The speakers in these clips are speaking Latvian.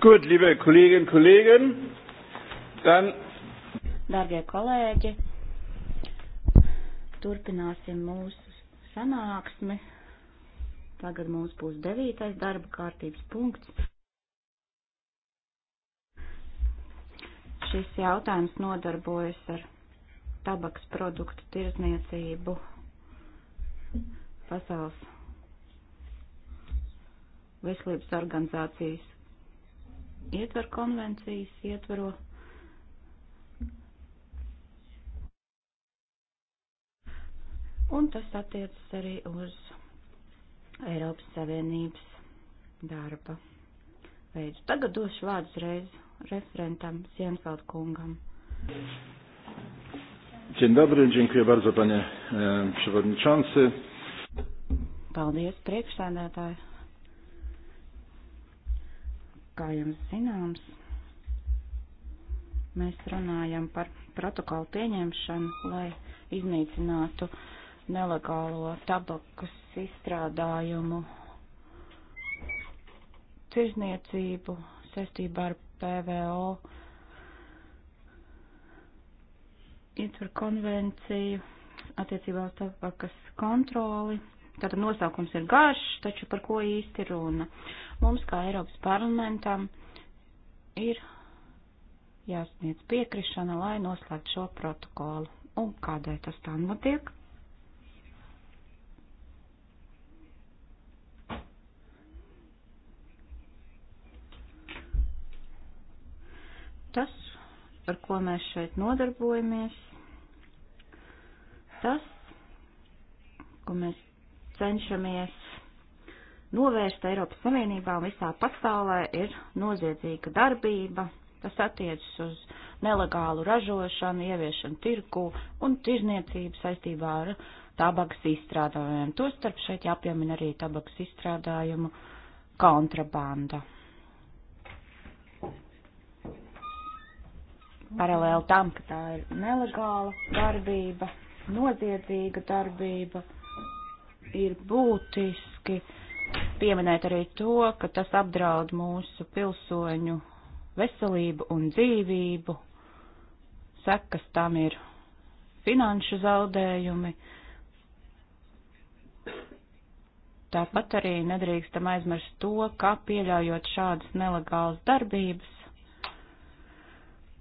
Gut, liebe Kolleginnen und Kollegen, dann. Darbie kolēģi, turpināsim mūsu sanāksmi. Tagad mums būs devītais darba kārtības punkts. Šis jautājums nodarbojas ar tabaks produktu tirzniecību pasaules veselības organizācijas ietver konvencijas, ietvero Un tas attiecas arī uz Eiropas Savienības darba veidu. Tagad došu vārdus reiz referentam Sienfeld kungam. Dzień dobry, dziękuję bardzo panie e, przewodniczący. Paldies, priekšsēdētāji. Kā jums zināms, mēs runājam par protokolu pieņemšanu, lai iznīcinātu nelegālo tabakas izstrādājumu tirzniecību saistībā ar PVO ietver konvenciju attiecībā uz tabakas kontroli Tātad nosaukums ir garš, taču par ko īsti runa. Mums, kā Eiropas parlamentam, ir jāsniedz piekrišana, lai noslēgtu šo protokolu. Un kādēļ tas tā notiek? Tas, ar ko mēs šeit nodarbojamies, tas, ko mēs cenšamies novērst Eiropas Savienībā un visā pasaulē, ir noziedzīga darbība. Tas attiecas uz nelegālu ražošanu, ieviešanu tirku un tirzniecību saistībā ar tabakas izstrādājumiem. Tostarp šeit jāpiemina arī tabakas izstrādājumu kontrabanda. Paralēli tam, ka tā ir nelegāla darbība, noziedzīga darbība ir būtiski pieminēt arī to, ka tas apdraud mūsu pilsoņu veselību un dzīvību, sekas tam ir finanšu zaudējumi. Tāpat arī nedrīkstam aizmirst to, ka pieļaujot šādas nelegālas darbības,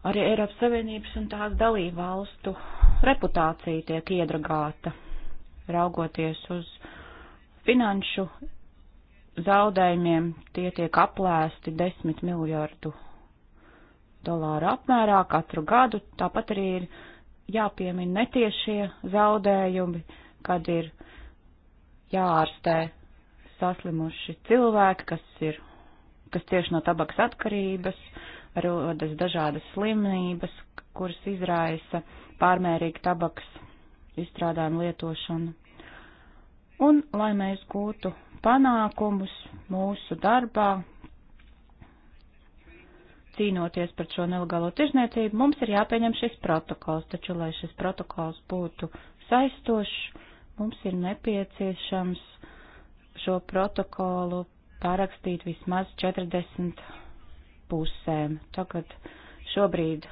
arī Eiropas Savienības un tās dalību valstu reputācija tiek iedragāta raugoties uz finanšu zaudējumiem, tie tiek aplēsti 10 miljardu dolāru apmērā katru gadu. Tāpat arī ir jāpiemina netiešie zaudējumi, kad ir jāārstē saslimuši cilvēki, kas ir, kas cieši no tabaks atkarības, rodas dažādas slimības, kuras izraisa pārmērīga tabaks izstrādājumu lietošanu. Un, lai mēs gūtu panākumus mūsu darbā, cīnoties par šo nelegālo tirzniecību, mums ir jāpieņem šis protokols, taču, lai šis protokols būtu saistošs, mums ir nepieciešams šo protokolu pārakstīt vismaz 40 pusēm. Tagad šobrīd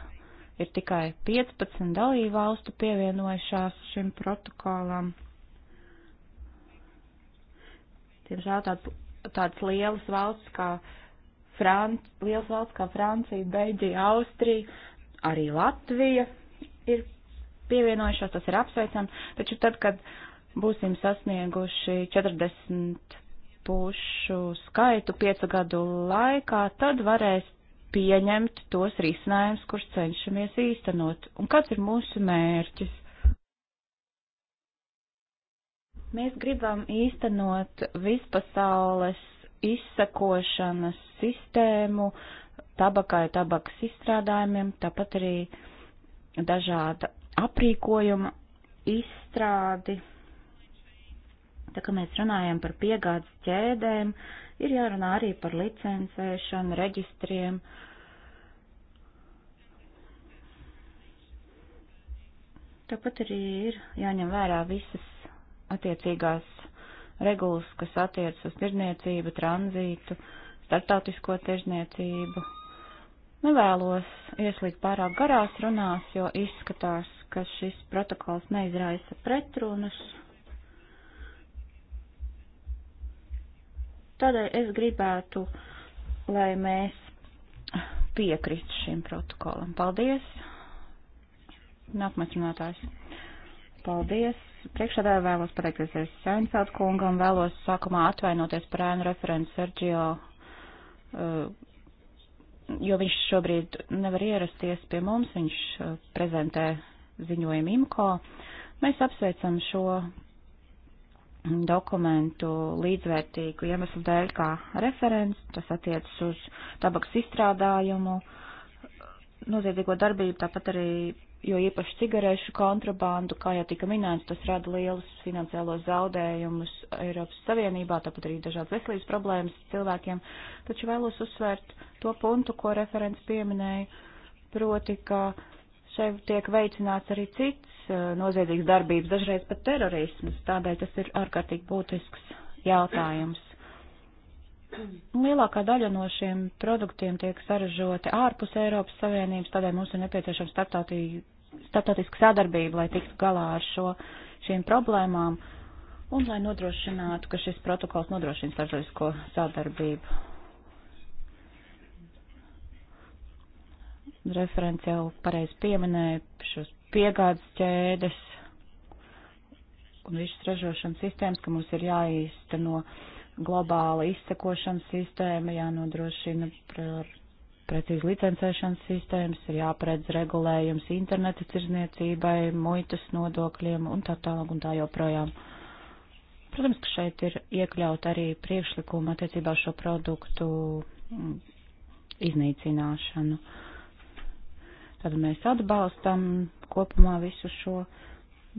ir tikai 15 dalību valstu pievienojušās šim protokolam. Tiemžēl tād, tādas lielas valsts kā, Franc, lielas valsts kā Francija, Beļģija, Austrija, arī Latvija ir pievienojušās, tas ir apsveicam, taču tad, kad būsim sasnieguši 40 pušu skaitu piecu gadu laikā, tad varēs pieņemt tos risinājumus, kurus cenšamies īstenot, un kāds ir mūsu mērķis. Mēs gribam īstenot vispasaules izsakošanas sistēmu tabakai, tabakas izstrādājumiem, tāpat arī dažāda aprīkojuma izstrādi. Tā kā mēs runājam par piegādes ķēdēm, ir jārunā arī par licencēšanu, reģistriem, uh, Tāpat arī ir jāņem vērā visas attiecīgās regulas, kas attiecas uz tirzniecību, tranzītu, starptautisko tirzniecību. Nevēlos ieslīgt pārāk garās runās, jo izskatās, ka šis protokols neizraisa pretrunas. Tādēļ es gribētu, lai mēs piekristu šim protokolam. Paldies! Nākamais runātājs. Paldies. Priekšādā vēlos pateikties ar Seinfeld kungam, vēlos sākumā atvainoties par ēnu referentu Sergio, uh, jo viņš šobrīd nevar ierasties pie mums, viņš uh, prezentē ziņojumu IMCO. Mēs apsveicam šo dokumentu līdzvērtīgu iemeslu dēļ kā referents, tas attiecas uz tabaks izstrādājumu, noziedzīgo darbību, tāpat arī jo īpaši cigarešu kontrabandu, kā jau tika minēts, tas rada lielus finansiālos zaudējumus Eiropas Savienībā, tāpat arī dažādas veselības problēmas cilvēkiem, taču vēlos uzsvērt to punktu, ko referents pieminēja, proti, ka šeit tiek veicināts arī cits eh, noziedzīgs darbības, dažreiz pat terorisms, tādēļ tas ir ārkārtīgi būtisks jautājums. Lielākā daļa no šiem produktiem tiek saražoti ārpus Eiropas Savienības, tādēļ mums ir nepieciešama starptautiska sadarbība, lai tiktu galā ar šo, šīm problēmām un lai nodrošinātu, ka šis protokols nodrošina starptautisko sadarbību. Referents jau pareizi pieminēja šos piegādes ķēdes un visas ražošanas sistēmas, ka mums ir jāīsteno. No globāla izsekošanas sistēma, jānodrošina par precīzi licencēšanas sistēmas, ir jāpredz regulējums interneta tirzniecībai, muitas nodokļiem un tā tālāk un tā joprojām. Protams, ka šeit ir iekļaut arī priekšlikumu attiecībā šo produktu mm, iznīcināšanu. Tad mēs atbalstam kopumā visu šo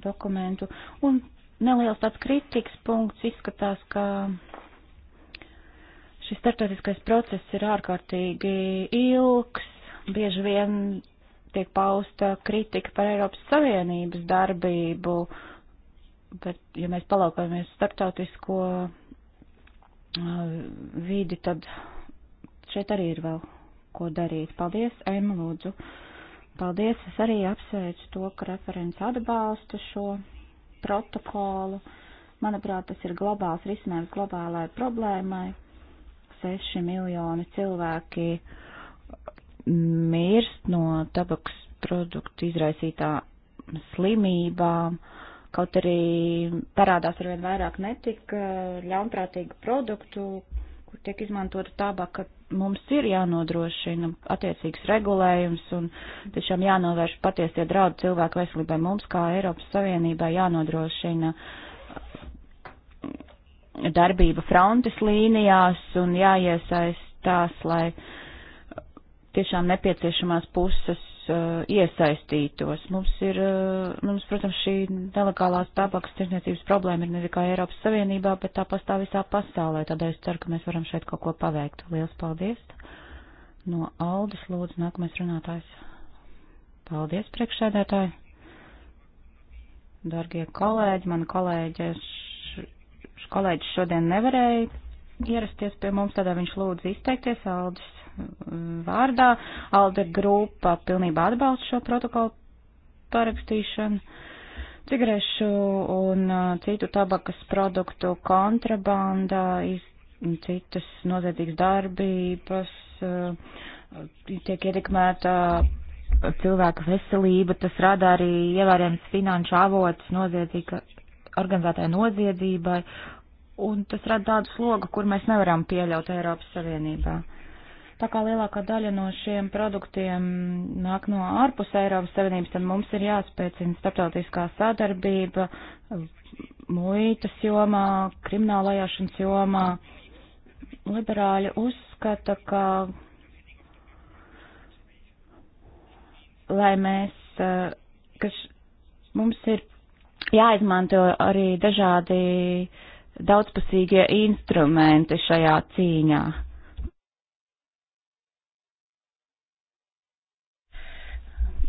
dokumentu. Un neliels tāds kritikas punkts izskatās, ka Šis startautiskais process ir ārkārtīgi ilgs, bieži vien tiek pausta kritika par Eiropas Savienības darbību, bet, ja mēs palaukamies starptautisko uh, vidi, tad šeit arī ir vēl ko darīt. Paldies, Emma, lūdzu. Paldies, es arī apsveicu to, ka referents atbalsta šo protokolu. Manuprāt, tas ir globāls risinājums globālai problēmai 6 miljoni cilvēki mirst no tabaks produktu izraisītā slimībām. Kaut arī parādās arvien vairāk netika eh, ļaunprātīgu produktu, kur tiek izmantota tabaka, mums ir jānodrošina attiecīgs regulējums un tiešām jānovērš patiesie draudi cilvēku veselībai. Mums kā Eiropas Savienībai jānodrošina uh, darbība frontes līnijās un jāiesaistās, lai tiešām nepieciešamās puses uh, iesaistītos. Mums ir, uh, mums, protams, šī nelegālās tabakas tirzniecības problēma ir ne tikai Eiropas Savienībā, bet tā pastāv visā pasaulē. Tādēļ es ceru, ka mēs varam šeit kaut ko paveikt. Lielas paldies! No Aldis lūdzu nākamais runātājs. Paldies, priekšsēdētāji! Dargie kolēģi, mani kolēģi, es kolēģis šodien nevarēja ierasties pie mums, tādā viņš lūdz izteikties Aldis mm, vārdā. Alde grupa pilnībā atbalsta šo protokolu parakstīšanu. Cigarešu un uh, citu tabakas produktu kontrabanda, iz, citas noziedzīgas darbības, uh, tiek ietekmēta cilvēka veselība, tas rada arī ievērojams finanšu avots noziedzīga organizētai noziedzībai, un tas rada tādu slogu, kur mēs nevaram pieļaut Eiropas Savienībā. Tā kā lielākā daļa no šiem produktiem nāk no ārpus Eiropas Savienības, tad mums ir jāspēcina starptautiskā sadarbība, muitas jomā, kriminālajāšanas jomā. Liberāļi uzskata, ka, lai mēs, eh, ka š, mums ir jāizmanto arī dažādi daudzpusīgie instrumenti šajā cīņā.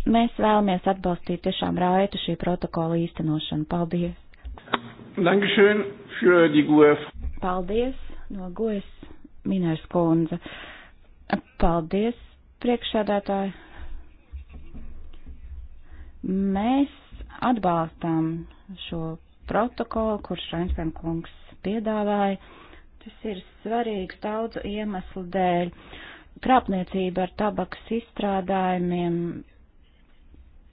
Mēs vēlamies atbalstīt tiešām raitu šī protokola īstenošanu. Paldies! Dankeschön für die GUF. E Paldies no GUS e Minērs kundze. Paldies, priekšsēdētāji. Mēs atbalstam šo protokolu, kurš Rainspen kungs piedāvāja. Tas ir svarīgs daudzu iemeslu dēļ. Krāpniecība ar tabakas izstrādājumiem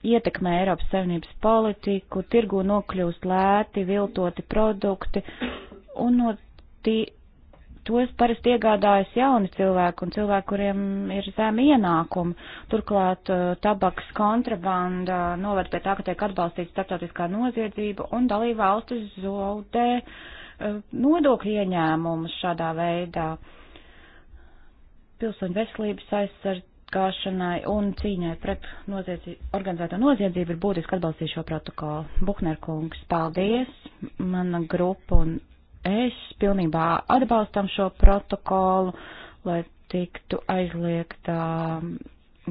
ietekmē Eiropas Savienības politiku, tirgu nokļūst lēti, viltoti produkti un no tī, tos parasti iegādājas jauni cilvēki un cilvēki, kuriem ir zemi ienākumi. Turklāt uh, tabaks kontrabanda noved pie tā, ka tiek atbalstīta starptautiskā noziedzība un dalībvalstis zaudē uh, nodokļu ieņēmumus šādā veidā pilsoņu veselības aizsargāšanai un cīņai pret noziedzību, organizēto noziedzību ir būtiski atbalstīt šo protokolu. Buhner kungs, paldies! Mana grupa un es pilnībā atbalstam šo protokolu, lai tiktu aizliegta um,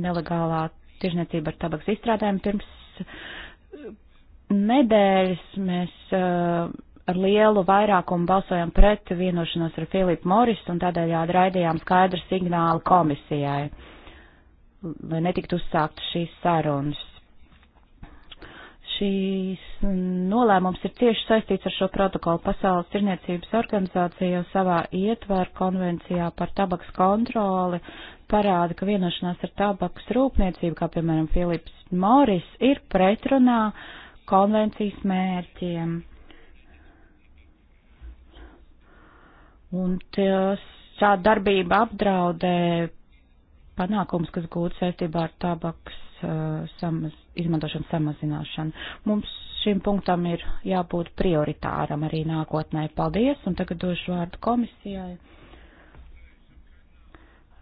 nelegālā tirzniecība ar tabaks izstrādēm. Pirms uh, nedēļas mēs uh, ar lielu vairākumu balsojam pret vienošanos ar Filipu Morisu un tādējādi raidījām skaidru signālu komisijai, lai netiktu uzsākt šīs sarunas. Šīs nolēmums ir cieši saistīts ar šo protokolu. Pasaules tirniecības organizācija jau savā ietvaru konvencijā par tabaks kontroli parāda, ka vienošanās ar tabakas rūpniecību, kā piemēram Filips Moris, ir pretrunā konvencijas mērķiem. Un šāda darbība apdraudē panākums, kas gūts saistībā ar tabaks uh, samaz, izmantošanas samazināšanu. Mums šim punktam ir jābūt prioritāram arī nākotnē. Paldies, un tagad došu vārdu komisijai.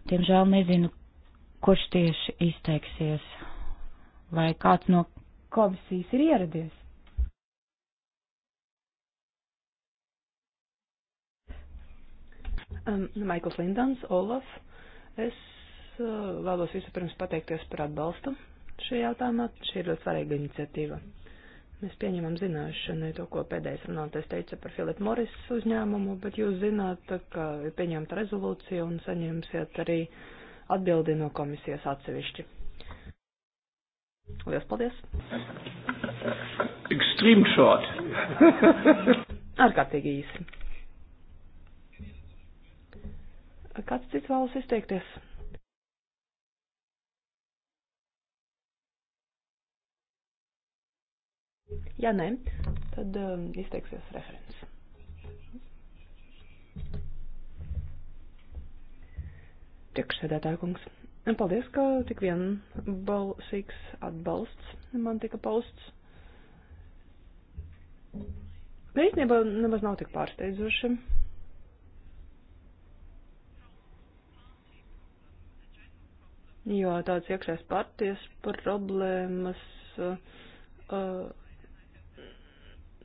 Diemžēl nezinu, kurš tieši izteiksies, vai kāds no komisijas ir ieradies. Um, Maikls Lindans, Olaf, es uh, vēlos vispirms pateikties par atbalstu šī jautājumā. Šī ir ļoti svarīga iniciatīva. Mēs pieņemam zināšanai to, ko pēdējais runātais teica par Philip Morris uzņēmumu, bet jūs zināt, ka ir pieņemta rezolūcija un saņemsiet arī atbildi no komisijas atsevišķi. Lielas paldies! Extreme short! Ārkārtīgi īsi. Kāds cits vēlas izteikties? Ja nē, tad um, izteiksies referents. Priekšsēdētāja kungs, paldies, ka tik vien balsīgs atbalsts man tika pausts. Pētniecība nemaz nav tik pārsteidzoša. Jo tāds iekšējais partijas problēmas. Uh, uh,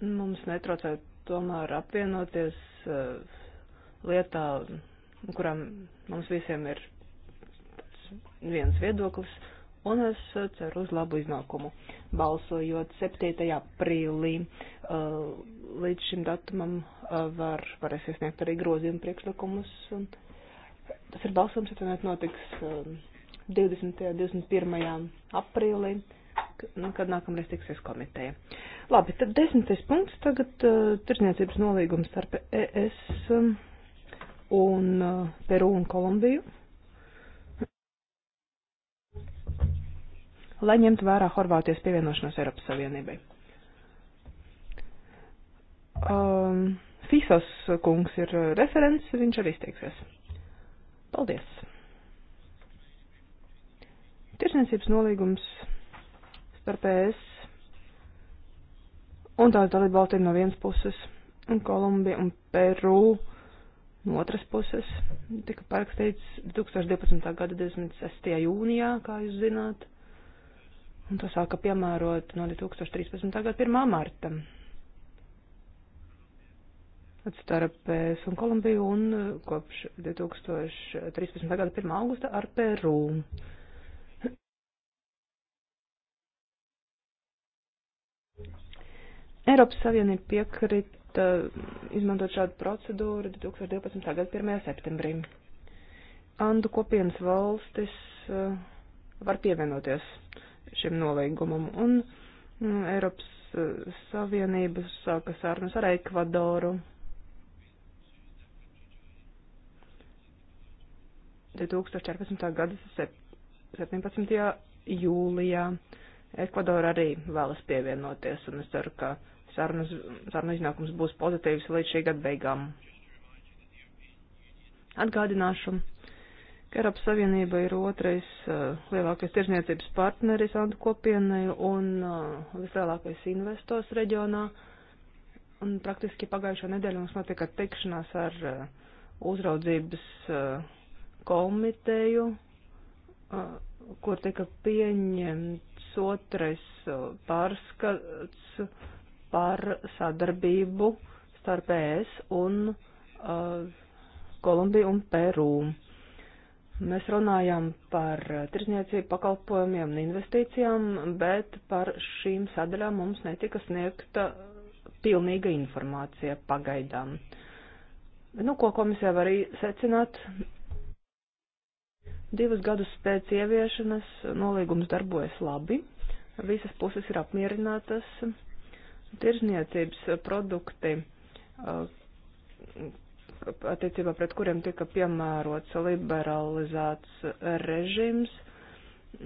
Mums netraucē tomēr apvienoties eh, lietā, kurām mums visiem ir viens viedoklis, un es ceru uz labu iznākumu. Balsojot 7. aprīlī, eh, līdz šim datumam eh, var, varēs iesniegt arī grozījumu priekšlikumus. Tas ir balsojums, ja tā notiks 20. un 21. aprīlī nu, kad nākamreiz tiksies komiteja. Labi, tad desmitais punkts tagad uh, eh, tirzniecības nolīgums starp ES um, un uh, Peru un Kolumbiju. Lai ņemtu vērā Horvātijas pievienošanos Eiropas Savienībai. Um, Fisas kungs ir eh, referents, viņš arī izteiksies. Paldies! Tirzniecības nolīgums par PS un tās dalībvalstīm no vienas puses, un Kolumbija un Peru no otras puses. Tika parakstīts 2012. gada 26. jūnijā, kā jūs zināt, un to sāka piemērot no 2013. gada 1. marta. Starp PS un Kolumbiju un eh, kopš 2013. gada 1. augusta ar Peru. Eiropas Savienība piekrita uh, izmantot šādu procedūru 2012. gada 1. septembrī. Andu kopienas valstis uh, var pievienoties šim nolīgumam, un mm, Eiropas uh, Savienība sāka sarunas ar Ekvadoru. 2014. gada 17. jūlijā Ekvadora arī vēlas pievienoties, un es ceru, ka sarunas, sarunu iznākums būs pozitīvs līdz šī gada beigām. Atgādināšu, ka Eiropas Savienība ir otrais uh, lielākais tirzniecības partneris Andu kopienai un uh, vislielākais investors reģionā. Un praktiski pagājušo nedēļu mums notika tikšanās ar uh, uzraudzības uh, komiteju, uh, kur tika pieņemt otrais uh, pārskats par sadarbību starp ES un uh, Kolumbiju un Peru. Mēs runājām par tirzniecību, pakalpojumiem un investīcijām, bet par šīm sadaļām mums netika sniegta pilnīga informācija pagaidām. Nu, ko komisija var arī secināt, Divus gadus pēc ieviešanas nolīgums darbojas labi, visas puses ir apmierinātas. Tirzniecības produkti, uh, attiecībā pret kuriem tika piemērots liberalizēts režīms,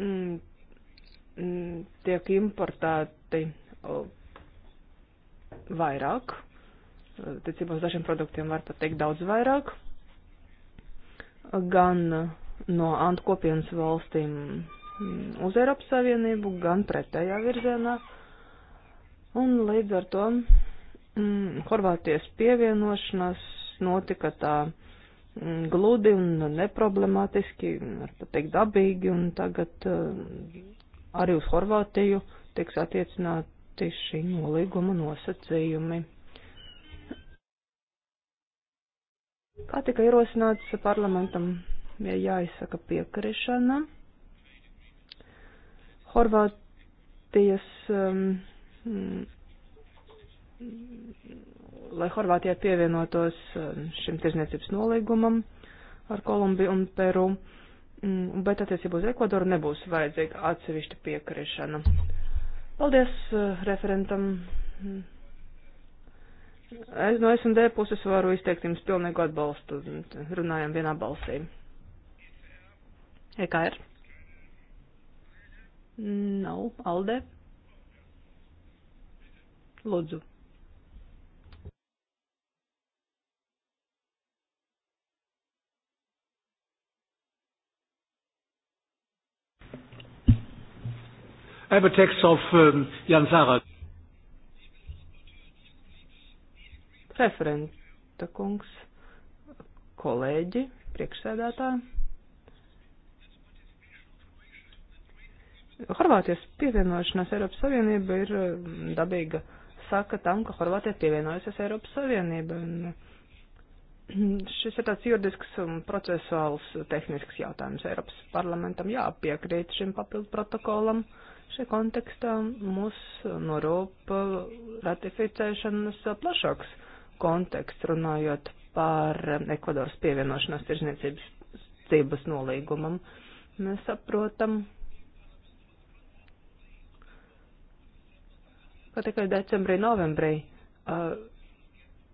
mm, mm, tiek importēti uh, vairāk. Attiecībā uz dažiem produktiem var pat teikt daudz vairāk. Gan no Antu kopienas valstīm mm, uz Eiropas Savienību, gan pretējā virzienā. Un līdz ar to mm, Horvātijas pievienošanās notika tā mm, gludi un neproblemātiski, var pateikt dabīgi, un tagad mm, arī uz Horvātiju tiks attiecināti šī nolīguma nosacījumi. Kā tika ierosināts parlamentam ir jāizsaka piekrišana. Horvātijas, um, mm, lai Horvātija pievienotos um, šim tirzniecības nolīgumam ar Kolumbiju un Peru, um, bet attiecībā uz Ekvadoru nebūs vajadzīga atsevišķa piekrišana. Paldies uh, referentam. Es no SMD puses varu izteikt jums pilnīgu atbalstu. Runājam vienā balsī. EKR? Nav. Alde? Lūdzu. I have a text of um, Jan Zara. Referenta kungs, kolēģi, priekšsēdētāji. Horvātijas pievienošanās Eiropas Savienība ir mm, dabīga saka tam, ka Horvātija pievienojusies Eiropas Savienība. Un mm, šis ir tāds juridisks un procesuāls tehnisks jautājums. Eiropas parlamentam jāpiekrīt šim papildu protokolam. Šajā kontekstā mūs norūpa mm, ratificēšanas plašāks konteksts, runājot par Ekvadoras pievienošanās tirzniecības nolīgumam. Mēs saprotam, Pat tikai decembrī, novembrī uh,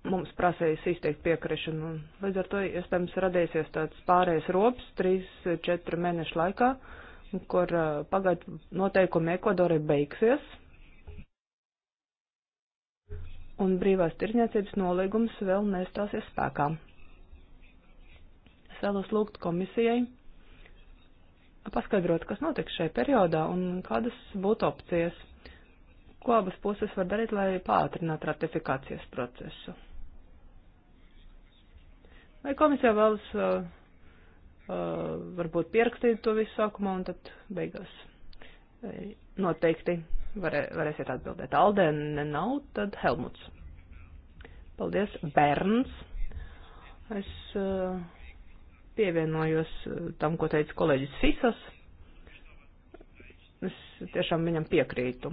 mums prasējas izteikt piekrišanu. Līdz ar to iespējams radīsies tāds pārējais rops 3-4 mēnešu laikā, kur uh, pagaidu noteikumi Ekvadorai beigsies. Un brīvās tirniecības nolīgums vēl nestāsies spēkā. Es vēlos lūgt komisijai paskaidrot, kas notiks šajā periodā un kādas būtu opcijas Ko abas puses var darīt, lai pātrinātu ratifikācijas procesu? Vai komisija vēlas uh, uh, varbūt pierakstīt to visu sākumā un tad beigās uh, noteikti varē, varēsiet atbildēt. Aldē nav, tad Helmuts. Paldies, Berns. Es uh, pievienojos uh, tam, ko teica kolēģis Fisas. Es tiešām viņam piekrītu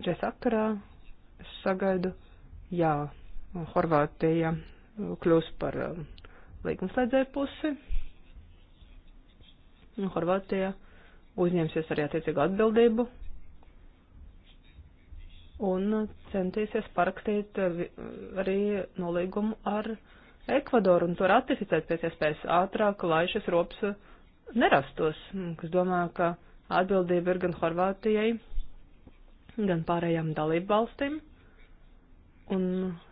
šajā sakarā es sagaidu, jā, Horvātija kļūs par um, līgumslēdzēju pusi. Horvātija uzņemsies arī attiecīgu atbildību un centīsies parakstīt uh, arī nolīgumu ar Ekvadoru un to ratificēt pēc iespējas ātrāk, lai šis rops uh, nerastos. Mm, es domāju, ka atbildība ir gan Horvātijai, gan pārējām dalību valstīm. Un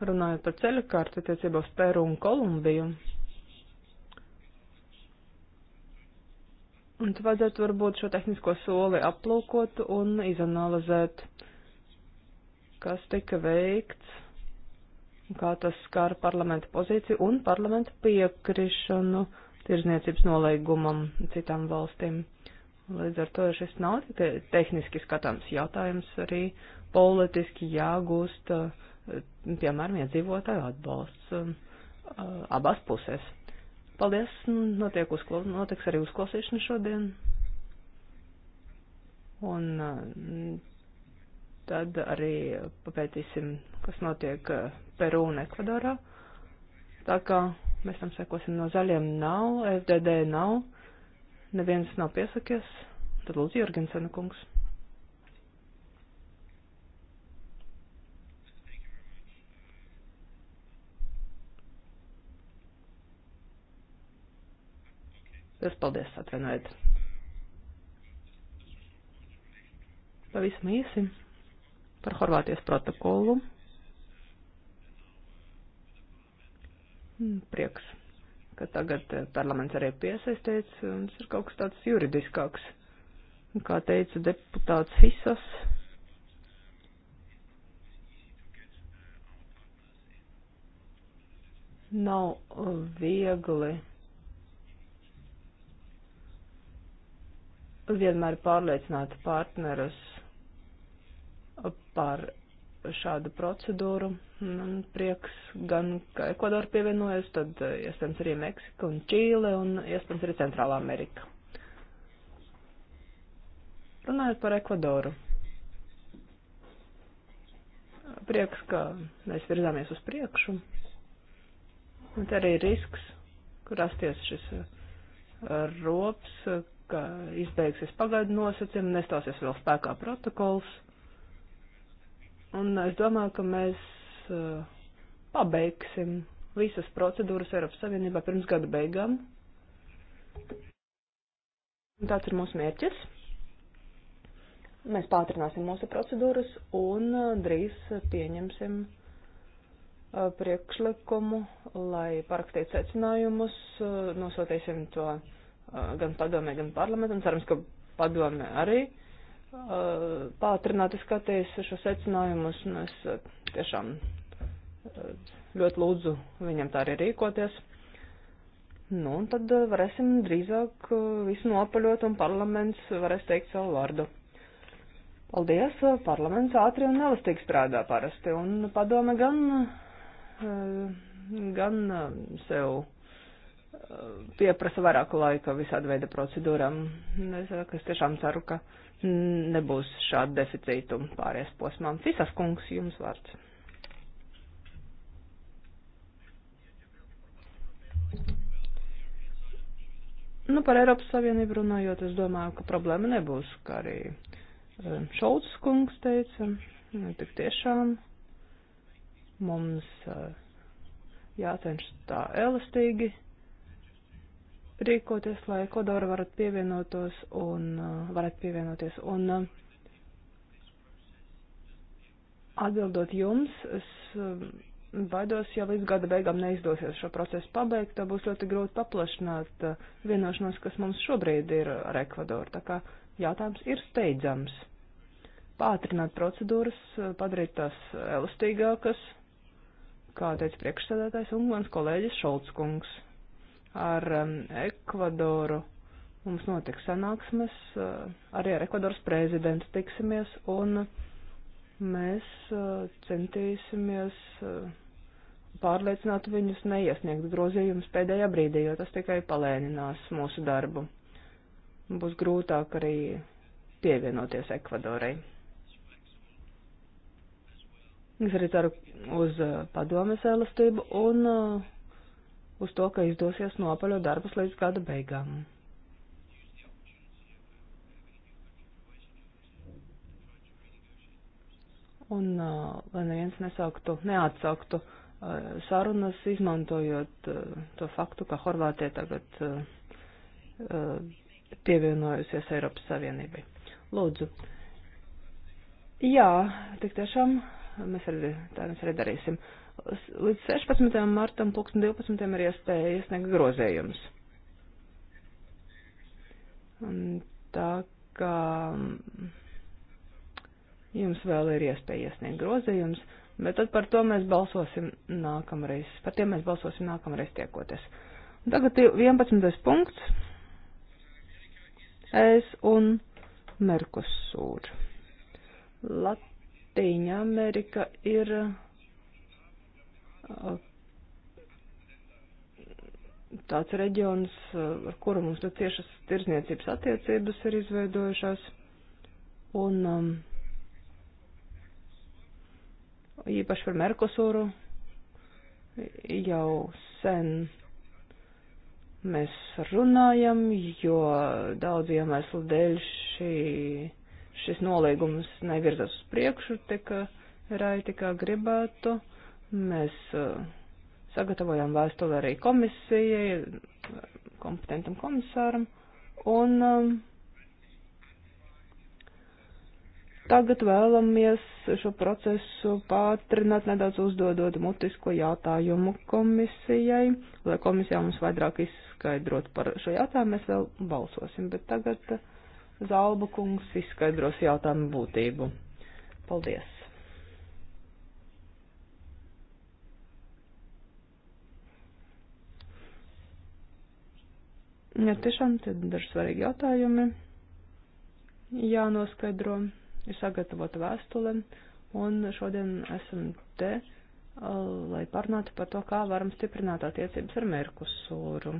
runājot par ceļu kārtu attiecībā uz Peru un Kolumbiju. Un tad vajadzētu varbūt šo tehnisko soli aplūkot un izanalizēt, kas tika veikts, kā tas skar parlamenta pozīciju un parlamenta piekrišanu tirzniecības nolaigumam citām valstīm. Līdz ar to šis nav tikai tehniski skatāms jautājums, arī politiski jāgūst, eh, piemēram, iedzīvotāju atbalsts eh, abās pusēs. Paldies, notiek uzklo, notiks arī uzklausīšana šodien. Un eh, tad arī papētīsim, kas notiek Peru un Ekvadorā. Tā kā mēs tam sekosim no zaļiem nav, FDD nav. Neviens nav piesakies. Tad lūdzu Jorgensena kungs. Es paldies, atvainojiet. Pavisam īsi par Horvātijas protokolu. Prieks ka tagad eh, parlaments arī piesaistīts, un tas ir kaut kas tāds juridiskāks. Kā teica deputāts Fisas, nav eh, viegli vienmēr pārliecināt partnerus par šādu procedūru. Man prieks gan, ka Ekvadora pievienojas, tad eh, iespējams arī Meksika un Čīle un iespējams arī Centrāla Amerika. Runājot par Ekvadoru. Prieks, ka mēs virzāmies uz priekšu. Un te arī risks, kur rasties šis eh, rops, ka izbeigsies pagaidu nosacījumi, nestāsies vēl spēkā protokols Un es domāju, ka mēs uh, pabeigsim visas procedūras Eiropas Savienībā pirms gada beigām. Un tāds ir mūsu mērķis. Mēs pātrināsim mūsu procedūras un uh, drīz pieņemsim uh, priekšlikumu, lai parakstītu secinājumus, nosūtīsim to gan padomē, gan parlamentam, cerams, ka padomē arī uh, pātrināti skatījis šo secinājumus, un es eh, tiešām eh, ļoti lūdzu viņam tā arī rīkoties. Nu, un tad eh, varēsim drīzāk visu nopaļot, un parlaments varēs teikt savu vārdu. Paldies, parlaments ātri un nelastīgi strādā parasti, un padome gan, gan sev pieprasa vairāk laika visāda veida procedūram. Es, es tiešām ceru, ka nebūs šādu deficītu pāries posmām. Fisas kungs, jums vārds. Nu, par Eiropas Savienību runājot, es domāju, ka problēma nebūs, kā arī um, Šolts kungs teica. Nu, tik tiešām mums uh, jācenšas tā elastīgi rīkoties, lai Kodora varat pievienotos un uh, varat pievienoties. Un uh, atbildot jums, es um, baidos, ja līdz gada beigām neizdosies šo procesu pabeigt, tad būs ļoti grūti paplašināt uh, vienošanos, kas mums šobrīd ir ar Ekvadoru. Tā kā jautājums ir steidzams. Pātrināt procedūras, padarīt tās elastīgākas, kā teica priekšsēdētājs un mans kolēģis Šolckungs ar um, Ekvadoru. Mums notiks sanāksmes, uh, arī ar Ekvadoras prezidentu tiksimies, un mēs uh, centīsimies uh, pārliecināt viņus neiesniegt grozījumus pēdējā brīdī, jo tas tikai palēninās mūsu darbu. Būs grūtāk arī pievienoties Ekvadorai. Es arī ceru uz padomes elastību un uh, uz to, ka izdosies nopaļot darbus līdz gada beigām. Un, uh, lai neviens nesauktu, neatsauktu uh, sarunas, izmantojot uh, to faktu, ka Horvātija tagad pievienojusies Eiropas Savienībai. Lūdzu. Jā, tik tiešām mēs arī, tā mēs arī darīsim. Uh, Līdz 16. martam 2012. ir iespēja iesniegt grozējums. Un tā kā mm, jums vēl ir iespēja iesniegt grozējums, bet tad par to mēs balsosim nākamreiz. Par tiem mēs balsosim nākamreiz tiekoties. Un tagad 11. punkts. Es un Merkusūra. Latīņa Amerika ir tāds reģions, ar kuru mums ļoti ciešas tirzniecības attiecības ir izveidojušās. Un um, īpaši par Merkosuru jau sen mēs runājam, jo daudz iemeslu dēļ šī, šis nolīgums nevirzās uz priekšu, tika rai tikai gribētu. Mēs uh, sagatavojām vēstuli arī komisijai, kompetentam komisāram, un um, tagad vēlamies šo procesu pātrināt nedaudz uzdodot mutisko jautājumu komisijai, lai komisijā mums vairāk izskaidrot par šo jautājumu, mēs vēl balsosim, bet tagad Zalba kungs izskaidros jautājumu būtību. Paldies! Ja, tiešām tie daži svarīgi jautājumi jānoskaidro, ir sagatavota vēstule, un šodien esam te, lai parunātu par to, kā varam stiprināt attiecības ar Merkusūru.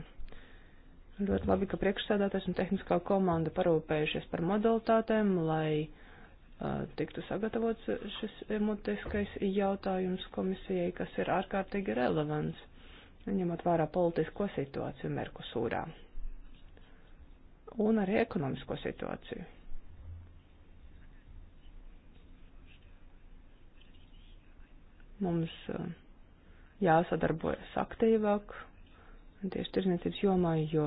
Ļoti labi, ka priekšsēdātājs un tehniskā komanda parūpējušies par modalitātēm, lai uh, tiktu sagatavots šis mutiskais jautājums komisijai, kas ir ārkārtīgi relevants, ņemot vērā politisko situāciju Merkusūrā un arī ekonomisko situāciju. Mums uh, jāsadarbojas aktīvāk tieši tirzniecības jomā, jo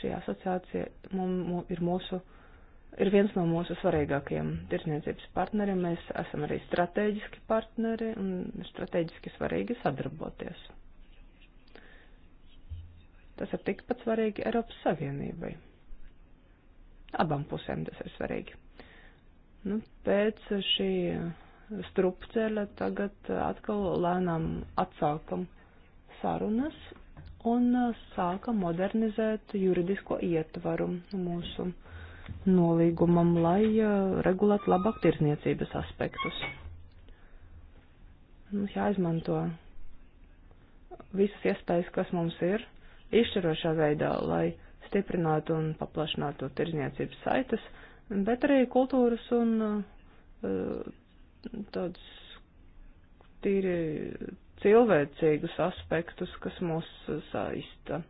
šī asociācija mums ir mūsu, ir viens no mūsu svarīgākajiem tirzniecības partneriem. Mēs esam arī strateģiski partneri un strateģiski svarīgi sadarboties. Tas ir tikpat svarīgi Eiropas Savienībai. Abām pusēm tas ir svarīgi. Nu, pēc šī strupceļa tagad atkal lēnām atsākam sarunas un sāka modernizēt juridisko ietvaru mūsu nolīgumam, lai uh, regulētu labāk tirzniecības aspektus. Mums nu, jāizmanto visas iespējas, kas mums ir, izšķirošā veidā, lai stiprinātu un paplašinātu tirzniecības saites, bet arī kultūras un eh, tādus tīri cilvēcīgus aspektus, kas mūs saista.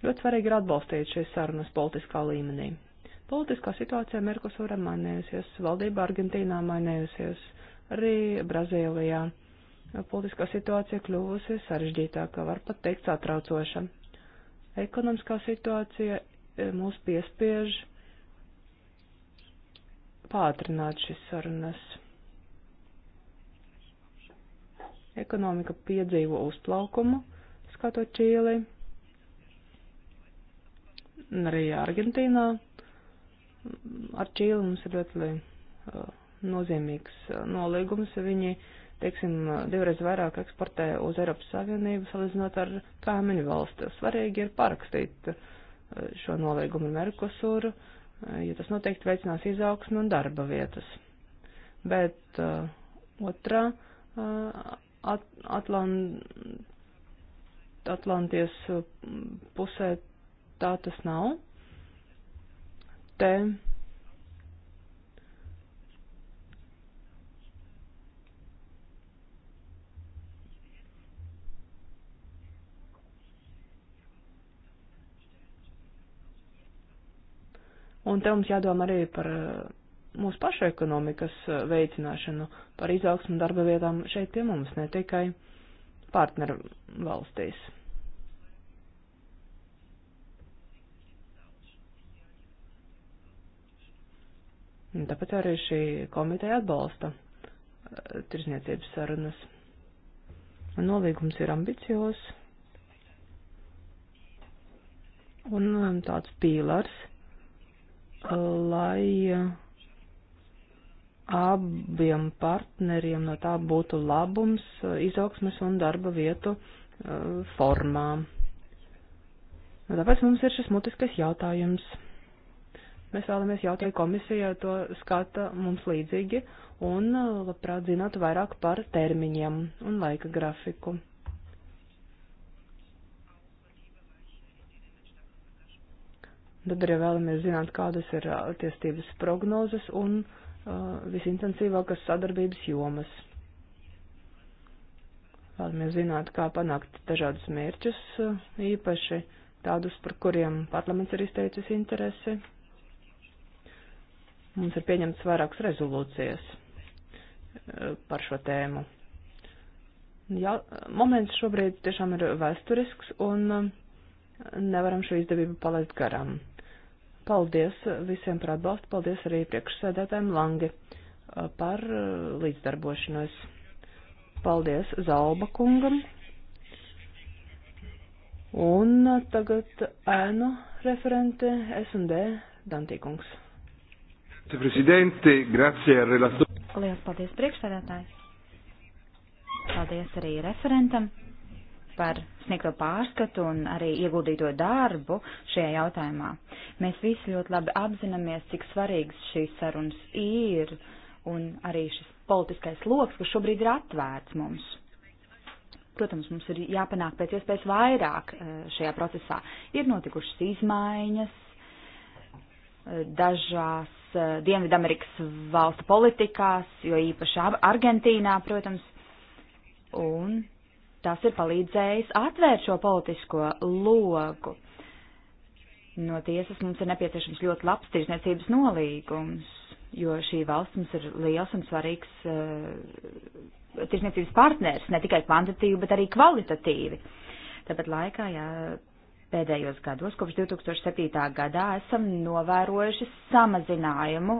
Ļoti svarīgi ir atbalstīt šīs sarunas politiskā līmenī. Politiskā situācija Merkosūra mainījusies, valdība Argentīnā mainījusies, arī Brazīlijā. Uh, politiskā situācija kļuvusi sarežģītāka, var pat teikt satraucoša. Ekonomiskā situācija e, mūs piespiež pātrināt šis sarunas. Ekonomika piedzīvo uzplaukumu, skatot Čīli, un arī Argentīnā. Ar Čīli mums ir ļoti uh, nozīmīgs uh, nolīgums, viņi uh, teiksim, divreiz vairāk eksportē uz Eiropas Savienību salīdzinot ar kaimiņu valsti. Svarīgi ir parakstīt eh, šo nolīgumu ar Merkosuru, eh, jo tas noteikti veicinās izaugsmu un darba vietas. Bet uh, otrā uh, at Atlant Atlantijas pusē tā tas nav. Te Un te mums jādomā arī par eh, mūsu pašu ekonomikas eh, veicināšanu, par izaugsmu darba vietām šeit pie mums, ne tikai partneru valstīs. Un tāpēc arī šī komiteja atbalsta eh, tirzniecības sarunas. Un nolīgums ir ambiciozs un tāds pīlārs lai abiem partneriem no tā būtu labums izaugsmes un darba vietu e, formā. Nu, tāpēc mums ir šis mutiskais jautājums. Mēs vēlamies jautāt komisijai, to skata mums līdzīgi un e, labprāt zinātu vairāk par termiņiem un laika grafiku. Tad arī vēlamies zināt, kādas ir attiestības prognozes un uh, visintensīvākas sadarbības jomas. Vēlamies zināt, kā panākt dažādus mērķus, uh, īpaši tādus, par kuriem parlaments ir izteicis interesi. Mums ir pieņemts vairākas rezolūcijas uh, par šo tēmu. Jā, moments šobrīd tiešām ir vēsturisks un nevaram šo izdevību palaist garām Paldies visiem par atbalstu, paldies arī priekšsēdētājiem Langi uh, par uh, līdzdarbošanos. Paldies Zalba kungam. Un uh, tagad ēnu referente S&D Dantīkungs. Lielas paldies priekšsēdētāji. Paldies arī referentam par sniegto pārskatu un arī ieguldīto darbu šajā jautājumā. Mēs visi ļoti labi apzināmies, cik svarīgs šīs sarunas ir un arī šis politiskais loks, kas šobrīd ir atvērts mums. Protams, mums ir jāpanāk pēc iespējas vairāk eh, šajā procesā. Ir notikušas izmaiņas eh, dažās eh, Dienvidamerikas valstu politikās, jo īpaši Argentīnā, protams, un tas ir palīdzējis atvērt šo politisko logu. No tiesas mums ir nepieciešams ļoti labs tirsniecības nolīgums, jo šī valsts mums ir liels un svarīgs uh, eh, tirsniecības partners, ne tikai kvantitīvi, bet arī kvalitatīvi. Tāpat laikā, jā, pēdējos gados, kopš 2007. gadā, esam novērojuši samazinājumu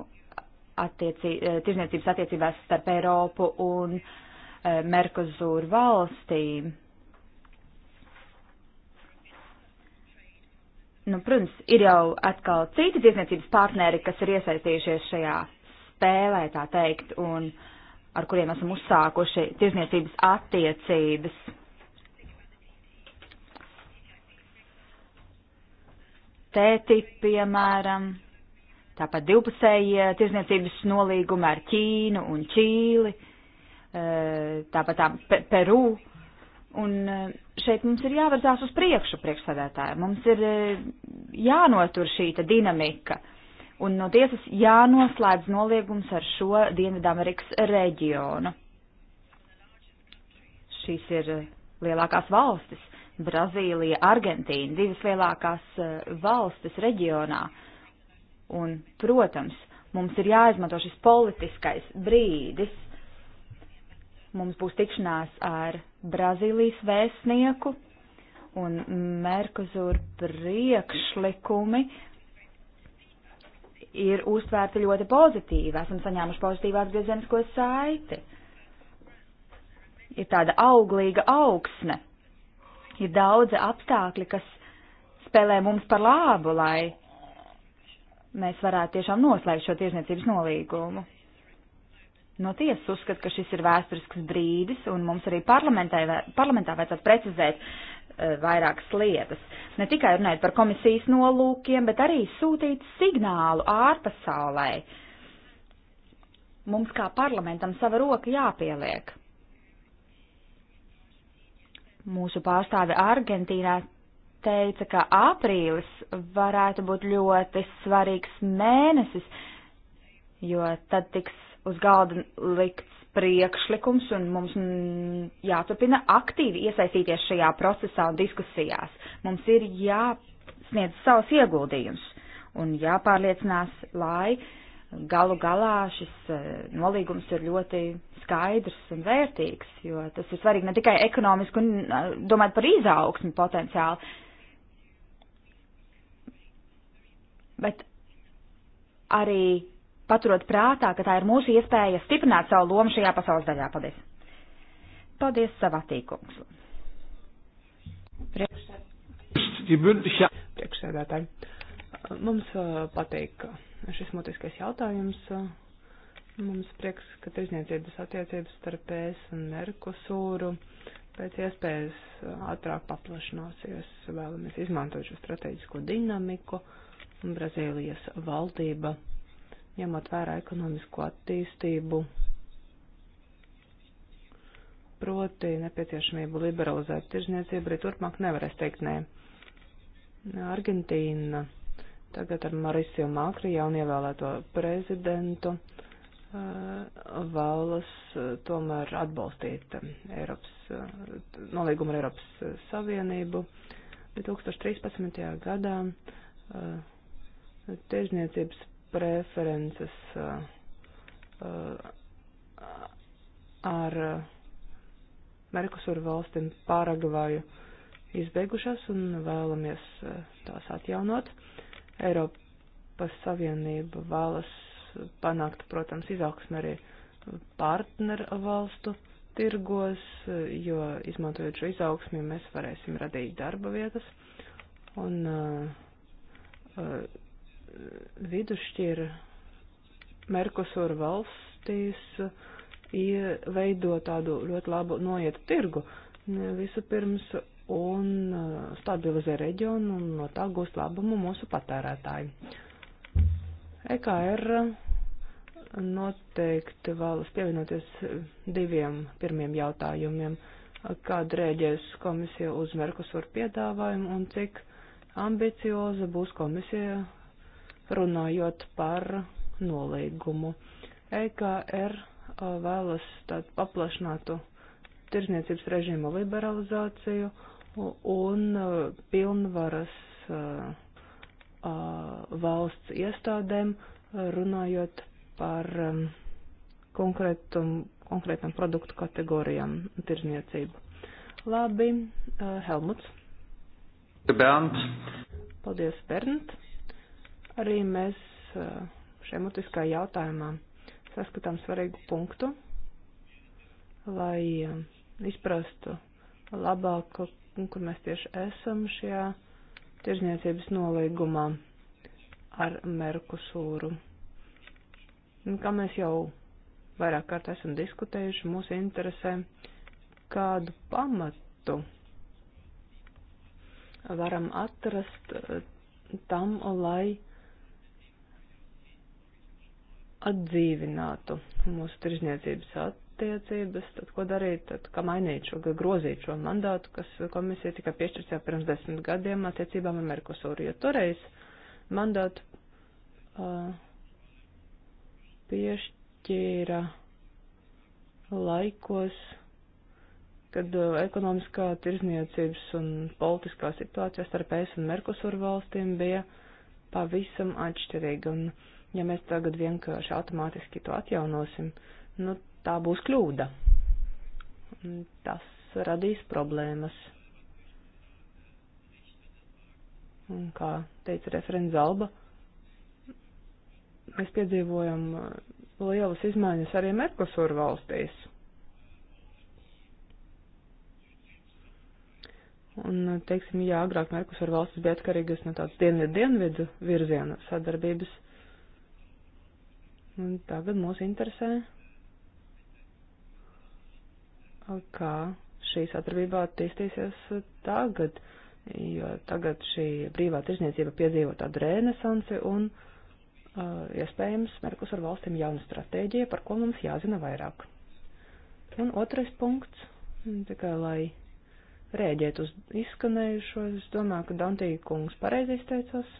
attiecī, eh, tirzniecības attiecībās starp Eiropu un uh, Eh, Merkozūru valstīm. Nu, protams, ir jau atkal citi tiesniecības partneri, kas ir iesaistījušies šajā spēlē, tā teikt, un ar kuriem esam uzsākuši tiesniecības attiecības. Tēti, piemēram, tāpat divpusējie eh, tiesniecības nolīgumi ar Ķīnu un Čīli. Eh, tāpat tā Peru. Un eh, šeit mums ir jāvadzās uz priekšu priekšsēdētāju. Mums ir eh, jānotur šī dinamika. Un no tiesas jānoslēdz noliegums ar šo Dienvidamerikas reģionu. Šīs ir lielākās valstis - Brazīlija, Argentīna, divas lielākās valstis reģionā. Un, protams, mums ir jāizmanto šis politiskais brīdis, Mums būs tikšanās ar Brazīlijas vēstnieku un Merkuzur priekšlikumi ir uztvērti ļoti pozitīvi. Esam saņēmuši pozitīvu atgriezenisko saiti. Ir tāda auglīga augsne. Ir daudzi apstākļi, kas spēlē mums par labu, lai mēs varētu tiešām noslēgt šo tiesniecības nolīgumu. No tiesas uzskata, ka šis ir vēsturisks brīdis, un mums arī parlamentā vajadzētu precizēt e, vairākas lietas. Ne tikai runājot par komisijas nolūkiem, bet arī sūtīt signālu ārpasaulē. Mums kā parlamentam sava roka jāpieliek. Mūsu pārstāve Argentīnā teica, ka aprīlis varētu būt ļoti svarīgs mēnesis, jo tad tiks uz galda likts priekšlikums un mums jāturpina aktīvi iesaistīties šajā procesā un diskusijās. Mums ir jāsniedz savus ieguldījums un jāpārliecinās, lai galu galā šis e, nolīgums ir ļoti skaidrs un vērtīgs, jo tas ir svarīgi ne tikai ekonomiski un e, domāt par izaugsmi potenciāli, bet arī paturot prātā, ka tā ir mūsu iespēja stiprināt savu lomu šajā pasaules daļā. Paldies! Paldies, Savatīkungs! Priekšsēdētāji, mums uh, patīk uh, šis mutiskais jautājums. Uh, mums prieks, ka tirzniecības attiecības starp ES un Merkusūru pēc iespējas ātrāk paplašināsies. Vēlamies izmantot šo strateģisko dinamiku. Brazīlijas valdība ņemot vērā ekonomisko attīstību, proti nepieciešamību liberalizēt tirzniecību, arī turpmāk nevarēs teikt nē. Argentīna tagad ar Marisiju Mākri jaunievēlēto prezidentu eh, vēlas eh, tomēr atbalstīt eh, Eiropas, nolīgumu ar Eiropas Savienību. 2013. gadā tirzniecības preferences uh, uh, ar uh, Merkusuru valstīm Paragvaju izbeigušas un vēlamies tās atjaunot. Eiropas Savienība vēlas panākt, protams, izaugsmi arī partneru valstu tirgos, jo izmantojot šo izaugsmi, mēs varēsim radīt darba vietas. Un uh, uh, vidusšķira Merkosur valstīs veido tādu ļoti labu noietu tirgu visupirms un uh, stabilizē reģionu un no tā gūst labumu mūsu patērētāji. EKR noteikti vēlas pievienoties diviem pirmiem jautājumiem, kāda rēģēs komisija uz Merkosur piedāvājumu un cik ambicioza būs komisija runājot par nolīgumu. EKR uh, vēlas tādu paplašinātu tirzniecības režīmu liberalizāciju un uh, pilnvaras uh, valsts iestādēm runājot par um, konkrētu, konkrētam produktu kategorijām tirzniecību. Labi, Helmuts. Bernd. Paldies, Bernd. Arī mēs eh, šajā mutiskā jautājumā saskatām svarīgu punktu, lai eh, izprastu labāk, kur mēs tieši esam šajā tirzniecības nolīgumā ar Merkusūru. Kā mēs jau vairāk kārt esam diskutējuši, mūs interesē, kādu pamatu varam atrast eh, tam, lai atdzīvinātu mūsu tirzniecības attiecības, tad ko darīt, tad kā mainīt šo, grozīt šo mandātu, kas komisija tika piešķirts jau pirms desmit gadiem attiecībām ar Merkosūru, jo toreiz mandātu uh, piešķīra laikos, kad uh, ekonomiskā tirzniecības un politiskā situācija starp ES un Merkosūru valstīm bija pavisam atšķirīga. Un, uh, Ja mēs tagad vienkārši automātiski to atjaunosim, nu, tā būs kļūda. Tas radīs problēmas. Un, kā teica referents Zalba, mēs piedzīvojam uh, lielas izmaiņas arī Merkosur valstīs. Un, uh, teiksim, jā, agrāk Merkusur valstis bija atkarīgas no tādas dienvidu-dienvidu virziena sadarbības Un tagad mūs interesē, kā šī sadarbība attīstīsies tagad, jo tagad šī brīvā tirzniecība piedzīvo tādu renesansi un uh, iespējams Merkus ar valstīm jauna stratēģija, par ko mums jāzina vairāk. Un otrais punkts, tikai lai rēģēt uz izskanējušo, es domāju, ka Dantīkungs pareizi izteicās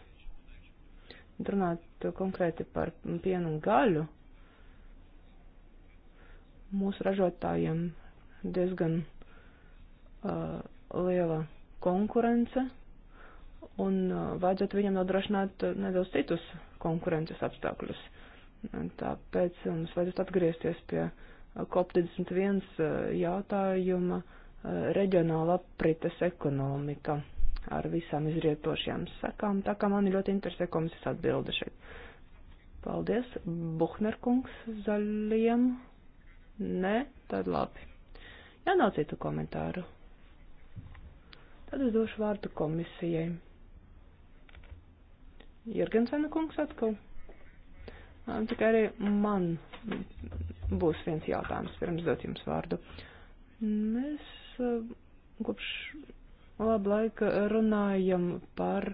runāt konkrēti par pienu un gaļu, mūsu ražotājiem diezgan uh, liela konkurence, un uh, vajadzētu viņam nodrošināt uh, nedaudz citus konkurences apstākļus. Tāpēc mums vajadzētu atgriezties pie uh, COP21 uh, jautājuma uh, reģionāla aprites ekonomika ar visām izrietošajām sakām, tā kā man ļoti interesē komisijas atbilde šeit. Paldies, Buhnerkungs zaļiem. Nē, tad labi. Ja nav citu komentāru, tad es došu vārdu komisijai. Jurgensena kungs atkal. Tikai arī man būs viens jautājums pirms dot jums vārdu. Mēs kopš labu laiku runājam par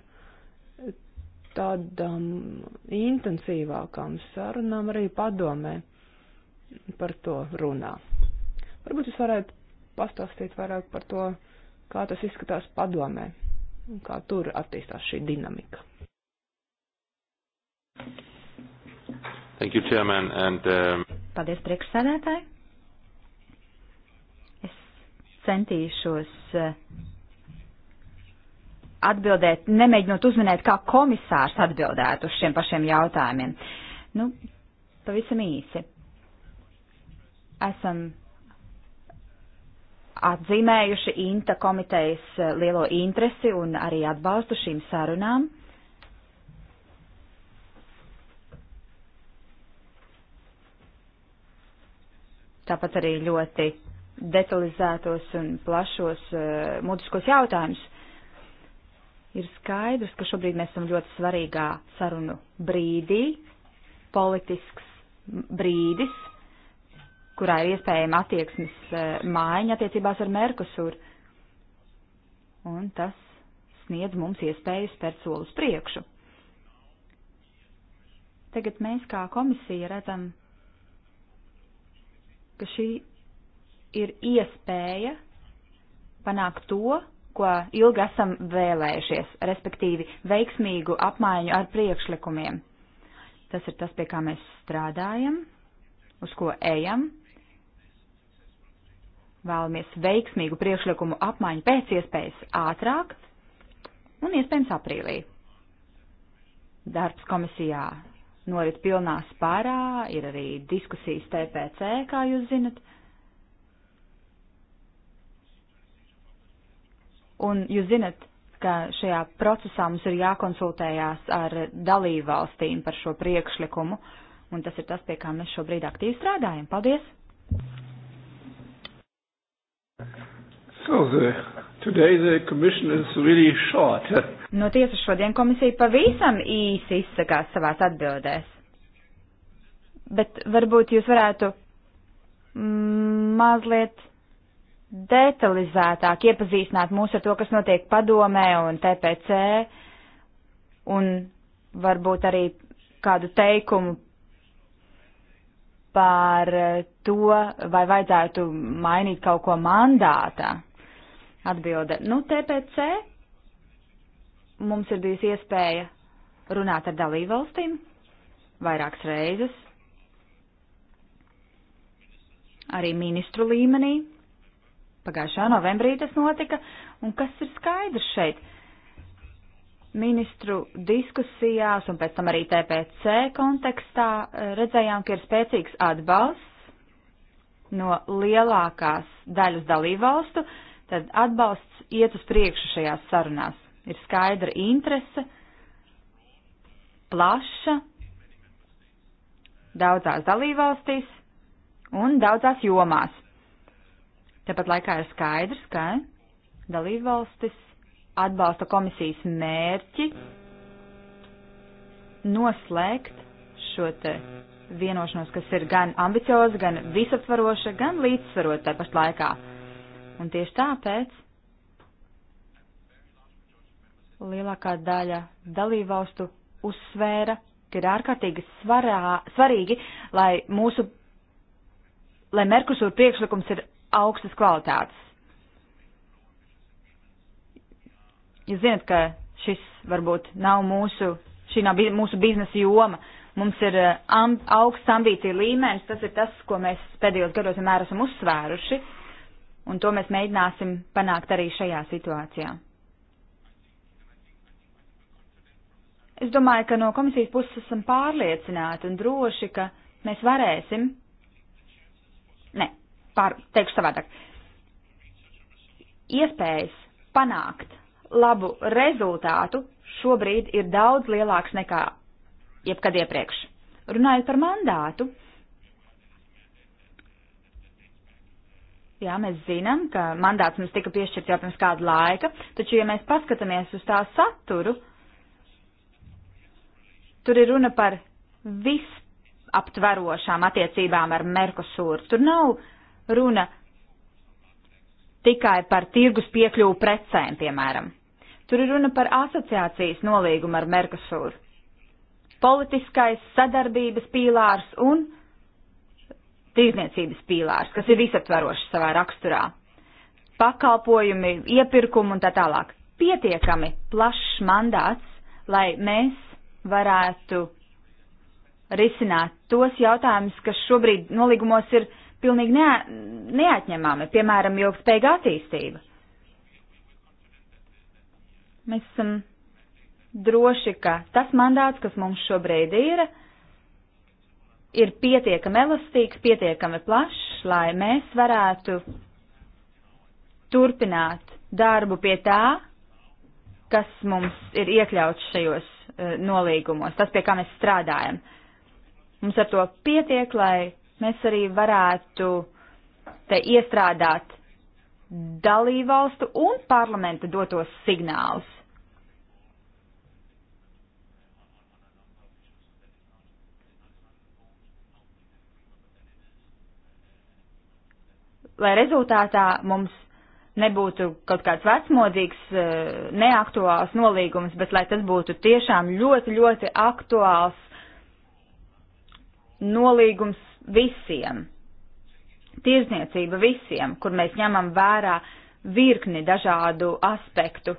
tādām intensīvākām sarunām arī padomē par to runā. Varbūt jūs varētu pastāstīt vairāk par to, kā tas izskatās padomē un kā tur attīstās šī dinamika. Thank you, Chairman, and, um... Paldies, priekšsēdētāji. Es centīšos uh, atbildēt, nemēģinot uzminēt, kā komisārs atbildētu uz šiem pašiem jautājumiem. Nu, pavisam īsi. Esam atzīmējuši INTA komitejas eh, lielo interesi un arī atbalstu šīm sarunām. Tāpat arī ļoti detalizētos un plašos uh, mutiskos jautājumus Ir skaidrs, ka šobrīd mēs esam ļoti svarīgā sarunu brīdī, politisks brīdis, kurā ir iespējama attieksmes eh, mājiņa attiecībās ar Merkusuru. Un tas sniedz mums iespēju spērt solus priekšu. Tagad mēs kā komisija redzam, ka šī ir iespēja panākt to, ko ilgi esam vēlējušies, respektīvi veiksmīgu apmaiņu ar priekšlikumiem. Tas ir tas, pie kā mēs strādājam, uz ko ejam. Vēlamies veiksmīgu priekšlikumu apmaiņu pēc iespējas ātrāk un iespējams aprīlī. Darbs komisijā norit pilnā spārā, ir arī diskusijas TPC, kā jūs zinat. Un jūs zinat, ka šajā procesā mums ir jākonsultējās ar dalību valstīm par šo priekšlikumu, un tas ir tas, pie kā mēs šobrīd aktīvi strādājam. Paldies! So the, today the commission is really short. No tiesa, šodien komisija pavisam īsi izsakās savās atbildēs. Bet varbūt jūs varētu mm, mazliet detalizētāk iepazīstināt mūs ar to, kas notiek padomē un TPC, un varbūt arī kādu teikumu par to, vai vajadzētu mainīt kaut ko mandātā. Atbilde. Nu, TPC mums ir bijusi iespēja runāt ar dalībvalstīm vairākas reizes, arī ministru līmenī, Pagājušā novembrī tas notika, un kas ir skaidrs šeit? Ministru diskusijās un pēc tam arī TPC kontekstā eh, redzējām, ka ir spēcīgs atbalsts no lielākās daļas dalībvalstu, tad atbalsts iet uz priekšu šajās sarunās. Ir skaidra interese, plaša, daudzās dalībvalstīs un daudzās jomās. Tāpat laikā ir skaidrs, ka dalībvalstis atbalsta komisijas mērķi noslēgt šo te vienošanos, kas ir gan ambicioza, gan visaptvaroša, gan līdzsvarota tā pašā laikā. Un tieši tāpēc lielākā daļa dalībvalstu uzsvēra, ka ir ārkārtīgi svarā, svarīgi, lai mūsu, lai Merkusūra priekšlikums ir augstas kvalitātes. Jūs zināt, ka šis varbūt nav mūsu, šī nav mūsu biznesa joma. Mums ir eh, amb, augsts ambīcija līmenis, tas ir tas, ko mēs pēdējos gados vienmēr esam uzsvēruši, un to mēs mēģināsim panākt arī šajā situācijā. Es domāju, ka no komisijas puses esam pārliecināti un droši, ka mēs varēsim. Nē, pār, teikšu savādāk, iespējas panākt labu rezultātu šobrīd ir daudz lielāks nekā jebkad iepriekš. Runājot par mandātu, jā, mēs zinām, ka mandāts mums tika piešķirts jau pirms kāda laika, taču, ja mēs paskatāmies uz tā saturu, tur ir runa par vispārtverošām attiecībām ar Merkosūru. Tur nav runa tikai par tirgus piekļuvu precēm, piemēram. Tur ir runa par asociācijas nolīgumu ar Merkasūru. Politiskais sadarbības pīlārs un tīrzniecības pīlārs, kas ir visaptverošs savā raksturā. Pakalpojumi, iepirkumi un tā tālāk. Pietiekami plašs mandāts, lai mēs varētu risināt tos jautājumus, kas šobrīd nolīgumos ir uh, pilnīgi nea neatņemami, piemēram, ilgspējīga attīstība. Mēs esam droši, ka tas mandāts, kas mums šobrīd ir, ir pietiekami elastīgs, pietiekami plašs, lai mēs varētu turpināt darbu pie tā, kas mums ir iekļauts šajos uh, nolīgumos, tas, pie kā mēs strādājam. Mums ar to pietiek, lai mēs arī varētu te iestrādāt dalībvalstu un parlamenta dotos signālus. Lai rezultātā mums nebūtu kaut kāds vecmodīgs, eh, neaktuāls nolīgums, bet lai tas būtu tiešām ļoti, ļoti aktuāls nolīgums visiem, tirzniecība visiem, kur mēs ņemam vērā virkni dažādu aspektu.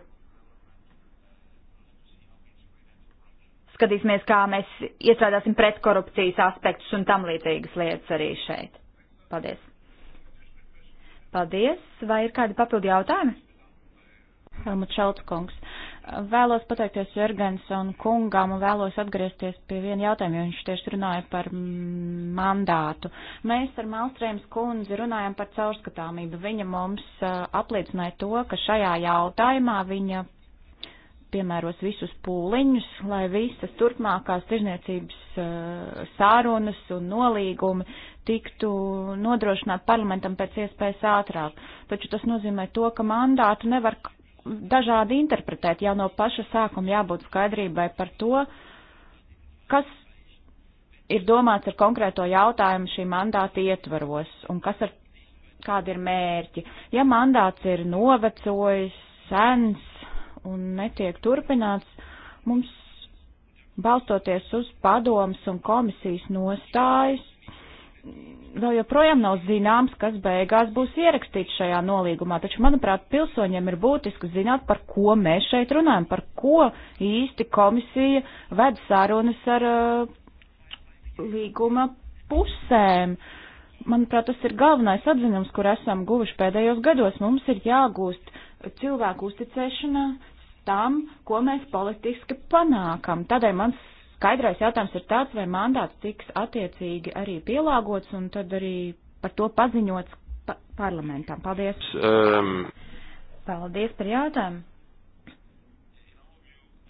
Skatīsimies, kā mēs iestrādāsim pretkorupcijas aspektus un tam līdzīgas lietas arī šeit. Paldies! Paldies! Vai ir kādi papildu jautājumi? Helmut Šaltkungs. Vēlos pateikties Jurgens un kungām un vēlos atgriezties pie viena jautājuma, jo viņš tieši runāja par mandātu. Mēs ar Malstrēms kundzi runājam par caurskatāmību. Viņa mums apliecināja to, ka šajā jautājumā viņa piemēros visus pūliņus, lai visas turpmākās tirzniecības sārunas un nolīgumi tiktu nodrošināt parlamentam pēc iespējas ātrāk. Taču tas nozīmē to, ka mandātu nevar dažādi interpretēt. Jau no paša sākuma jābūt skaidrībai par to, kas ir domāts ar konkrēto jautājumu šī mandāta ietvaros un kas ar kādi ir mērķi. Ja mandāts ir novecojis, sens un netiek turpināts, mums balstoties uz padomas un komisijas nostājas, vēl joprojām nav zināms, kas beigās būs ierakstīts šajā nolīgumā, taču, manuprāt, pilsoņiem ir būtiski zināt, par ko mēs šeit runājam, par ko īsti komisija ved sārunas ar uh, līguma pusēm. Manuprāt, tas ir galvenais atzinums, kur esam guvuši pēdējos gados. Mums ir jāgūst cilvēku uzticēšanās tam, ko mēs politiski panākam. Tādēļ mans skaidrais jautājums ir tāds, vai mandāts tiks attiecīgi arī pielāgots un tad arī par to paziņots pa parlamentam. Paldies. Um. Paldies par jautājumu.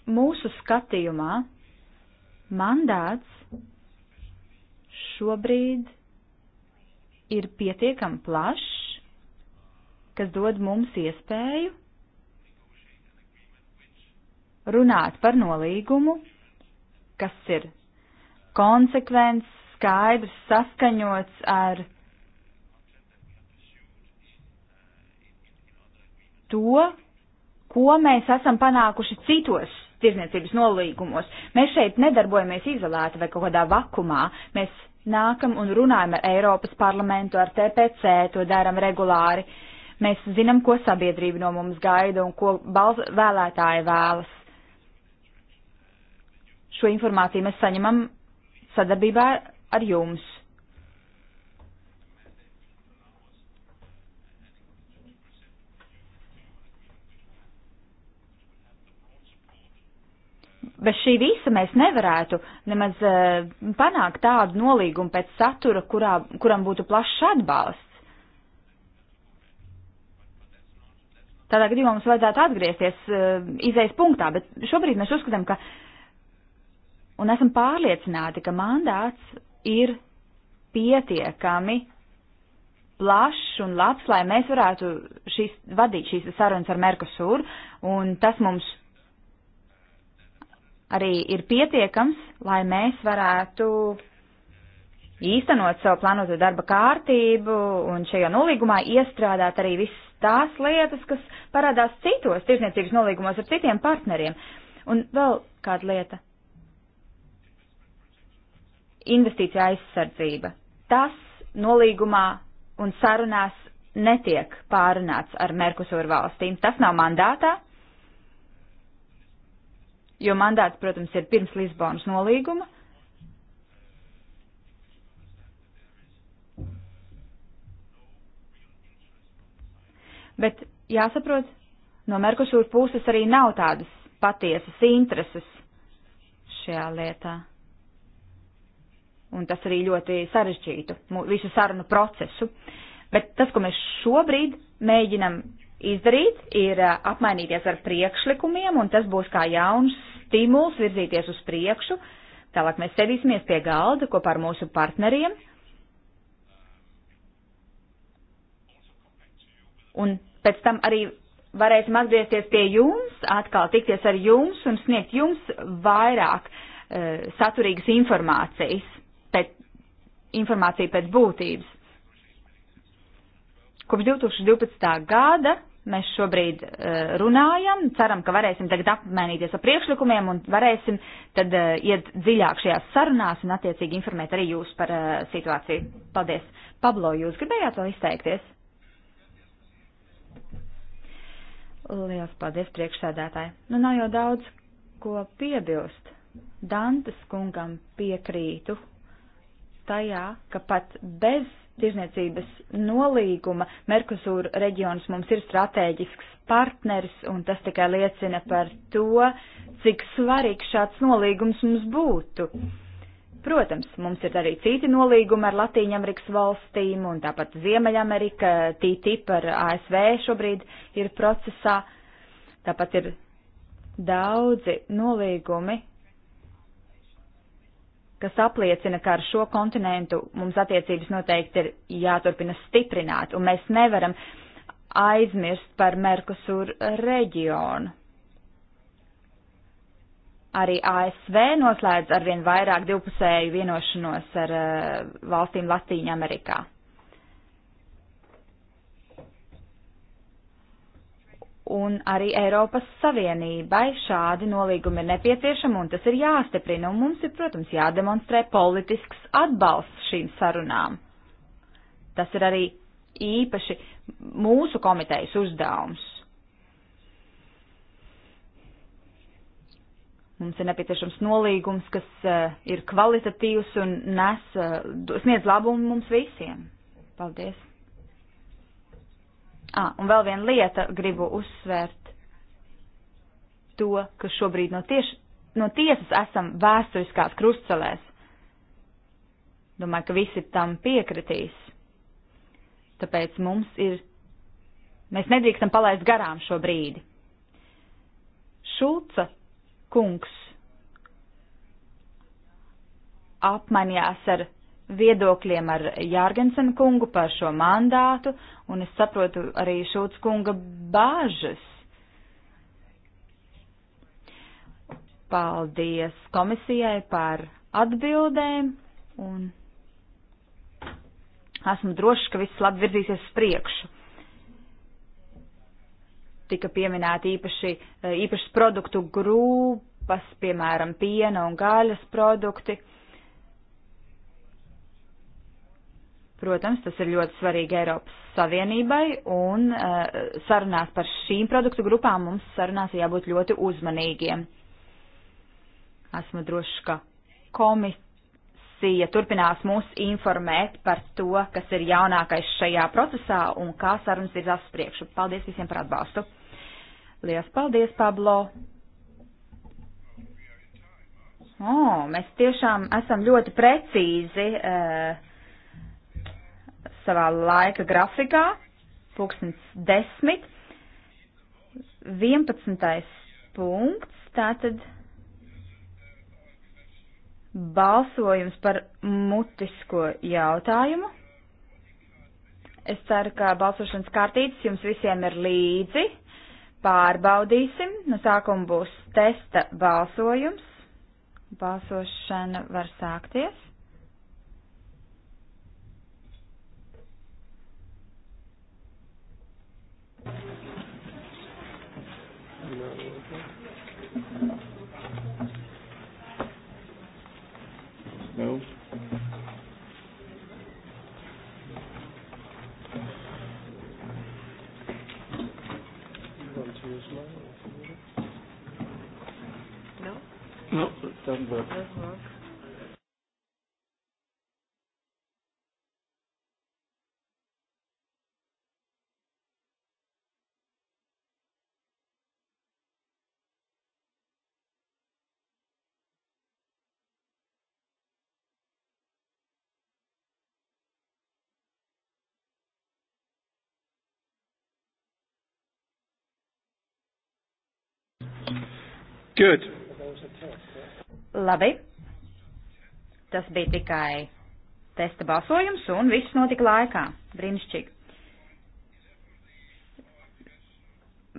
Mūsu skatījumā mandāts šobrīd ir pietiekami plašs, kas dod mums iespēju runāt par nolīgumu, kas ir konsekvents, skaidrs, saskaņots ar to, ko mēs esam panākuši citos tirdzniecības nolīgumos. Mēs šeit nedarbojamies izolēti vai kaut kādā vakumā. Mēs nākam un runājam ar Eiropas parlamentu, ar TPC, to darām regulāri. Mēs zinām, ko sabiedrība no mums gaida un ko balz, vēlētāji vēlas. Šo informāciju mēs saņemam sadarbībā ar jums. bez šī visa mēs nevarētu nemaz uh, panākt tādu nolīgumu pēc satura, kurā, kuram būtu plašs atbalsts. Tādā gadījumā mums vajadzētu atgriezties uh, eh, izējas punktā, bet šobrīd mēs uzskatām, ka un esam pārliecināti, ka mandāts ir pietiekami plašs un labs, lai mēs varētu šīs, vadīt šīs sarunas ar Merkusūru, un tas mums arī ir pietiekams, lai mēs varētu īstenot savu plānoto darba kārtību un šajā nolīgumā iestrādāt arī visas tās lietas, kas parādās citos tirsniecības nolīgumos ar citiem partneriem. Un vēl kāda lieta investīcija aizsardzība. Tas nolīgumā un sarunās netiek pārunāts ar Merkusur valstīm. Tas nav mandātā, jo mandāts, protams, ir pirms Lisbonas nolīguma. Bet jāsaprot, no Merkusūra puses arī nav tādas patiesas intereses šajā lietā un tas arī ļoti sarežģītu visu sarunu procesu. Bet tas, ko mēs šobrīd mēģinam izdarīt, ir apmainīties ar priekšlikumiem, un tas būs kā jauns stimuls virzīties uz priekšu. Tālāk mēs sēdīsimies pie galda kopā ar mūsu partneriem. Un pēc tam arī varēsim atgriezties pie jums, atkal tikties ar jums un sniegt jums vairāk uh, saturīgas informācijas pēc informāciju pēc būtības. Kopš 2012. gada mēs šobrīd uh, runājam, ceram, ka varēsim tagad apmainīties ar priekšlikumiem un varēsim tad uh, iet dziļāk šajās sarunās un attiecīgi informēt arī jūs par uh, situāciju. Paldies. Pablo, jūs gribējāt vēl izteikties? Lielas paldies priekšsēdētāji. Nu nav jau daudz ko piebilst. Dantas kungam piekrītu tajā, ka pat bez tirzniecības nolīguma Merkusūra reģions mums ir strateģisks partners, un tas tikai liecina par to, cik svarīgs šāds nolīgums mums būtu. Protams, mums ir arī citi nolīgumi ar Latīņamerikas valstīm, un tāpat Ziemeļamerika, TTIP ar ASV šobrīd ir procesā. Tāpat ir daudzi nolīgumi kas apliecina, ka ar šo kontinentu mums attiecības noteikti ir jāturpina stiprināt, un mēs nevaram aizmirst par Merkusur reģionu. Arī ASV noslēdz arvien vairāk divpusēju vienošanos ar uh, valstīm Latīņa Amerikā. un arī Eiropas Savienībai šādi nolīgumi ir nepieciešami un tas ir jāstiprina. Un mums ir, protams, jādemonstrē politisks atbalsts šīm sarunām. Tas ir arī īpaši mūsu komitejas uzdevums. Mums ir nepieciešams nolīgums, kas uh, ir kvalitatīvs un nes, uh, sniedz labumu mums visiem. Paldies! À, un vēl viena lieta gribu uzsvērt to, ka šobrīd no, tieši, no tiesas esam vēsturiskās krustcelēs. Domāju, ka visi tam piekritīs. Tāpēc mums ir, mēs nedrīkstam palaist garām šo brīdi. Šulca kungs apmainījās ar viedokļiem ar Jārgensen kungu par šo mandātu, un es saprotu arī Šulc kunga bāžas. Paldies komisijai par atbildēm, un esmu drošs, ka viss labi virzīsies uz priekšu. Tika pieminēti īpaši, īpašas produktu grupas, piemēram, piena un gaļas produkti. Uh, Protams, tas ir ļoti svarīgi Eiropas Savienībai, un uh, sarunās par šīm produktu grupām mums sarunās jābūt ļoti uzmanīgiem. Esmu drošs, ka komisija turpinās mūs informēt par to, kas ir jaunākais šajā procesā un kā sarunas ir uz priekšu. Paldies visiem par atbalstu. Lielas paldies, Pablo! O, oh, mēs tiešām esam ļoti precīzi. Uh, savā laika grafikā, pulkstens desmit, vienpadsmitais punkts, tātad balsojums par mutisko jautājumu. Es ceru, ka balsošanas kārtītes jums visiem ir līdzi. Pārbaudīsim. No sākuma būs testa balsojums. Balsošana var sākties. No. No, it doesn't work. It doesn't work. Good. Labi. Tas bija tikai testa balsojums un viss notika laikā. Brīnišķīgi.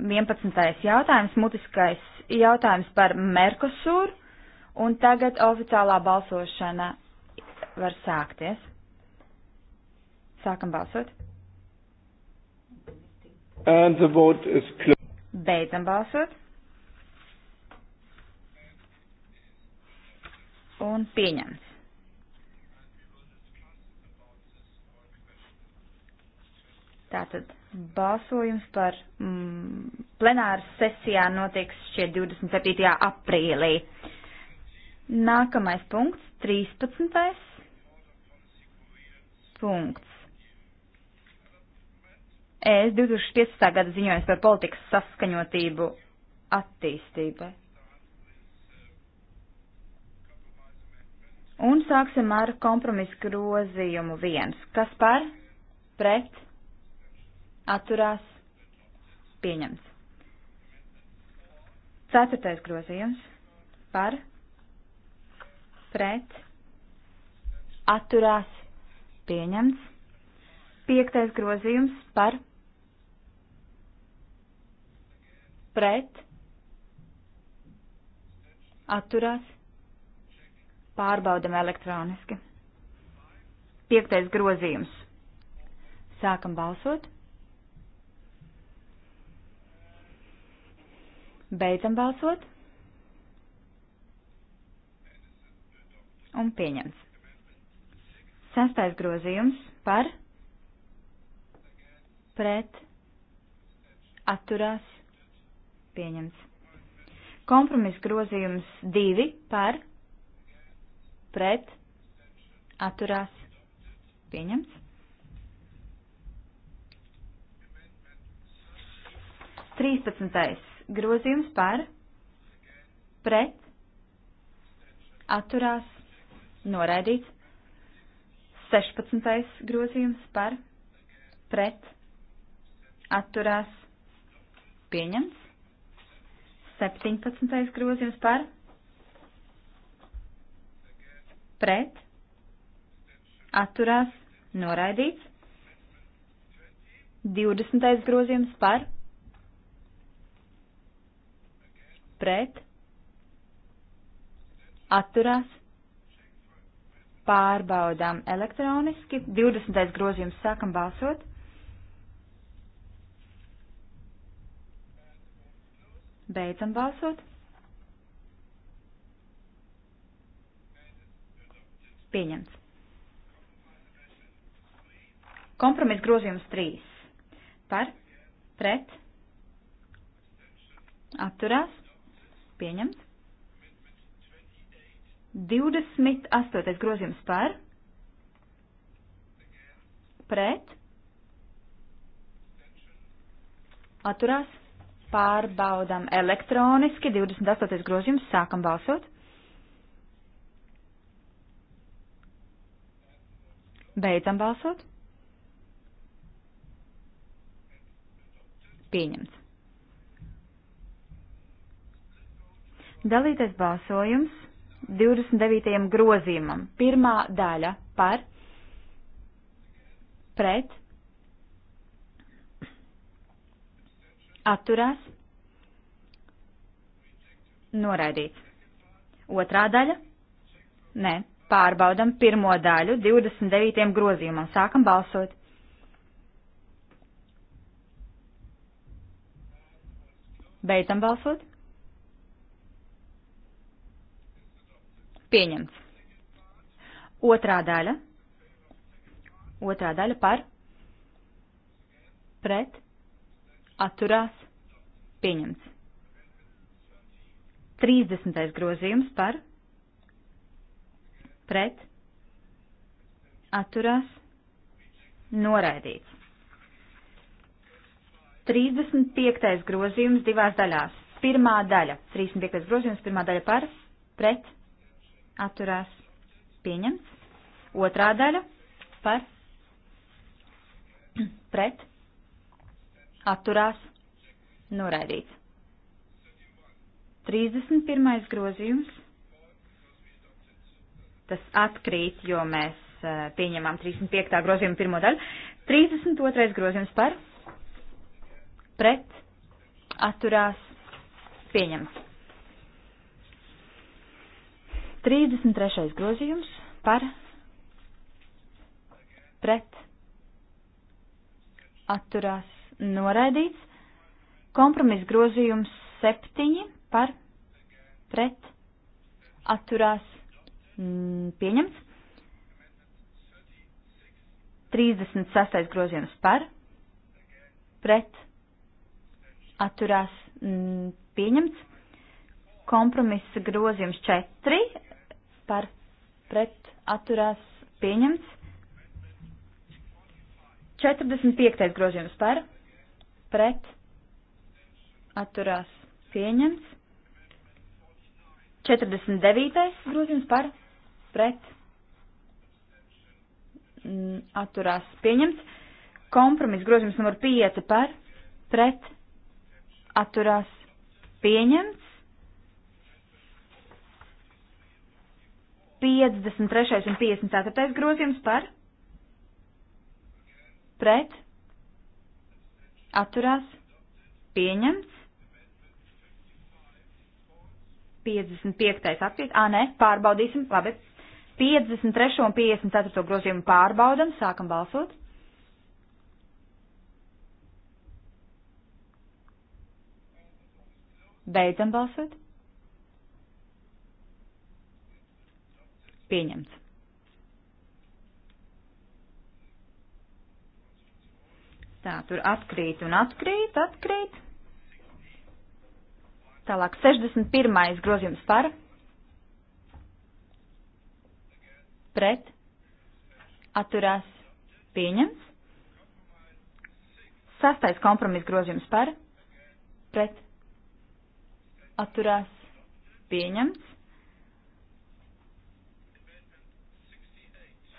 11. jautājums, mutiskais jautājums par Merkosūru, un tagad oficiālā balsošana var sākties. Sākam balsot. Beidzam balsot. un pieņemts. Tātad balsojums par mm, plenāru sesijā notiks šie 27. aprīlī. Nākamais punkts, 13. punkts. ES 2015. gada ziņojums par politikas saskaņotību attīstībai. Un sāksim ar kompromisu grozījumu viens. Kas par? Pret? Atturās? Pieņemts. Ceturtais grozījums. Par? Pret? Atturās? Pieņemts. Piektais grozījums par? Pret? Atturās? Pārbaudam elektroniski. Piektais grozījums. Sākam balsot. Beidzam balsot. Un pieņemts. Sastais grozījums par pret atturās pieņemts. Kompromis grozījums 2 par pret, atturās, pieņemts. Trīspadsmitais grozījums par, pret, atturās, noraidīts. Sešpadsmitais grozījums par, pret, atturās, pieņemts. Septiņpadsmitais grozījums par, pret pret, atturās, noraidīts. 20. grozījums par, pret, atturās, pārbaudām elektroniski. 20. grozījums sākam balsot. Beidzam balsot. Pieņemts. Kompromiss grozījums 3. Par, pret, atturās, pieņemts. 28. grozījums par, pret, atturās, pārbaudām elektroniski, 28. grozījums, sākam balsot. Beidzam balsot. Pieņemts. Dalītais balsojums 29. grozījumam. Pirmā daļa par, pret, atturās, noraidīts. Otrā daļa? Nē, Pārbaudam pirmo daļu 29. grozījumam. Sākam balsot. Beidzam balsot. Pieņemts. Otrā daļa. Otrā daļa par. Pret. Atturās. Pieņemts. 30. grozījums par pret, atturās, noraidīts. 35. grozījums divās daļās. Pirmā daļa, 35. grozījums, pirmā daļa par, pret, atturās, pieņemts. Otrā daļa par, pret, atturās, noraidīts. 31. grozījums tas atkrīt, jo mēs eh, pieņemam 35. grozījumu pirmo daļu. 32. grozījums par pret atturās pieņemts. 33. grozījums par pret atturās noraidīts. Kompromiss grozījums 7 par pret atturās Mm, pieņemts. 36. Mm, grozījums par, pret, atturās, pieņemts. Kompromisa grozījums 4 par, pret, atturās, pieņemts. 45. grozījums par, pret, atturās, pieņemts. 49. grozījums par, pret mm, atturās pieņemts. Kompromiss grozījums numur 5 par pret atturās pieņemts. 53. un 54. grozījums par pret atturās pieņemts. 55. attiek, ā, nē, pārbaudīsim, labi, 53. un 54. grozījumu pārbaudam, sākam balsot. Beidzam balsot. Pieņemts. Tā, tur atkrīt un atkrīt, atkrīt. Tālāk 61. grozījums par pret, atturās, pieņems. Sastais kompromiss grozījums par, pret, atturās, pieņemts.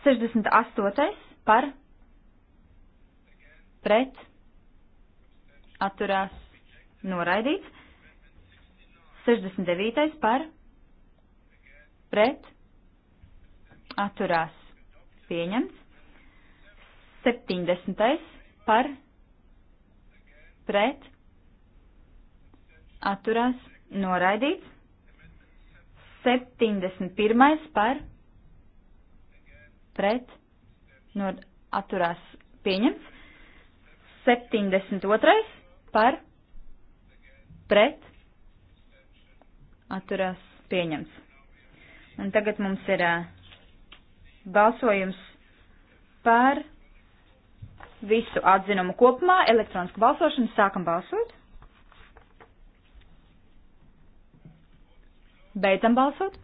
68. par, pret, atturās, noraidīts. 69. par, pret, atturās pieņemts. 70. par pret atturās noraidīts. 71. par pret no, atturās pieņemts. 72. par pret atturās pieņemts. Un tagad mums ir uh, balsojums par visu atzinumu kopumā, elektronisku balsošanu, sākam balsot. Beidzam balsot.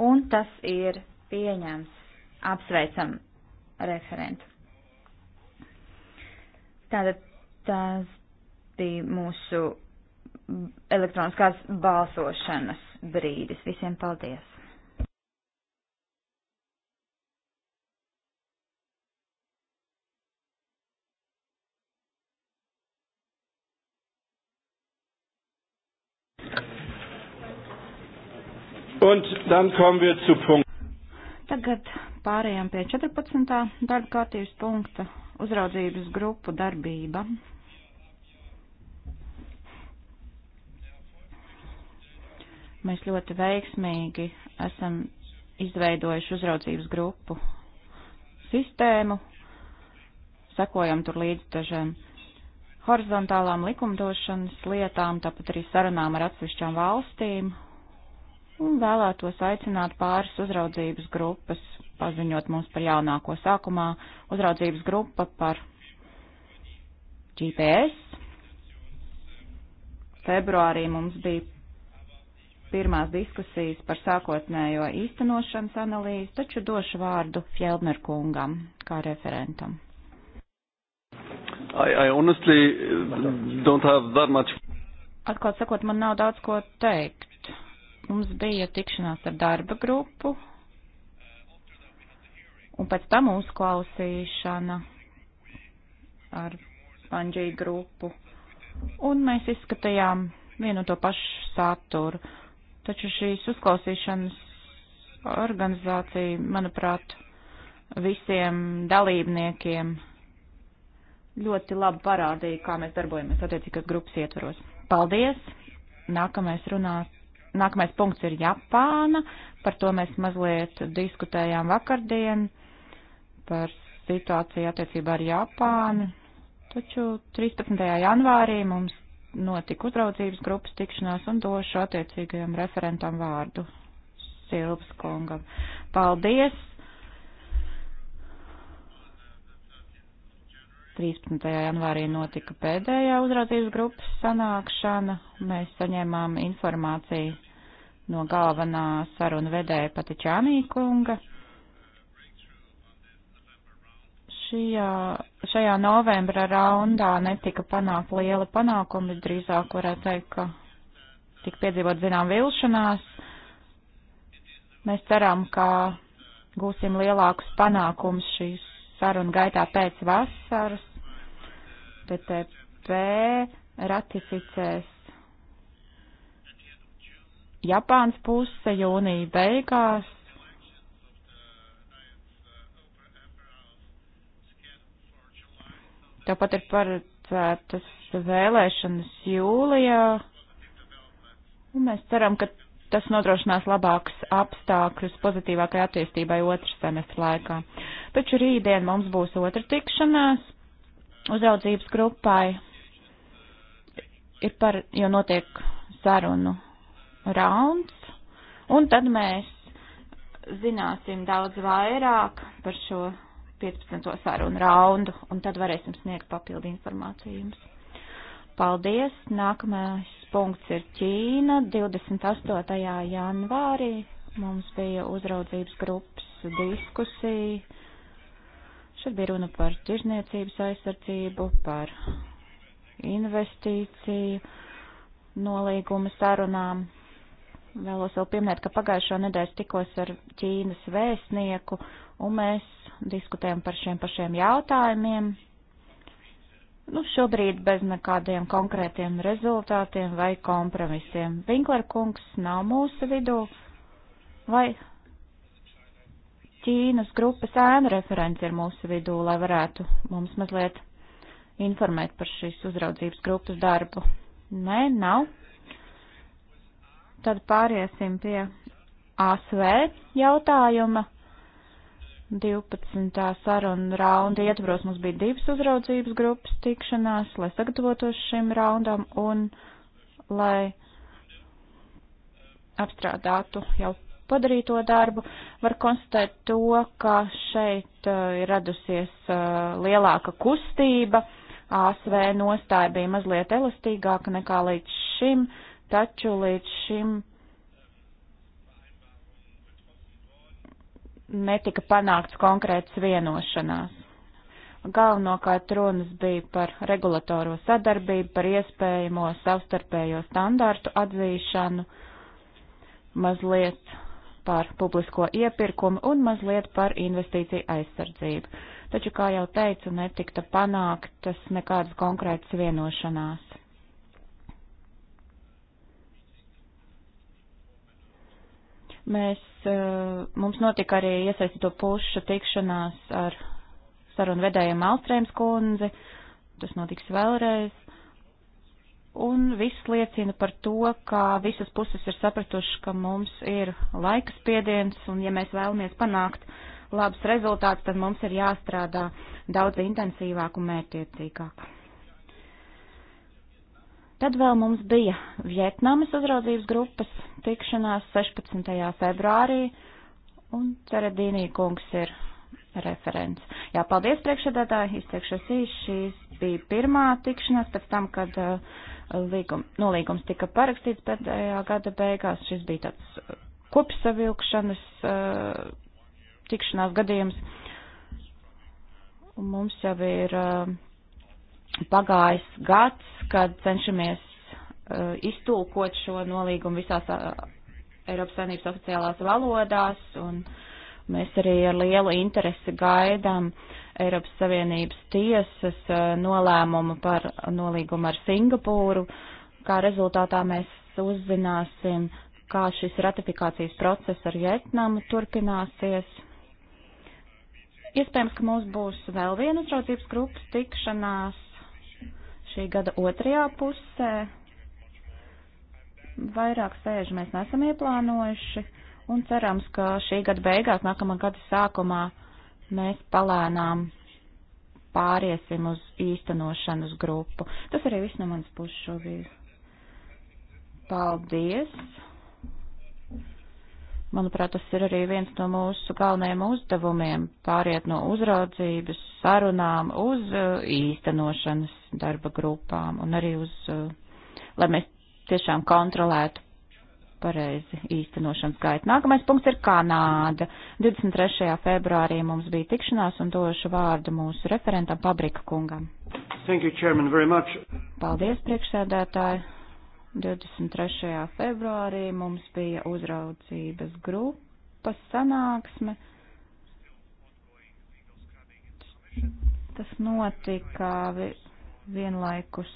Un tas ir pieņēmts. Apsveicam referentu. Tātad tas bija mūsu elektroniskās balsošanas brīdis. Visiem paldies! Und dann kommen wir zu Punkt. Tagad pārējām pie 14. darba kārtības punkta - uzraudzības grupu darbība. Mēs ļoti veiksmīgi esam izveidojuši uzraudzības grupu sistēmu, sekojam tur līdz dažiem horizontālām likumdošanas lietām, tāpat arī sarunām ar atsevišķām valstīm, un vēlētos aicināt pāris uzraudzības grupas, paziņot mums par jaunāko sākumā uzraudzības grupa par GPS. Februārī mums bija pirmās diskusijas par sākotnējo īstenošanas analīzi, taču došu vārdu Fjeldner kungam kā referentam. I, I honestly don't have that much. Atklāt sakot, man nav daudz ko teikt. Mums bija tikšanās ar darba grupu, un pēc tam uzklausīšana ar Pandžī grupu, un mēs izskatījām vienu to pašu saturu. Taču šīs uzklausīšanas organizācija, manuprāt, visiem dalībniekiem ļoti labi parādīja, kā mēs darbojamies attiecīgās grupas ietvaros. Paldies! Nākamais runās. Nākamais punkts ir Japāna, par to mēs mazliet diskutējām vakardien, par situāciju attiecībā ar Japānu. Taču 13. janvārī mums notika uzraudzības grupas tikšanās un došu attiecīgajam referentam vārdu Silvas kungam. Paldies! 13. janvārī notika pēdējā uzraudzības grupas sanākšana. Mēs saņēmām informāciju no galvenā saruna vedēja Patičānī kunga šajā, šajā novembra raundā netika panākt liela panākumi, drīzāk varētu teikt, ka tika piedzīvot zinām vilšanās. Mēs ceram, ka gūsim lielākus panākumus šīs sarunu gaitā pēc vasaras. PTP ratificēs Japāns puse jūnija beigās Tāpat ir paredzētas vēlēšanas jūlijā. Un mēs ceram, ka tas nodrošinās labākus apstākļus pozitīvākai attīstībai otras semestra laikā. Taču rītdien mums būs otra tikšanās uzraudzības grupai, ir par, jo notiek sarunu rauns, un tad mēs zināsim daudz vairāk par šo 15. sarunu raundu, un tad varēsim sniegt papildu informāciju jums. Paldies! Nākamais punkts ir Ķīna. 28. janvārī mums bija uzraudzības grupas diskusija. Šeit bija runa par tirzniecības aizsardzību, par investīciju nolīguma sarunām. Vēlos vēl pieminēt, ka pagājušo nedēļu tikos ar Ķīnas vēstnieku un mēs diskutējam par šiem pašiem jautājumiem. Nu, šobrīd bez nekādiem konkrētiem rezultātiem vai kompromisiem. Vinkler kungs nav mūsu vidū, vai Ķīnas grupas ēnu referents ir mūsu vidū, lai varētu mums mazliet informēt par šīs uzraudzības grupas darbu. Nē, nav. Tad pāriesim pie ASV jautājuma. 12. saruna raunda ietvaros mums bija divas uzraudzības grupas tikšanās, lai sagatavotos šim raundam un lai apstrādātu jau padarīto darbu. Var konstatēt to, ka šeit uh, ir radusies uh, lielāka kustība. ASV nostāja bija mazliet elastīgāka nekā līdz šim, taču līdz šim netika panākts konkrēts vienošanās. Galvenokārt runas bija par regulatoro sadarbību, par iespējamo savstarpējo standārtu atzīšanu, mazliet par publisko iepirkumu un mazliet par investīciju aizsardzību. Taču, kā jau teicu, netikta panāktas nekādas konkrētas vienošanās. Mēs, eh, mums notika arī iesaistīto pušu tikšanās ar sarunu vedējiem Alstrēms kundzi, tas notiks vēlreiz. Un viss liecina par to, ka visas puses ir sapratuši, ka mums ir laika spiediens, un ja mēs vēlamies panākt labus rezultātus, tad mums ir jāstrādā daudz intensīvāk un mērķiecīgāk. Tad vēl mums bija Vietnamas uzraudzības grupas tikšanās 16. februārī, un Ceredīnī kungs ir referents. Jā, paldies priekšsēdētāji, izteikšos īsi. Šīs bija pirmā tikšanās pēc tam, kad uh, līgum, nolīgums tika parakstīts pēdējā gada beigās. Šis bija tāds uh, kopsavilkšanas uh, tikšanās gadījums. Un mums jau ir uh, pagājis gads, kad cenšamies uh, iztulkot šo nolīgumu visās uh, Eiropas Savienības oficiālās valodās, un mēs arī ar lielu interesi gaidām Eiropas Savienības tiesas uh, nolēmumu par nolīgumu ar Singapūru, kā rezultātā mēs uzzināsim, kā šis ratifikācijas process ar Vietnamu turpināsies. Iespējams, ka mums būs vēl viena uzraudzības grupas tikšanās šī gada otrajā pusē. Vairāk sēžu mēs nesam ieplānojuši un cerams, ka šī gada beigās, nākamā gada sākumā mēs palēnām pāriesim uz īstenošanas grupu. Tas arī viss no manas puses šobrīd. Paldies! Manuprāt, tas ir arī viens no mūsu galvenajiem uzdevumiem - pāriet no uzraudzības, sarunām uz uh, īstenošanas darba grupām un arī uz, uh, lai mēs tiešām kontrolētu pareizi īstenošanas gaitu. Nākamais punkts ir Kanāda. 23. februārī mums bija tikšanās un došu vārdu mūsu referentam Pabrika kungam. Thank you, Chairman, very much. Paldies, priekšsēdētāji 23. februārī mums bija uzraudzības grupas sanāksme. Tas notika vienlaikus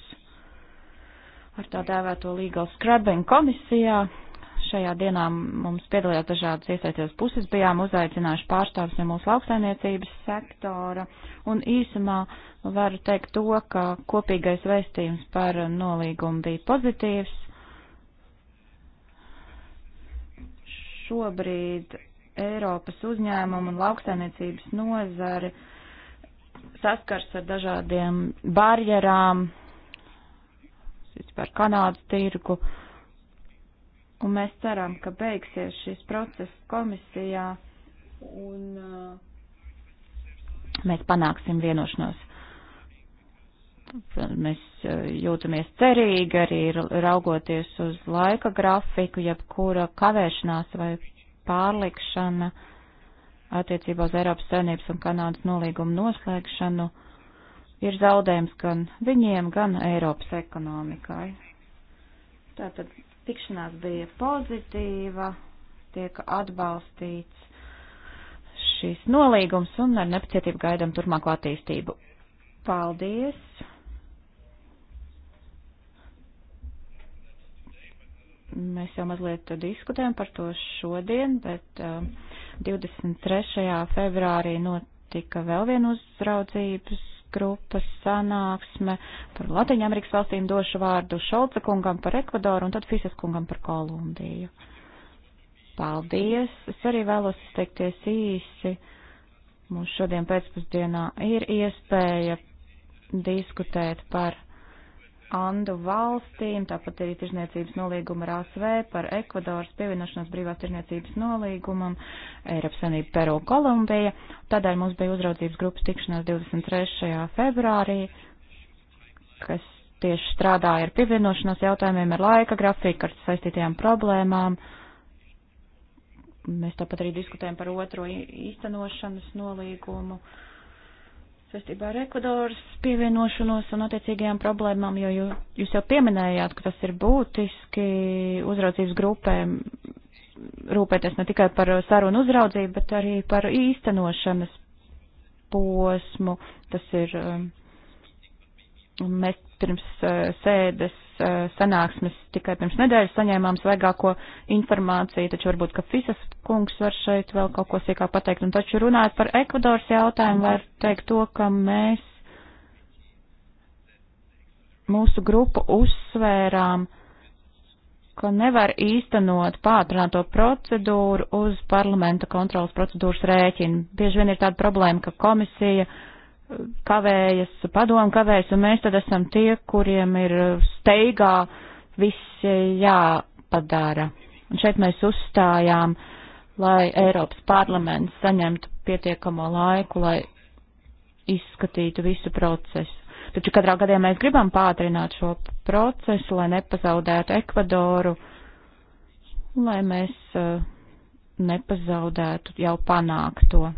ar tā dēvēto legal scrubbing komisijā. Šajā dienā mums piedalījās dažādas iesaistītās puses, bijām uzaicinājuši pārstāvis no mūsu lauksaimniecības sektora, un īsumā varu teikt to, ka kopīgais vēstījums par nolīgumu bija pozitīvs. Šobrīd Eiropas uzņēmumu un lauksaimniecības nozari saskars ar dažādiem barjerām, par Kanādas tirgu. Uh, Un mēs ceram, ka beigsies šis process komisijā un uh, mēs panāksim vienošanos. Mēs uh, jūtamies cerīgi arī raugoties uz laika grafiku, jebkura kavēšanās vai pārlikšana attiecībā uz Eiropas Savienības un Kanādas nolīgumu noslēgšanu ir zaudējums gan viņiem, gan Eiropas ekonomikai. Tātad Tikšanās bija pozitīva, tiek atbalstīts šīs nolīgums un ar nepacietību gaidām turpmāko attīstību. Paldies! Mēs jau mazliet diskutējam par to šodien, bet um, uh, 23. februārī notika vēl viena uzraudzības grupas sanāksme, par Latviju-Amerikas valstīm došu vārdu Šolca kungam par Ekvadoru un tad Fisas kungam par Kolumbiju. Paldies! Es arī vēlos izteikties īsi. Mums šodien pēcpusdienā ir iespēja diskutēt par Andu valstīm, tāpat arī tirzniecības nolīguma ar ASV par Ekvadoras pievienošanos brīvās tirzniecības nolīgumam, Eiropas Savienība, Peru, Kolumbija. Tādēļ mums bija uzraudzības grupas tikšanās 23. februārī, kas tieši strādāja ar pievienošanās jautājumiem, ar laika grafiku, ar saistītajām problēmām. Mēs tāpat arī diskutējam par otro īstenošanas nolīgumu. Uh, saistībā ar Ekvadoras pievienošanos un attiecīgajām problēmām, jo jū, jūs jau pieminējāt, ka tas ir būtiski uzraudzības grupēm rūpēties ne tikai par sarunu uzraudzību, bet arī par īstenošanas posmu. Tas ir, um, mēs pirms eh, sēdes eh, sanāksmes tikai pirms nedēļas saņēmām svaigāko informāciju, taču varbūt, ka Fisas kungs var šeit vēl kaut ko sīkāk pateikt. Un taču runājot par Ekvadoras jautājumu, var teikt to, ka mēs mūsu grupu uzsvērām, ka nevar īstenot pātrināto procedūru uz parlamenta kontrolas procedūras rēķinu. Bieži vien ir tāda problēma, ka komisija uh, kavējas, padomu kavējas, un mēs tad esam tie, kuriem ir steigā viss jāpadara. Un šeit mēs uzstājām, lai Eiropas parlaments saņemtu pietiekamo laiku, lai izskatītu visu procesu. Taču katrā gadā mēs gribam pātrināt šo procesu, lai nepazaudētu Ekvadoru, lai mēs uh, nepazaudētu jau panākto.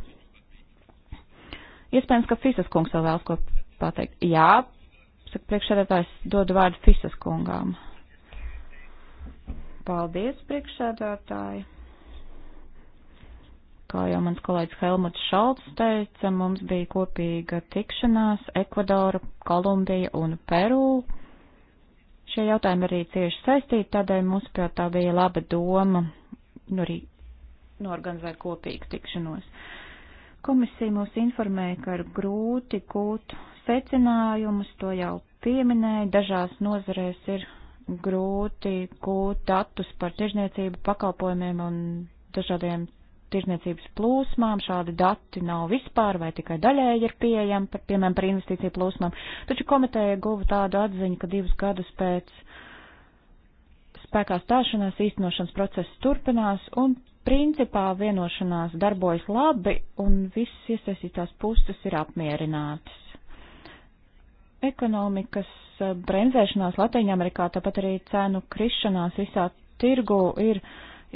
Iespējams, ka Fisas kungs vēl vēlas ko pateikt. Jā, saka priekšsēdētājs, dod vārdu Fisas kungām. Paldies, priekšsēdētāji. Kā jau mans kolēģis Helmuts Šalts teica, mums bija kopīga tikšanās Ekvadora, Kolumbija un Peru. Šie jautājumi arī cieši saistīti, tādēļ mums pie tā bija laba doma nu, arī norganizēt kopīgu tikšanos. Uh, Komisija mūs informēja, ka ir grūti gūt secinājumus, to jau pieminēja, dažās nozarēs ir grūti gūt datus par tirzniecību pakalpojumiem un dažādiem tirzniecības plūsmām, šādi dati nav vispār vai tikai daļēji ir pieejami, par, piemēram, par investīciju plūsmām. Taču komiteja guva tādu atziņu, ka divus gadus pēc spēkā stāšanās īstenošanas process turpinās un Principā vienošanās darbojas labi un visas iesaistītās puses ir apmierinātas. Ekonomikas eh, bremzēšanās Latvijā-Amerikā, tāpat arī cēnu krišanās visā tirgu ir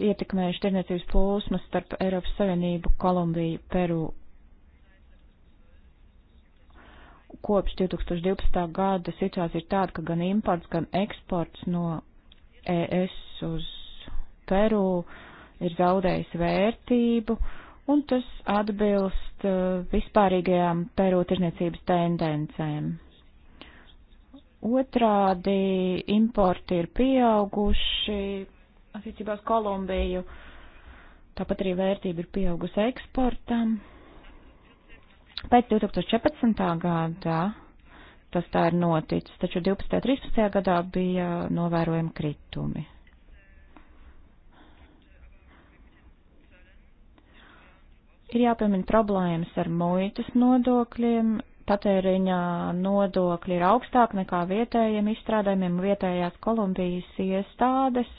ietekmējuši tirniecības plūsmas starp Eiropas Savienību, Kolumbiju, Peru kopš 2012. gada situācija ir tāda, ka gan imports, gan eksports no ES uz Peru ir zaudējis vērtību, un tas atbilst uh, vispārīgajām Peru tirniecības tendencēm. Otrādi importi ir pieauguši attiecībā uz Kolumbiju, tāpat arī vērtība ir pieaugusi eksportam. Pēc 2014. gada tas tā ir noticis, taču 12. un 13. gadā bija novērojami kritumi. Ir jāpiemina problēmas ar muitas nodokļiem, patēriņā nodokļi ir augstāk nekā vietējiem izstrādājumiem, vietējās Kolumbijas iestādes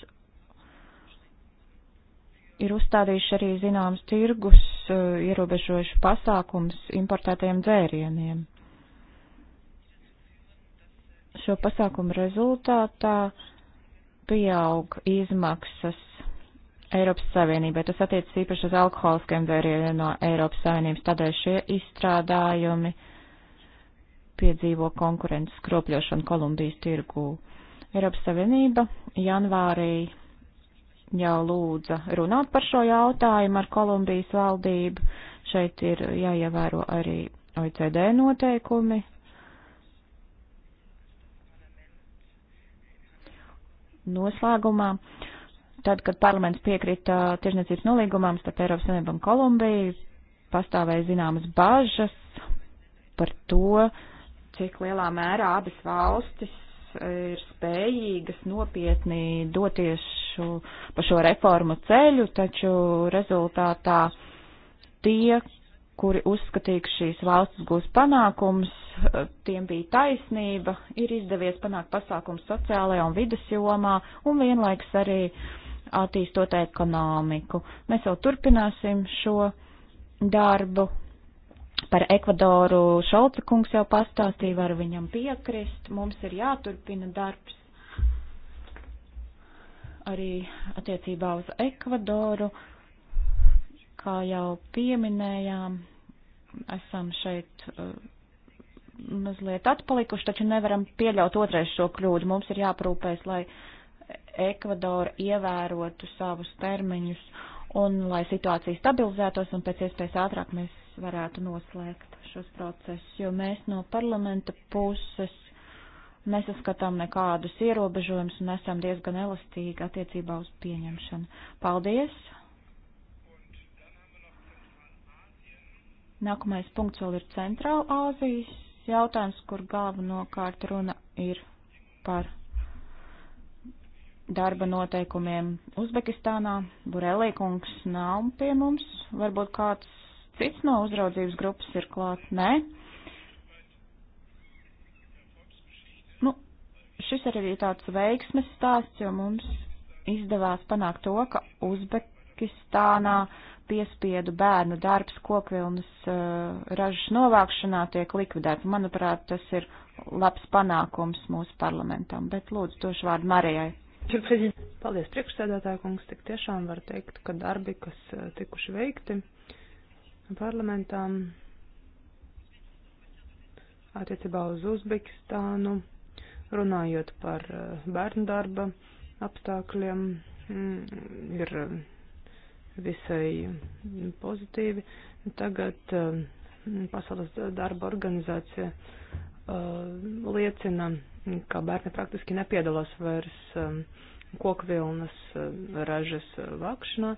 ir uzstādījuši arī zināms tirgus eh, ierobežojuši pasākums importētajiem dzērieniem. Šo pasākumu rezultātā pieaug izmaksas Eiropas Savienībai. Tas attiecas īpaši uz alkoholiskiem dzērieniem no Eiropas Savienības. Tādēļ šie izstrādājumi piedzīvo konkurences skropļošanu Kolumbijas tirgū. Eiropas Savienība janvārī jau lūdza runāt par šo jautājumu ar Kolumbijas valdību. Šeit ir jāievēro arī OECD noteikumi. Noslēgumā tad, kad parlaments piekrita tiešniecības nolīgumam starp Eiropas Savienību un Kolumbiju, pastāvēja zināmas bažas par to, cik lielā mērā abas valstis ir spējīgas nopietni doties šo, pa šo reformu ceļu, taču rezultātā tie, kuri uzskatīja, ka šīs valstis gūs panākums, tiem bija taisnība, ir izdevies panākt pasākums sociālajā un vidas jomā un vienlaiks arī uh, attīstot ekonomiku. Mēs jau turpināsim šo darbu. Par Ekvadoru Šolca kungs jau pastāstīja, varu viņam piekrist. Mums ir jāturpina darbs arī attiecībā uz Ekvadoru. Kā jau pieminējām, esam šeit uh, mazliet atpalikuši, taču nevaram pieļaut otrais šo kļūdu. Mums ir jāprūpēs, lai uh, Ekvadora ievērotu savus termiņus un lai situācija stabilizētos un pēc iespējas ātrāk mēs varētu noslēgt šos procesus, jo mēs no parlamenta puses nesaskatām nekādus ierobežojumus un esam diezgan elastīgi attiecībā uz pieņemšanu. Paldies! Nākamais punkts vēl ir Centrāla Āzijas jautājums, kur galvenokārt runa ir par darba noteikumiem Uzbekistānā. Burelī kungs nav pie mums. Varbūt kāds cits no uzraudzības grupas ir klāt? Nē. Nu, šis arī ir tāds veiksmes stāsts, jo mums izdevās panākt to, ka Uzbekistānā piespiedu bērnu darbs kokvilnas uh, ražas novākšanā tiek likvidēts. Manuprāt, tas ir labs panākums mūsu parlamentam, bet lūdzu došu vārdu Marijai. Paldies priekšsēdētāju kungs, tik tiešām var teikt, ka darbi, kas eh, tikuši veikti parlamentām attiecībā uz Uzbekistānu, runājot par eh, bērnu darba apstākļiem, mm, ir eh, visai pozitīvi. Tagad Pasaules darba organizācija Uh, liecina, ka bērni praktiski nepiedalās vairs um, kokvilnas um, ražas uh, vākšanā,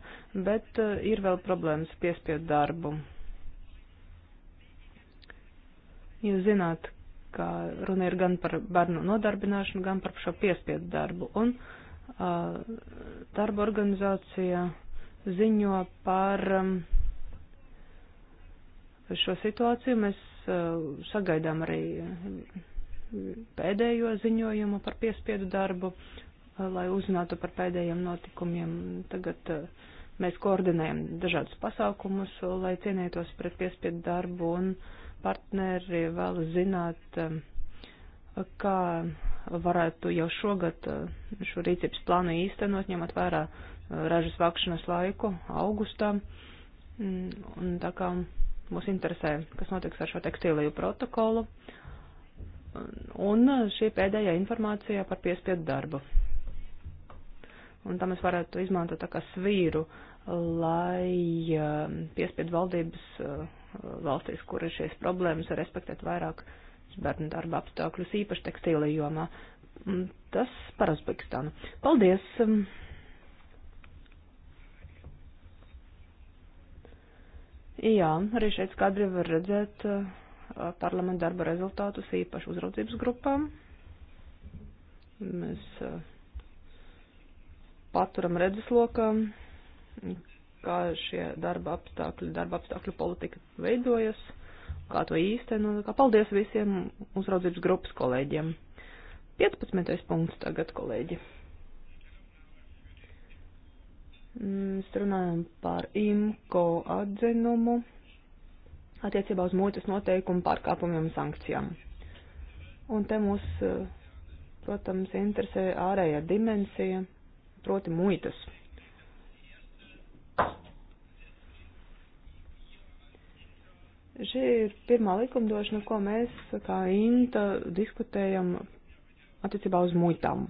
bet uh, ir vēl problēmas piespiedu darbu. Jūs zināt, ka runa ir gan par bērnu nodarbināšanu, gan par šo piespiedu darbu. Un uh, darba organizācija ziņo par um, šo situāciju. Mēs Eh, sagaidām arī pēdējo ziņojumu par piespiedu darbu, eh, lai uzzinātu par pēdējiem notikumiem. Tagad eh, mēs koordinējam dažādus pasākumus, lai cienītos pret piespiedu darbu, un partneri vēl zināt, kā varētu jau šogad šo rīcības plānu īstenot, ņemot vērā ražas vākšanas laiku augustā. Mm, un tā kā Mūs interesē, kas notiks ar šo tekstīliju protokolu. Un šī pēdējā informācija par piespiedu darbu. Un tam es varētu izmantot tā kā svīru, lai um, piespiedu valdības uh, valstīs, kur ir šīs problēmas, respektēt vairāk bērnu darba apstākļus, īpaši tekstīlī jomā. Mm, tas par Uzbekistānu. Paldies! Um, Jā, arī šeit skadri var redzēt eh, parlamenta darba rezultātus īpaši uzraudzības grupām. Mēs eh, paturam redzeslokā, kā šie darba apstākļi, darba apstākļu politika veidojas, kā to īstenot. Paldies visiem uzraudzības grupas kolēģiem. 15. punkts tagad, kolēģi. Mēs mm, runājam par IMCO atzinumu attiecībā uz muitas noteikumu pārkāpumiem un sankcijām. Un te mūs, protams, interesē ārējā dimensija, proti muitas. Šī ir pirmā likumdošana, ko mēs kā INTA diskutējam attiecībā uz muitām.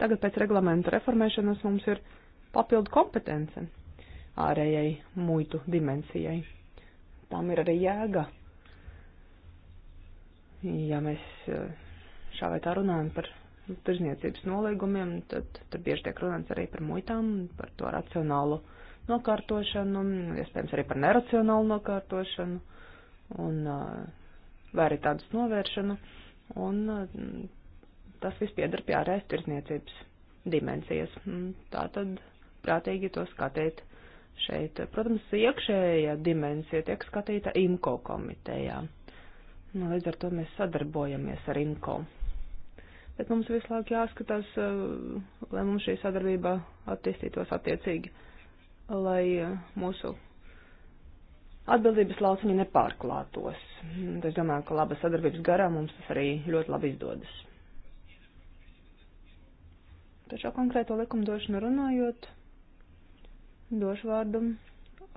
Tagad pēc reglamenta reformēšanas mums ir papildu kompetence ārējai muitu dimensijai. Tam ir arī jēga. Ja mēs eh, šā vai tā runājam par tirzniecības nolīgumiem, tad, tad bieži tiek runāts arī par muitām, par to racionālu nokārtošanu, iespējams arī par neracionālu nokārtošanu un eh, vai arī tādas novēršanu. Un eh, tas viss piedar pie ārējas tirsniecības dimensijas. Mm, tā tad prātīgi to skatīt šeit. Protams, iekšējā dimensija tiek skatīta IMCO komitejā. Nu, līdz ar to mēs sadarbojamies ar IMCO. Bet mums vislāk jāskatās, eh, lai mums šī sadarbība attīstītos attiecīgi, lai eh, mūsu atbildības lauciņi nepārklātos. Mm, es domāju, ka laba sadarbības garā mums tas arī ļoti labi izdodas. Par šo konkrēto likumdošanu runājot, došu vārdu uh,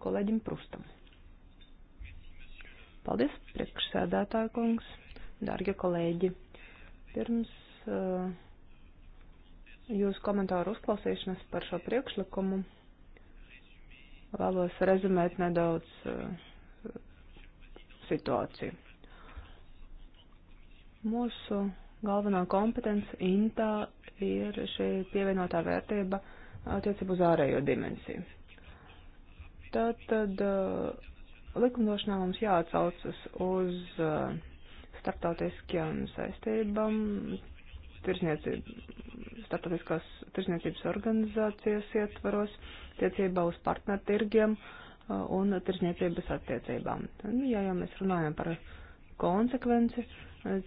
kolēģim Prustam. Paldies, priekšsēdētāja kungs, dārgie kolēģi. Pirms uh, jūsu komentāru uzklausīšanas par šo priekšlikumu vēlos rezumēt nedaudz uh, situāciju. Mūsu galvenā kompetence intā ir šī pievienotā vērtība attiecību uz ārējo dimensiju. Tātad likumdošanā mums jāatsaucas uz starptautiskajām saistībām, starptautiskās tirsniecības organizācijas ietvaros, tiecībā uz partnertirgiem un tirsniecības attiecībām. Un, ja jau mēs runājam par konsekvenci,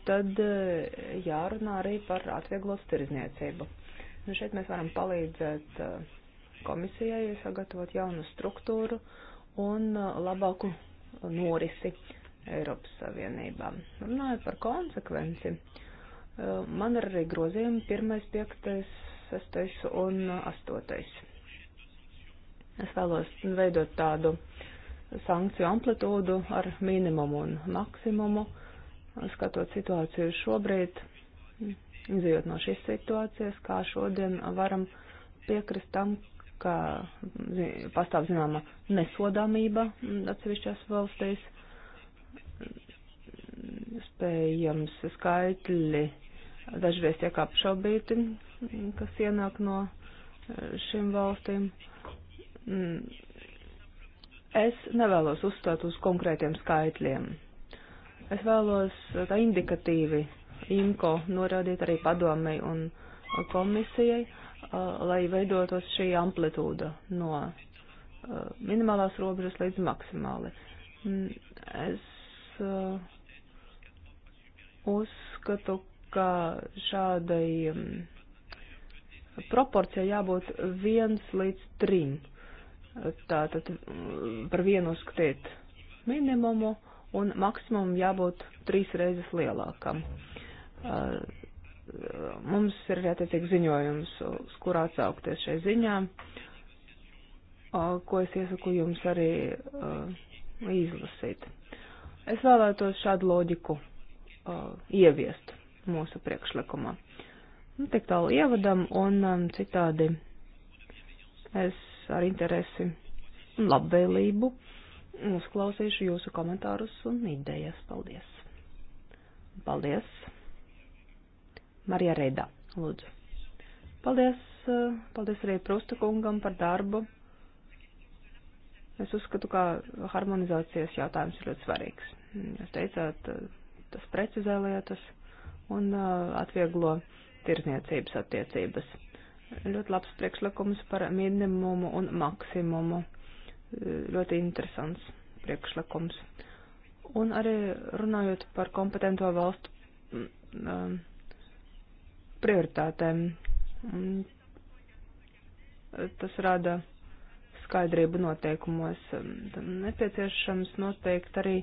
tad eh, jārunā arī par atvieglotu tirzniecību. Nu, šeit mēs varam palīdzēt eh, komisijai sagatavot jaunu struktūru un eh, labāku norisi Eiropas Savienībā. Runājot par konsekvenci, man ir arī grozījumi 1, 5, 6 un 8. Es vēlos veidot tādu uh, sankciju amplitūdu ar minimumu un maksimumu, skatot situāciju šobrīd, dzīvot no šīs situācijas, kā šodien varam piekrist tam, ka pastāv zināma nesodāmība atsevišķās valstīs, spējams skaitļi dažreiz tiek apšaubīti, kas ienāk no šīm valstīm mm, Es nevēlos uzstāt uz konkrētiem skaitļiem. Es vēlos tā indikatīvi IMCO norādīt arī padomei un komisijai, lai veidotos šī amplitūda no minimālās robežas līdz maksimāli. Mm, es uzskatu, ka šādai proporcijai jābūt viens līdz trim. Uh, tātad mm, par vienu uzskatīt minimumu un maksimum jābūt trīs reizes lielākam. Mums ir arī attiecīgi ziņojums, uz kur atsaukties šai ziņā, ko es iesaku jums arī izlasīt. Es vēlētos šādu loģiku ieviest mūsu priekšlikumā. Nu, tik tālu ievadam un citādi es ar interesi un labvēlību uzklausīšu jūsu komentārus un idejas. Paldies! Paldies! Marija Reida, lūdzu. Paldies, eh, paldies arī Prusta kungam par darbu. Es uzskatu, ka harmonizācijas jautājums ir ļoti svarīgs. Jūs teicāt, eh, tas precizē lietas un eh, atvieglo tirzniecības attiecības Ļoti labs priekšlikums par minimumu un maksimumu. Ļoti interesants priekšlikums. Un arī runājot par kompetento valstu mm, mm, prioritātēm, tas rada skaidrību noteikumos. Nepieciešams noteikt arī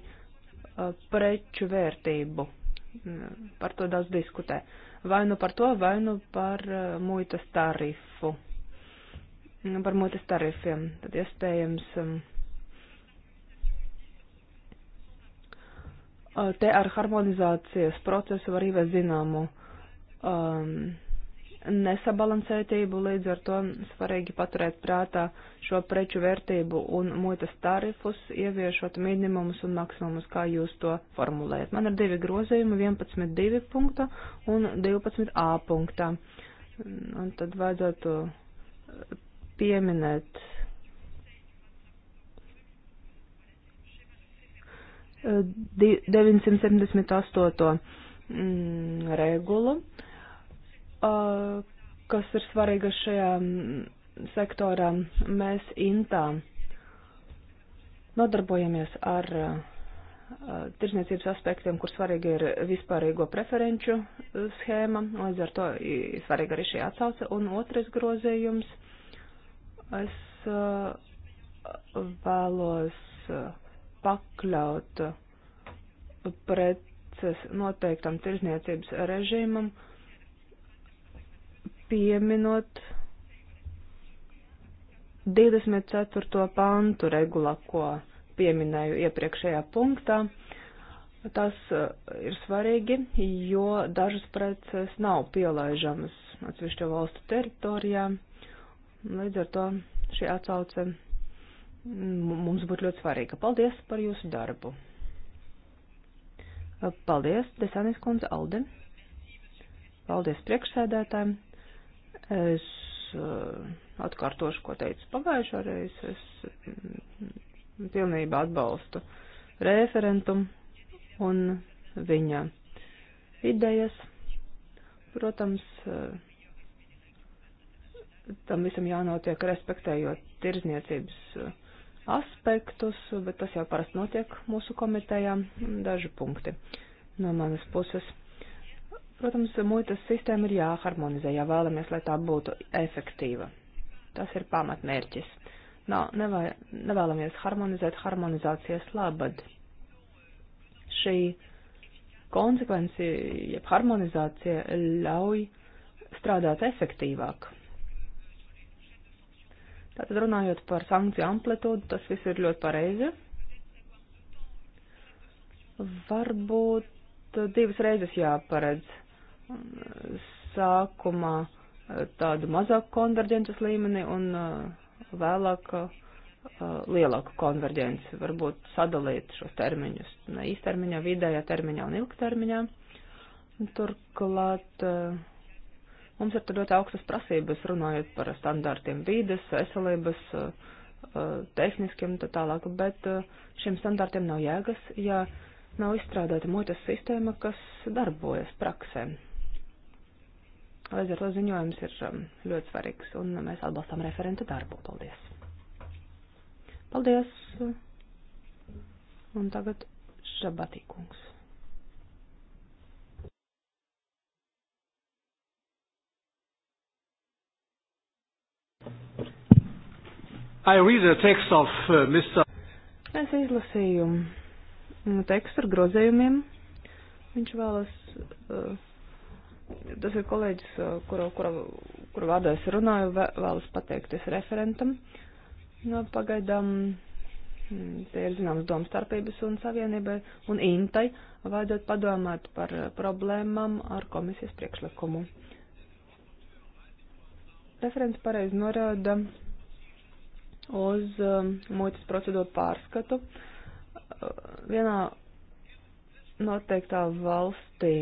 preču vērtību. Par to daudz diskutē. Uh, vai nu par to, vai nu par eh, muitas tarifu. Nu, par muitas tarifiem. Tad iespējams. Mm, eh, te ar harmonizācijas procesu var ievest zināmu um, nesabalansētību, līdz ar to svarīgi paturēt prātā šo preču vērtību un muitas tarifus, ieviešot minimumus un maksimumus, kā jūs to formulējat. Man ir divi grozījumi, 11.2 punkta un 12a punktā. Un tad vajadzētu pieminēt. Eh, di 978. Mm, regulu Uh, kas ir svarīga šajā mm, sektorā. Mēs intā nodarbojamies ar uh, uh, tirsniecības aspektiem, kur svarīga ir vispārīgo preferenču schēma, līdz ar to svarīga arī šī atsauce. Un otrais grozējums, es vēlos pakļaut preces noteiktam tirsniecības režīmam, uh, pieminot 24. pantu regulā, ko pieminēju iepriekšējā punktā. Tas uh, ir svarīgi, jo dažas preces nav pielaižamas atsevišķo valstu teritorijā. Līdz ar to šī atsauce mums būtu ļoti svarīga. Paldies par jūsu darbu. Paldies, Desanis Kundze Alde. Paldies priekšsēdētājiem. Es eh, atkārtošu, ko teicu pagājušā reizē. Es mm, pilnībā atbalstu referentumu un viņa idejas. Protams, eh, tam visam jānotiek respektējot tirzniecības eh, aspektus, bet tas jau parasti notiek mūsu komitejā. Daži punkti no manas puses. Protams, muitas sistēma ir jāharmonizē, ja vēlamies, lai tā būtu efektīva. Tas ir pamatmērķis. Nav, nevā, nevēlamies harmonizēt harmonizācijas labad. Šī konsekvence, jeb harmonizācija ļauj strādāt efektīvāk. Tātad runājot par sankciju amplitūdu, tas viss ir ļoti pareizi. Varbūt divas reizes jāparedz sākumā eh, tādu mazāku konverģences līmeni un eh, vēlāk eh, lielāku konverģenci, varbūt sadalīt šos termiņus īstermiņā, vidējā termiņā un ilgtermiņā. Turklāt mums ir ļoti augstas prasības runājot par standārtiem vīdes, veselības, tehniskiem un tā tālāk, bet šiem standārtiem nav jēgas, ja nav izstrādāta muitas sistēma, kas darbojas praksēm. Līdz ar to ziņojums ir um, ļoti svarīgs, un mēs atbalstām referenta darbu. Paldies! Paldies! Un tagad Šabatīkungs. I read the text of uh, Mr. Es izlasīju mm, tekstu ar grozējumiem. Viņš vēlas uh, Tas ir kolēģis, uh, kura, kura, kura vārdā es runāju, vēlas pateikties referentam. No, nu, pagaidām mm, te ir zināmas domstarpības un savienībai un intai vajadzētu padomāt par uh, problēmām ar komisijas priekšlikumu. Referents pareizi norāda uz um, muitas procedūru pārskatu. Uh, vienā noteiktā valstī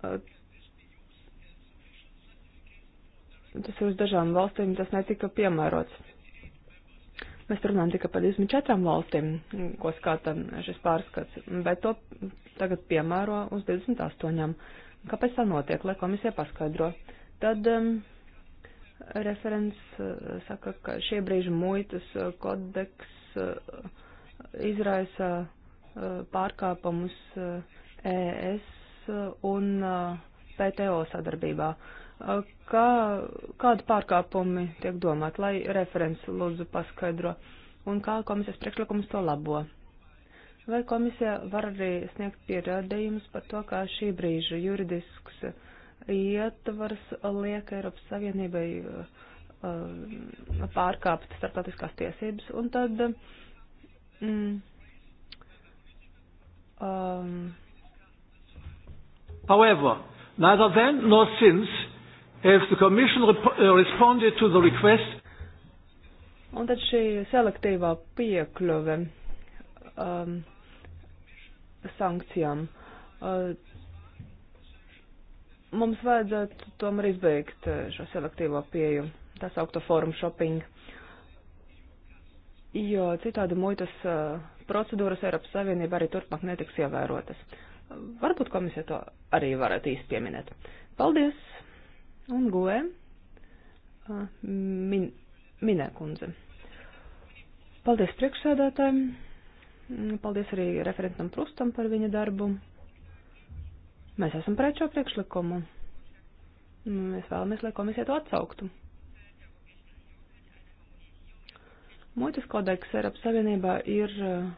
tas ir uz dažām valstīm, tas netika piemērots. Mēs runājam tikai par 24 valstīm, ko skata šis pārskats, bet to tagad piemēro uz 28. Kāpēc tā notiek, lai komisija paskaidro? Tad um, referents uh, saka, ka šie brīži muitas uh, kodeks uh, izraisa uh, pārkāpumus uh, ES un eh, PTO sadarbībā. Eh, kā, kādi pārkāpumi tiek domāti, lai referents lūdzu paskaidro, un kā komisijas priekšlikums to labo? Vai komisija var arī sniegt pierādījumus par to, kā šī brīža juridisks ietvars liek Eiropas Savienībai eh, pārkāpt starptautiskās tiesības, un tad mm, um, However, neither then nor since have the Commission uh, responded to the request. Un tad šī selektīvā piekļuve um, sankcijām. Uh, mums vajadzētu tomēr izbeigt uh, šo selektīvo pieju, tā saukto forum shopping, jo citādi muitas uh, procedūras Eiropas Savienība arī turpmāk netiks ievērotas. Uh, Varbūt komisija to arī varētu īsti pieminēt. Paldies! Un goē! Min, minē kundze. Paldies priekšsēdētājiem! Mm, paldies arī referentam Prustam par viņa darbu. Mēs esam pret šo priekšlikumu. Nu, mēs vēlamies, lai komisija to atsauktu. Muitas kodeks Eiropas Savienībā ir uh,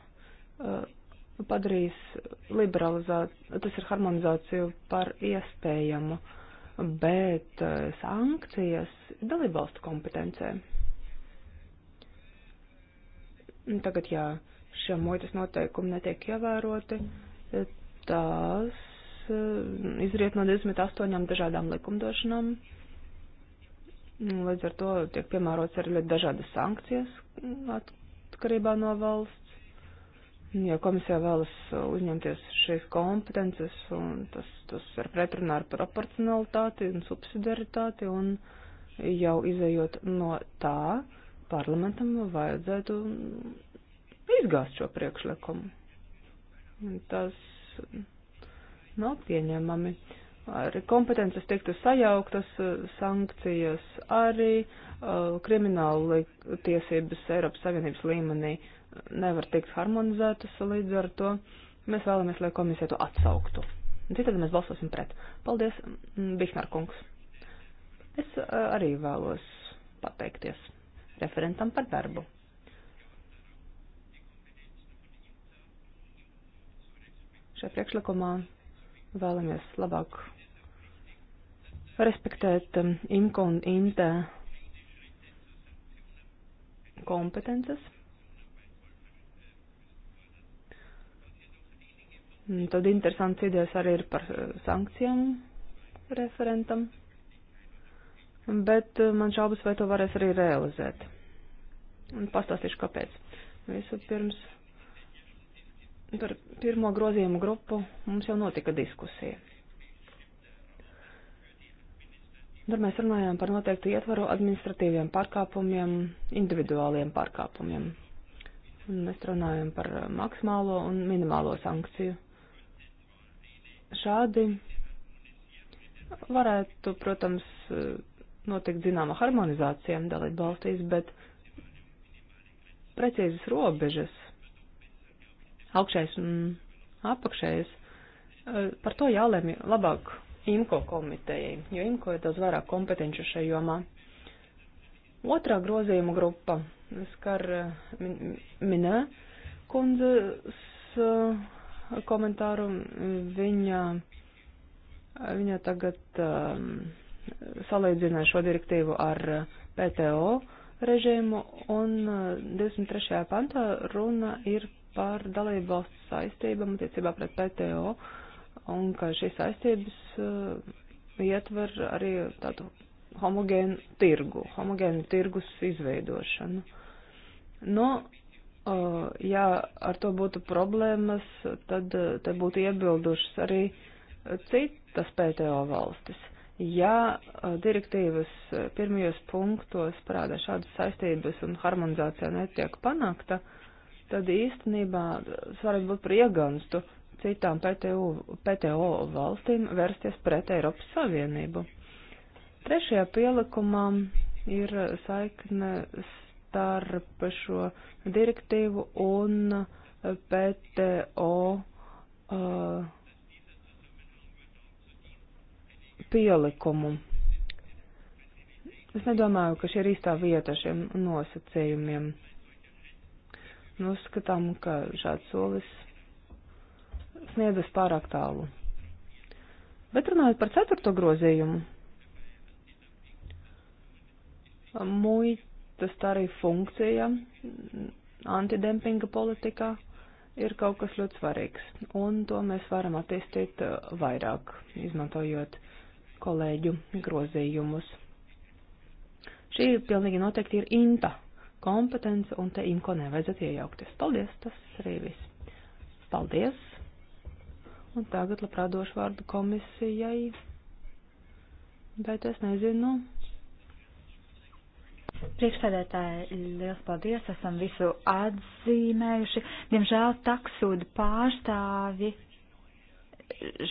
padarīs liberalizāciju, tas ir harmonizāciju par iespējamu, bet eh, sankcijas dalībvalstu kompetencē. Tagad, ja šie muitas noteikumi netiek ievēroti, tās eh, izriet no 28 dažādām likumdošanām. Līdz ar to tiek piemērots arī ļoti dažādas sankcijas atkarībā no valsts jo komisija vēlas uzņemties šīs kompetences, un tas, tas ir pretrunā ar proporcionalitāti un subsidiaritāti, un jau izējot no tā, parlamentam vajadzētu izgāzt šo priekšlikumu. Tas nav pieņemami. Arī kompetences tiktu sajauktas, sankcijas arī, uh, krimināla tiesības Eiropas Savienības līmenī nevar tikt harmonizētas līdz ar to. Mēs vēlamies, lai komisija to atsauktu. Un citādi mēs balsosim pret. Paldies, mm, Bihnar kungs. Es eh, arī vēlos pateikties referentam par darbu. Šajā priekšlikumā vēlamies labāk respektēt mm, IMCO un INTE kompetences Un mm, tad interesants idejas arī ir par eh, sankcijām referentam. Bet eh, man šaubas, vai to varēs arī realizēt. Un pastāstīšu, kāpēc. Visu pirms par pirmo grozījumu grupu mums jau notika diskusija. Tur mēs runājām par noteiktu ietvaru administratīviem pārkāpumiem, individuāliem pārkāpumiem. Un mēs runājam par eh, maksimālo un minimālo sankciju Šādi varētu, protams, notikt zināma harmonizācija dalību valstīs, bet precīzas robežas, augšējais un apakšējais, par to jālēmj labāk IMCO komitejai, jo IMCO ir daudz vairāk kompetenču šajā jomā. Otrā grozījuma grupa skar min, minē kundzes komentāru. Viņa, viņa tagad um, salīdzināja šo direktīvu ar PTO režīmu, un 23. Uh, pantā runa ir par dalību valsts saistībām attiecībā pret PTO, un ka šīs saistības uh, ietver arī tādu homogēnu tirgu, homogēnu tirgus izveidošanu. No ja ar to būtu problēmas, tad eh, te būtu iebildušas arī citas PTO valstis. Ja eh, direktīvas eh, pirmajos punktos parādā šādas saistības un harmonizācijā netiek panākta, tad īstenībā svarīgi būt par iegānstu citām PTO, PTO valstīm vērsties pret Eiropas Savienību. Trešajā pielikumā ir saikne starp šo direktīvu un PTO uh, pielikumu. Es nedomāju, ka šī ir īstā vieta šiem nosacījumiem. Nu, uzskatām, ka šāds solis sniedzas pārāk tālu. Bet runājot par ceturto grozījumu, muļķi tas tā arī funkcija antidempinga politikā ir kaut kas ļoti svarīgs, un to mēs varam attīstīt uh, vairāk, izmantojot kolēģu grozījumus. Šī pilnīgi noteikti ir INTA kompetence, un te INKO nevajadzētu iejaukties. Paldies, tas arī viss. Paldies! Un tagad labprāt došu vārdu komisijai, bet es nezinu, Priekšsēdētāji, liels paldies, esam visu atzīmējuši. Diemžēl taksūda pārstāvi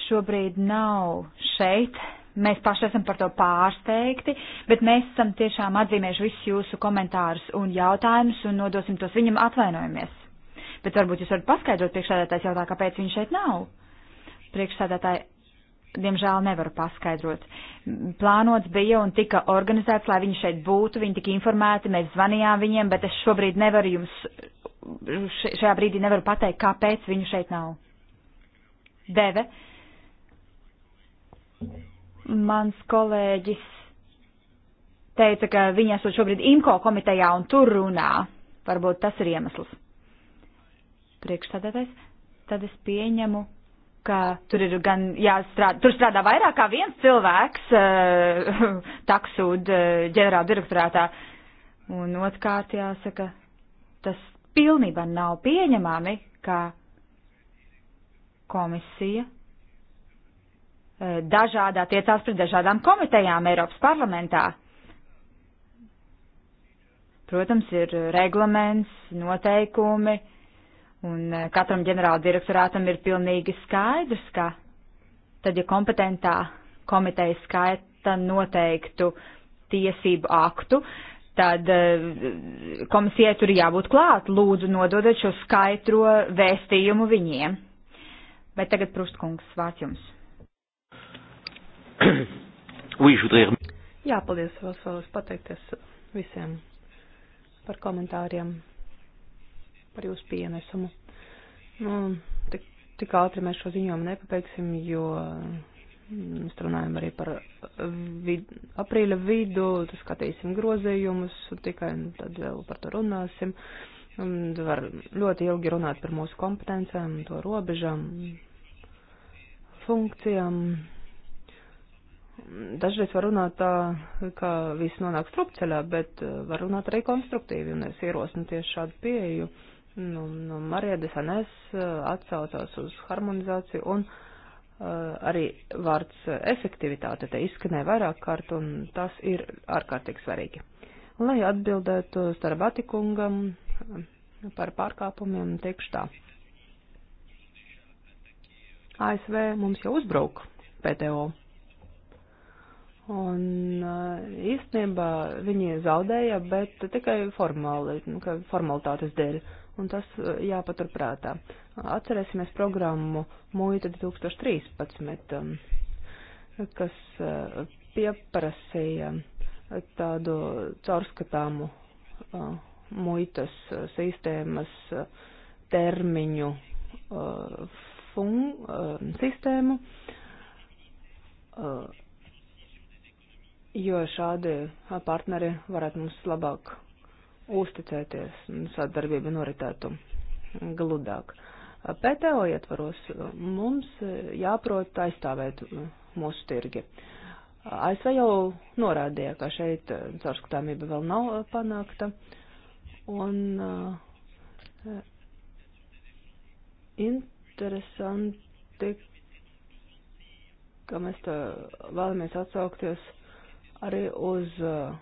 šobrīd nav šeit. Mēs paši esam par to pārsteigti, bet mēs esam tiešām atzīmējuši visus jūsu komentārus un jautājumus un nodosim tos viņam atvainojamies. Bet varbūt jūs varat paskaidrot priekšsēdētājs jautā, kāpēc viņš šeit nav. Priekšsēdētāji diemžēl nevaru paskaidrot. Plānots bija un tika organizēts, lai viņi šeit būtu, viņi tika informēti, mēs zvanījām viņiem, bet es šobrīd nevaru jums, šajā brīdī nevaru pateikt, kāpēc viņu šeit nav. Deve. Mans kolēģis teica, ka viņi esot šobrīd IMCO komitejā un tur runā. Varbūt tas ir iemesls. Priekšstādātais. Tad es pieņemu, ka tur ir gan jāstrādā, tur strādā vairāk kā viens cilvēks uh, taksūd uh, ģenerāla direktorātā. Un otrkārt jāsaka, tas pilnībā nav pieņemami, ka komisija uh, dažādā tiecās pret dažādām komitejām Eiropas parlamentā. Protams, ir reglaments, noteikumi, Un eh, katram ģenerāla direktorātam ir pilnīgi skaidrs, ka tad, ja kompetentā komiteja skaita noteiktu tiesību aktu, tad eh, komisijai tur jābūt klāt. Lūdzu, nododat šo skaidro vēstījumu viņiem. Bet tagad Prustkungs vārds jums. Jā, paldies, vēl vēlos pateikties visiem par komentāriem par jūsu pienesumu. Nu, tik, tik ātri mēs šo ziņojumu nepabeigsim, jo mēs runājam arī par vid, aprīļa vidu, tad skatīsim grozējumus, tikai nu, tad vēl par to runāsim. Un var ļoti ilgi runāt par mūsu kompetencēm, to robežām, funkcijām. Dažreiz var runāt tā, ka viss nonāk strupceļā, bet var runāt arī konstruktīvi, un es ierosinu tieši šādu pieeju. Uh, Nu, nu, Marija Desanēs uh, atsaucās uz harmonizāciju un uh, arī vārds efektivitāte te izskanēja vairāk kārt un tas ir ārkārtīgi svarīgi. Lai atbildētu Starabatikungam uh, par pārkāpumiem, teikšu tā. ASV mums jau uzbrauka PTO. Un uh, īstenībā viņi zaudēja, bet tikai formāli, formalitātes dēļ. Uh, un tas eh, jāpaturprātā. Atcerēsimies programmu Muita 2013, um, kas eh, pieprasīja tādu caurskatāmu eh, muitas sistēmas termiņu fun, sistēmu, jo šādi partneri varētu mums labāk uzticēties un sadarbība noritētu gludāk. PTO ietvaros uh, mums uh, jāprot aizstāvēt uh, mūsu tirgi. ASV jau norādīja, ka šeit caurskatāmība vēl nav panākta, un uh, interesanti, ka mēs vēlamies atsaukties arī uz uh,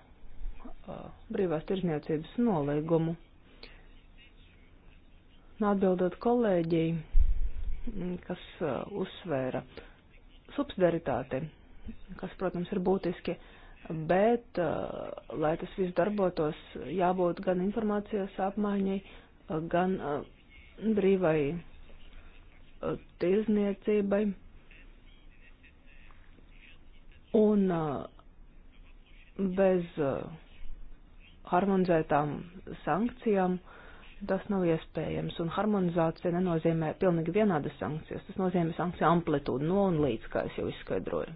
brīvās tirzniecības nolīgumu. Atbildot kolēģijai, kas uh, uzsvēra subsidiaritāti, kas, protams, ir būtiski, bet, uh, lai tas viss darbotos, jābūt gan informācijas apmaiņai, uh, gan brīvai tirzniecībai. Un bez uh, harmonizētām sankcijām. Tas nav iespējams, un harmonizācija nenozīmē pilnīgi vienādas sankcijas. Tas nozīmē sankciju amplitūdu no un līdz, kā es jau izskaidroju.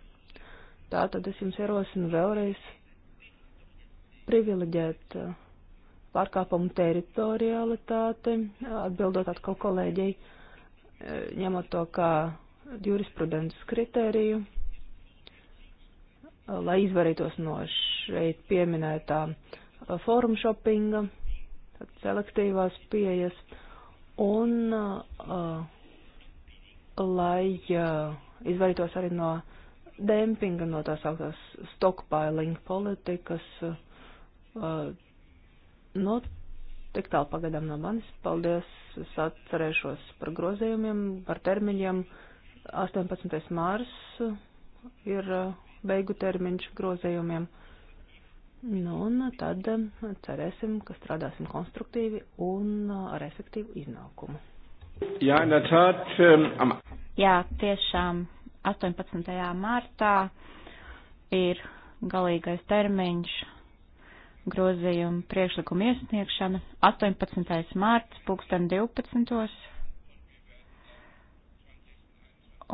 Tā tad es jums ierosinu vēlreiz privileģēt uh, pārkāpumu teritorialitāti, uh, atbildot atkal kolēģei, uh, ņemot to kā jurisprudences kritēriju, lai izvarītos no šeit pieminētā uh, fórum shoppinga, selektīvās pieejas un uh, lai uh, izvairītos arī no dempinga, no tās augtās stockpiling politikas. Uh, nu, tik tālu pagaidām no manis. Paldies, es atcerēšos par grozījumiem, par termiņiem. 18. mārs ir uh, beigu termiņš grozījumiem. Uh, Nu, un tad cerēsim, ka strādāsim konstruktīvi un ar efektīvu iznākumu. Jā, tāt, um, Jā tiešām 18. martā ir galīgais termiņš grozījumu priekšlikumu iesniegšana 18. mārts 2012.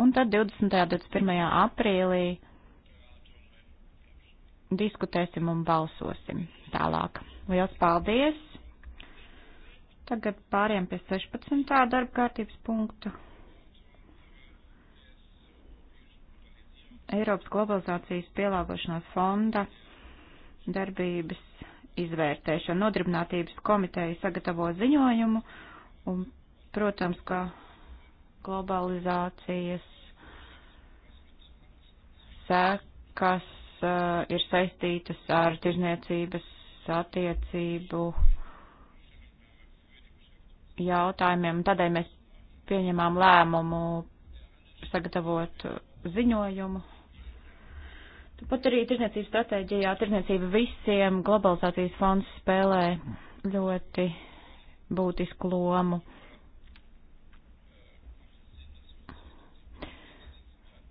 Un tad 20. un 21. aprīlī diskutēsim un balsosim tālāk. Liels paldies! Tagad pāriem pie 16. darba kārtības punktu. Eiropas globalizācijas pielāgošanās fonda darbības izvērtēšana. Nodarbinātības komiteja sagatavo ziņojumu un, protams, ka globalizācijas sekas uh, ir saistītas ar tirzniecības attiecību jautājumiem. Tādēļ mēs pieņemām lēmumu sagatavot ziņojumu. Tāpat arī tirzniecības stratēģijā tirzniecība visiem globalizācijas fonds spēlē ļoti būtisku lomu.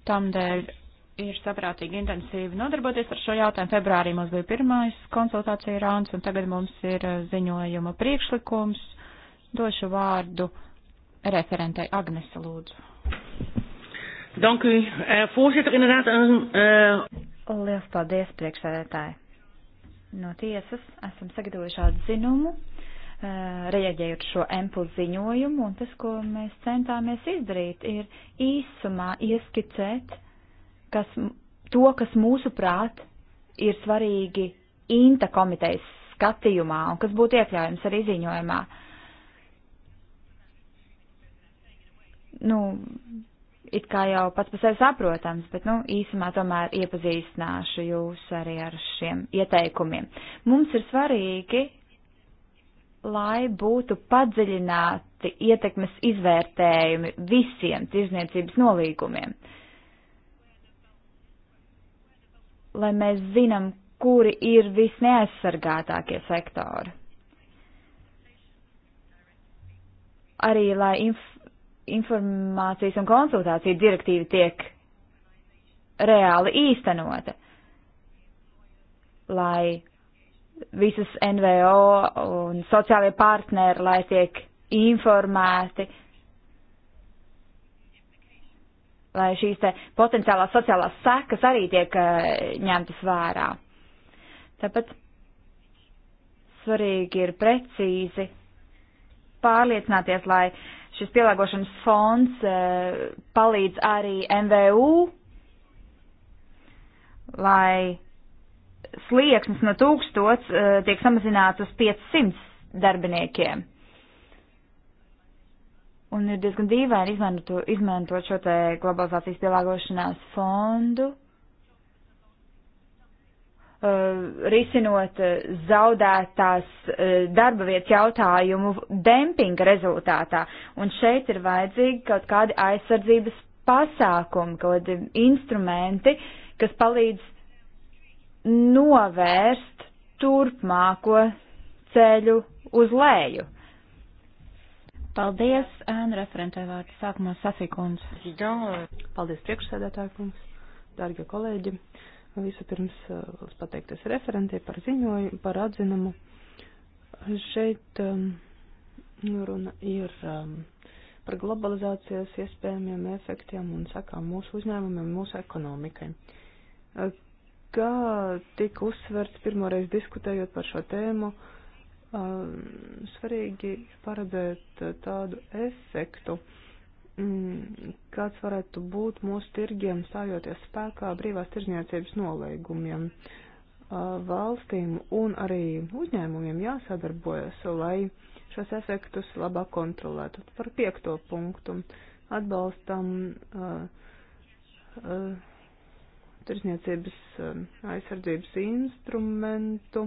Tamdēļ ir saprātīgi intensīvi nodarboties ar šo jautājumu. Februārī mums bija pirmais konsultācija rauns, un tagad mums ir uh, ziņojuma priekšlikums. Došu vārdu referentei Agnese Lūdzu. Dank u, uh, voorzitter, inderdaad. Uh, eh, uh... Eh, Liels paldies, priekšsēdētāji. No tiesas esam sagatavojuši atzinumu, uh, reaģējot šo empulsu ziņojumu, un tas, ko mēs centāmies izdarīt, ir īsumā ieskicēt kas, to, kas mūsuprāt ir svarīgi INTA komitejas skatījumā un kas būtu iekļaujams arī ziņojumā. Nu, it kā jau pats par sevi saprotams, bet, nu, īsumā tomēr iepazīstināšu jūs arī ar šiem ieteikumiem. Mums ir svarīgi, lai būtu padziļināti ietekmes izvērtējumi visiem tirzniecības nolīgumiem. Uh, lai mēs zinām, kuri ir visneaizsargātākie sektori. Arī lai inf informācijas un konsultāciju direktīva tiek reāli īstenota, lai visas NVO un sociālie partneri, lai tiek informēti, lai šīs te potenciālās sociālās sekas arī tiek eh, ņemtas vērā. Tāpat svarīgi ir precīzi pārliecināties, lai šis pielāgošanas fonds eh, palīdz arī MVU, lai slieksnis no tūkstots eh, tiek samazināts uz 500 darbiniekiem. Un ir diezgan dīvaini izmanto, izmantot šo te globalizācijas pielāgošanās fondu, uh, risinot eh, zaudētās uh, darba vietas jautājumu dempinga rezultātā. Un šeit ir vajadzīgi kaut kādi aizsardzības pasākumi, kaut kādi instrumenti, kas palīdz novērst turpmāko ceļu uz leju. Paldies, ēnu referentē vārds. Sākumā Safikons. Paldies, priekšsēdētāja kungs, dārgie kolēģi. Vispirms vēlos eh, pateikties referentē par ziņoju, par atzinumu. Šeit um, runa ir um, par globalizācijas iespējamiem efektiem un sakām mūsu uzņēmumiem, mūsu ekonomikai. Eh, kā tika uzsverts pirmoreiz diskutējot par šo tēmu, uh, Ehm, svarīgi paredzēt eh, tādu efektu, mm, kāds varētu būt mūsu tirgiem stājoties spēkā brīvās tirzniecības nolīgumiem. Ehm, valstīm un arī uzņēmumiem jāsadarbojas, lai šos efektus labāk kontrolētu. Par piekto punktu atbalstam uh, uh, tirsniecības um, aizsardzības instrumentu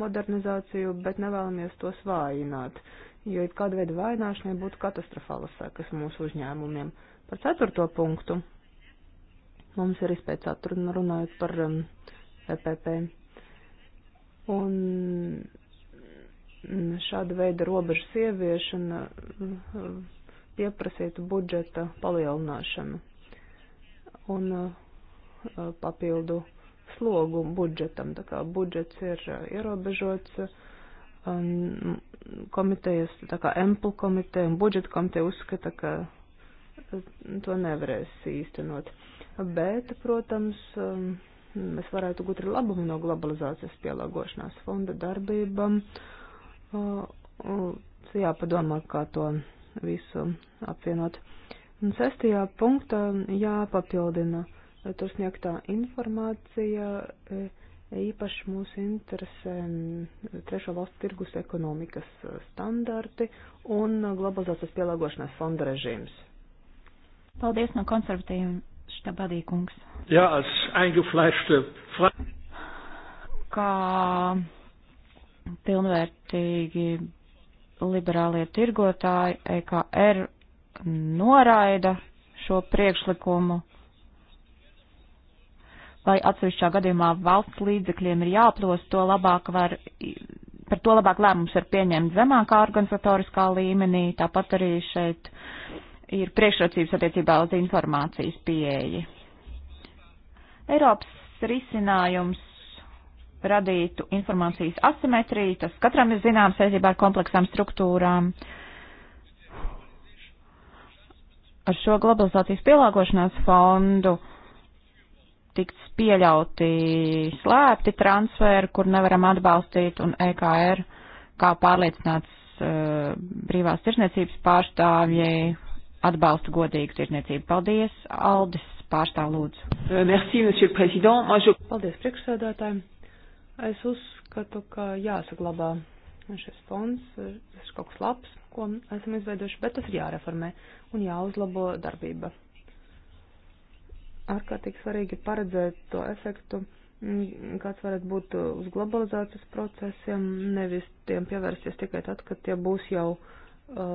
modernizāciju, bet nevēlamies tos vājināt, jo it kāda veida vājināšanai būtu katastrofālas sekas mūsu uzņēmumiem. Par ceturto punktu mums ir izpēc atruna runājot par um, EPP. Un šāda veida robežas ieviešana uh, pieprasītu budžeta palielināšanu. Un uh, Uh, papildu slogu budžetam. Tā kā budžets ir uh, ierobežots, uh, komitejas, tā kā emplu komiteja un budžeta komiteja uzskata, ka to nevarēs īstenot. Bet, protams, um, mēs varētu gūt arī labumu no globalizācijas pielāgošanās fonda darbībām. Jāpadomā, kā to visu apvienot. Un sestajā punktā jāpapildina uh, tur sniegtā informācija e, īpaši mūs interesē trešo valstu tirgus ekonomikas e, standarti un globalizācijas pielāgošanās fonda režīms. Paldies no konservatīviem štabadī kungs. Jā, ja, es eingefleischte. Kā pilnvērtīgi liberālie tirgotāji EKR noraida šo priekšlikumu vai atsevišķā gadījumā valsts līdzekļiem ir jāplos, to labāk var, par to labāk lēmums var pieņemt zemākā organizatoriskā līmenī, tāpat arī šeit ir priekšrocības attiecībā uz informācijas pieeji. Eiropas risinājums radītu informācijas asimetriju, tas katram ir zināms saistībā ar kompleksām struktūrām. Ar šo globalizācijas pielāgošanās fondu uh, tiks pieļauti slēpti transferi, kur nevaram atbalstīt, un EKR, kā pārliecināts uh, brīvās tirsniecības pārstāvji, atbalsta godīgu tirsniecību. Paldies, Aldis, pārstāv lūdzu. Euh, merci, monsieur le président. Moi, je... Paldies, priekšsēdētāji. Es uzskatu, ka jāsaglabā šis fonds, tas ir kaut kas labs, ko esam izveidojuši, bet tas ir jāreformē un jāuzlabo darbība ārkārtīgi svarīgi paredzēt to efektu, mm, kāds varētu būt uz globalizācijas procesiem, nevis tiem pievērsties tikai tad, kad tie būs jau uh,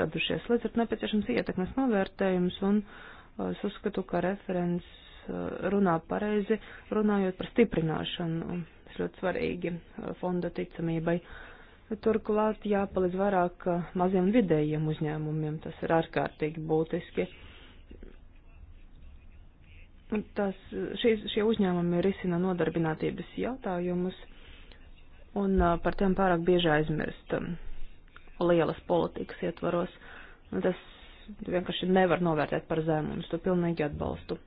radušies. Līdz ar to nepieciešams ietekmes novērtējums, un uh, es uzskatu, ka referents uh, runā pareizi, runājot par stiprināšanu. Tas ļoti svarīgi uh, fonda ticamībai. Turklāt jāpalīdz vairāk uh, maziem vidējiem uzņēmumiem, tas ir ārkārtīgi būtiski. Uh, tas, šīs, šie uzņēmumi risina nodarbinātības jautājumus, un par tiem pārāk bieži aizmirst lielas politikas ietvaros. Tas vienkārši nevar novērtēt par zēmu, un es to pilnīgi atbalstu.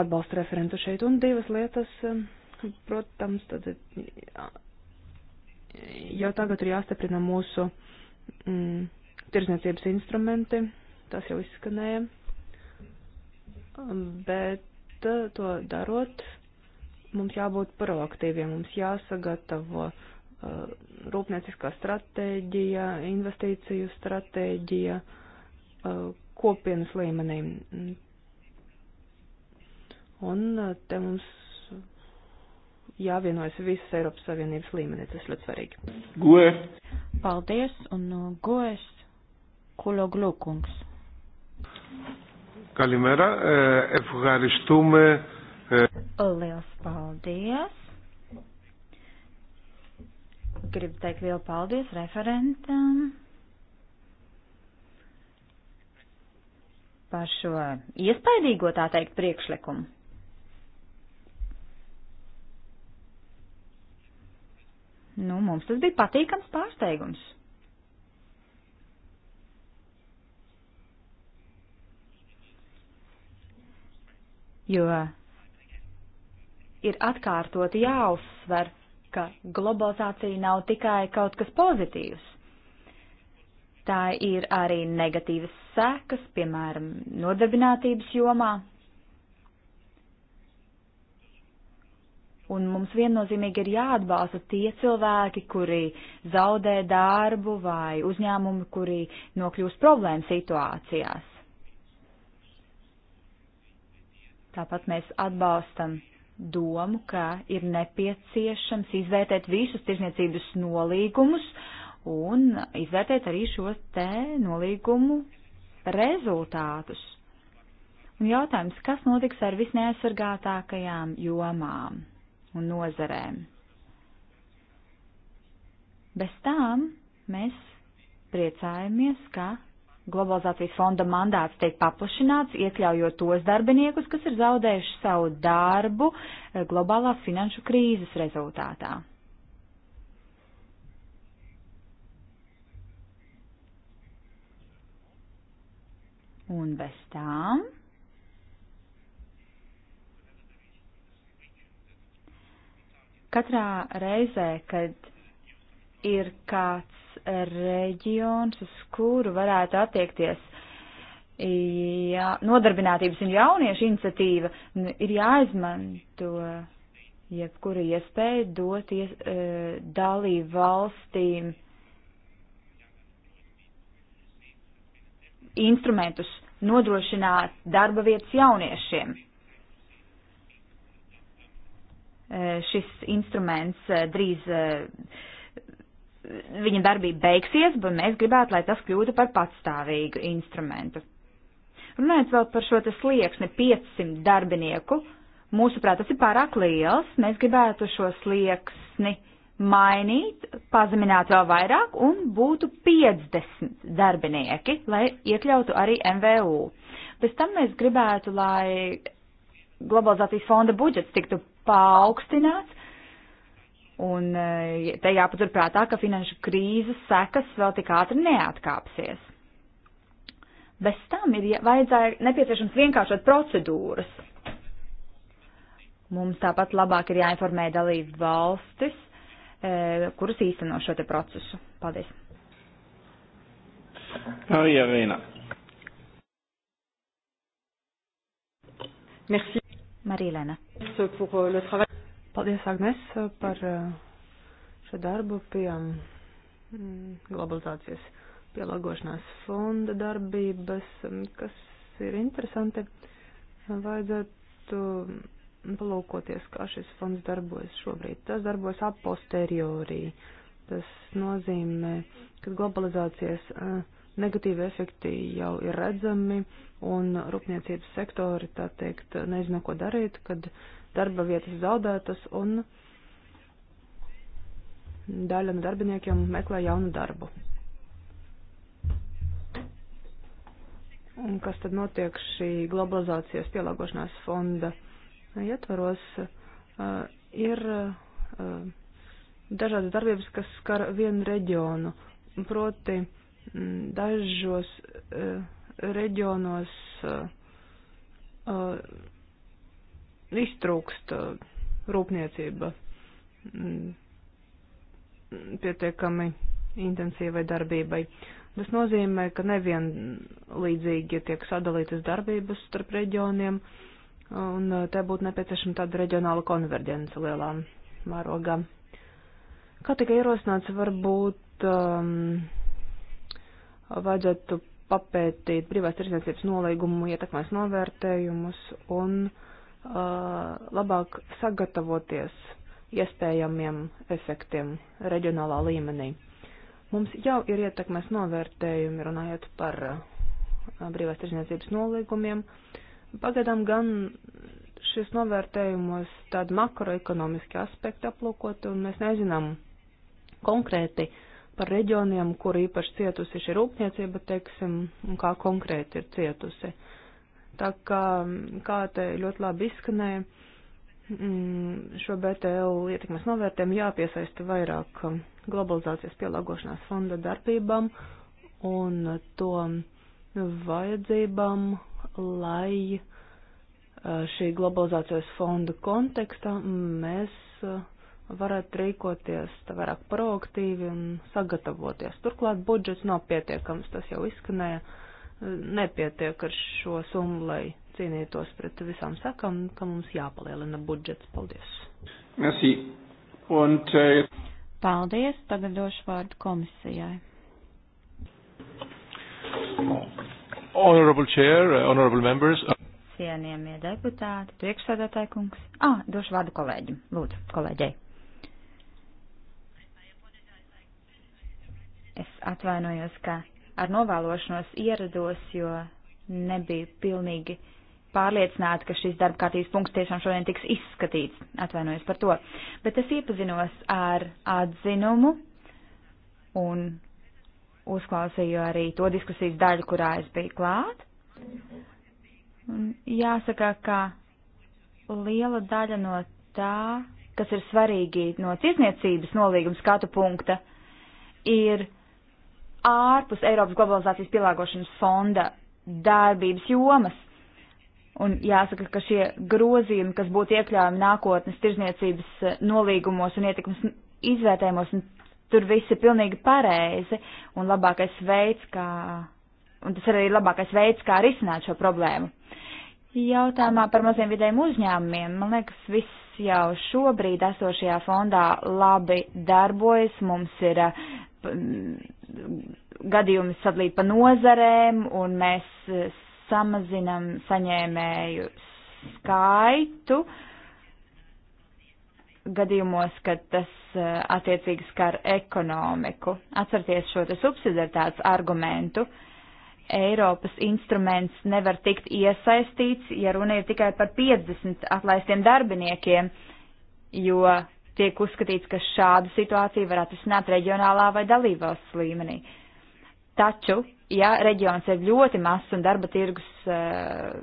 Atbalstu referentu šeit, un divas lietas, protams, tad jau tagad ir jāstiprina mūsu mm, tirzniecības instrumenti, tas jau izskanēja bet eh, to darot, mums jābūt proaktīviem, mums jāsagatavo uh, rūpnieciskā stratēģija, investīciju stratēģija uh, kopienas līmenī. Un uh, te mums jāvienojas visas Eiropas Savienības līmenī, tas ļoti svarīgi. Goe! Paldies, un goes Kuloglukungs. Kalimēra, efharistume. Liels paldies! Gribu teikt lielu paldies referentam par šo iespaidīgo, tā teikt, priekšlikumu. Nu, mums tas bija patīkams pārsteigums. jo ir atkārtot jāuzsver, ka globalizācija nav tikai kaut kas pozitīvs. Tā ir arī negatīvas sekas, piemēram, nodarbinātības jomā. Un mums viennozīmīgi ir jāatbalsta tie cilvēki, kuri zaudē darbu vai uzņēmumi, kuri nokļūst problēmu situācijās. Tāpat mēs atbalstam domu, ka ir nepieciešams izvērtēt visus tirzniecības nolīgumus un izvērtēt arī šos te nolīgumu rezultātus. Un jautājums, kas notiks ar visneaizsargātākajām jomām un nozarēm? Bez tām mēs priecājamies, ka Globalizācijas fonda mandāts tiek paplašināts, iekļaujot tos darbiniekus, kas ir zaudējuši savu darbu eh, globālās finanšu krīzes rezultātā. Un bez tām katrā reizē, kad ir kāds reģions, uz kuru varētu attiekties jā, nodarbinātības un jauniešu iniciatīva, nu, ir jāizmanto jebkura iespēja dot ies, e, dalību valstīm instrumentus nodrošināt darba vietas jauniešiem. E, šis instruments e, drīz viņa darbība beigsies, bet mēs gribētu, lai tas kļūtu par patstāvīgu instrumentu. Runājot vēl par šo slieksni 500 darbinieku, mūsuprāt, tas ir pārāk liels. Mēs gribētu šo slieksni mainīt, pazemināt vēl vairāk un būtu 50 darbinieki, lai iekļautu arī MVU. Pēc tam mēs gribētu, lai globalizācijas fonda budžets tiktu paaugstināts, Un e, te jāpatur prātā, ka finanšu krīzes sekas vēl tik ātri neatkāpsies. Bez tam ir ja, vajadzēja nepieciešams vienkāršot procedūras. Mums tāpat labāk ir jāinformē dalību valstis, e, kuras īsteno šo te procesu. Paldies. Marija Rēna. Merci. Marilena. Paldies, Agnes, par eh, šo darbu pie mm, globalizācijas pielāgošanās fonda darbības, mm, kas ir interesanti. Vajadzētu mm, palūkoties, kā šis fonds darbojas šobrīd. Tas darbojas a posteriori. Tas nozīmē, ka globalizācijas eh, negatīvi efekti jau ir redzami un rūpniecības sektori, tā teikt, nezina, ko darīt, kad uh, darba vietas zaudētas un daļa no darbiniekiem meklē jaunu darbu. Un kas tad notiek šī globalizācijas pielāgošanās fonda ietvaros? Uh, ir uh, dažādas darbības, kas skar vienu reģionu, proti mm, dažos uh, reģionos uh, iztrūkst eh, rūpniecība mm, pietiekami intensīvai darbībai. Tas nozīmē, ka nevienlīdzīgi tiek sadalītas darbības starp reģioniem, un eh, te būtu nepieciešama tāda reģionāla konverģence lielā mērogā. Kā tika ierosināts, varbūt um, vajadzētu papētīt brīvās tirsniecības nolīgumu ietekmēs novērtējumus un uh, Uh, labāk sagatavoties iespējamiem efektiem reģionālā līmenī. Mums jau ir ietekmes novērtējumi runājot par uh, brīvās tirzniecības nolīgumiem. Pagaidām gan šis novērtējumos tādi makroekonomiski aspekti aplūkot, un mēs nezinām konkrēti par reģioniem, kur īpaši cietusi šī rūpniecība, teiksim, un kā konkrēti ir cietusi. Uh, Tā kā, mm, kā te ļoti labi izskanēja, mm, šo BTL ietekmes novērtējumu jāpiesaista vairāk mm, globalizācijas pielāgošanās fonda darbībām un to vajadzībām, lai e, šī globalizācijas fonda kontekstā mēs e, varētu rīkoties tā vairāk proaktīvi un sagatavoties. Turklāt budžets nav pietiekams, tas jau izskanēja. Uh, nepietiek ar šo summu, lai cīnītos pret visām sakām, ka mums jāpalielina budžets. Paldies! Merci. Un, uh... Paldies! Tagad došu vārdu komisijai. Honorable Chair, eh, honorable members. Cienījamie deputāti, priekšsēdētāji kungs. Ah, došu vārdu kolēģim. Lūdzu, kolēģei. Es atvainojos, ka ar novēlošanos ierados, jo nebiju pilnīgi pārliecināta, ka šis darba kārtības punkts tiešām šodien tiks izskatīts. Atvainojos par to. Bet es iepazinos ar atzinumu un uzklausīju arī to diskusijas daļu, kurā es biju klāt. Un jāsaka, ka liela daļa no tā, kas ir svarīgi no tiesniecības nolīguma skatu punkta, ir ārpus Eiropas globalizācijas pielāgošanas fonda darbības jomas. Un jāsaka, ka šie grozījumi, kas būtu iekļaujami nākotnes tirzniecības eh, nolīgumos un ietekmes izvērtējumos, tur viss ir pilnīgi pareizi un labākais veids, kā, un tas arī ir labākais veids, kā risināt šo problēmu. Jautājumā par maziem vidējiem uzņēmumiem, man liekas, viss jau šobrīd esošajā fondā labi darbojas, mums ir eh, gadījumi sadalīt pa nozarēm, un mēs e, samazinam saņēmēju skaitu gadījumos, kad tas e, attiecīgi skar ekonomiku. Atcerieties šo te subsidiaritātes argumentu. Eiropas instruments nevar tikt iesaistīts, ja runa ir tikai par 50 atlaistiem darbiniekiem, jo tiek uzskatīts, ka šādu situāciju var atrisināt reģionālā vai dalībvalsts līmenī. Taču, ja reģions ir ļoti mazs un darba tirgus uh,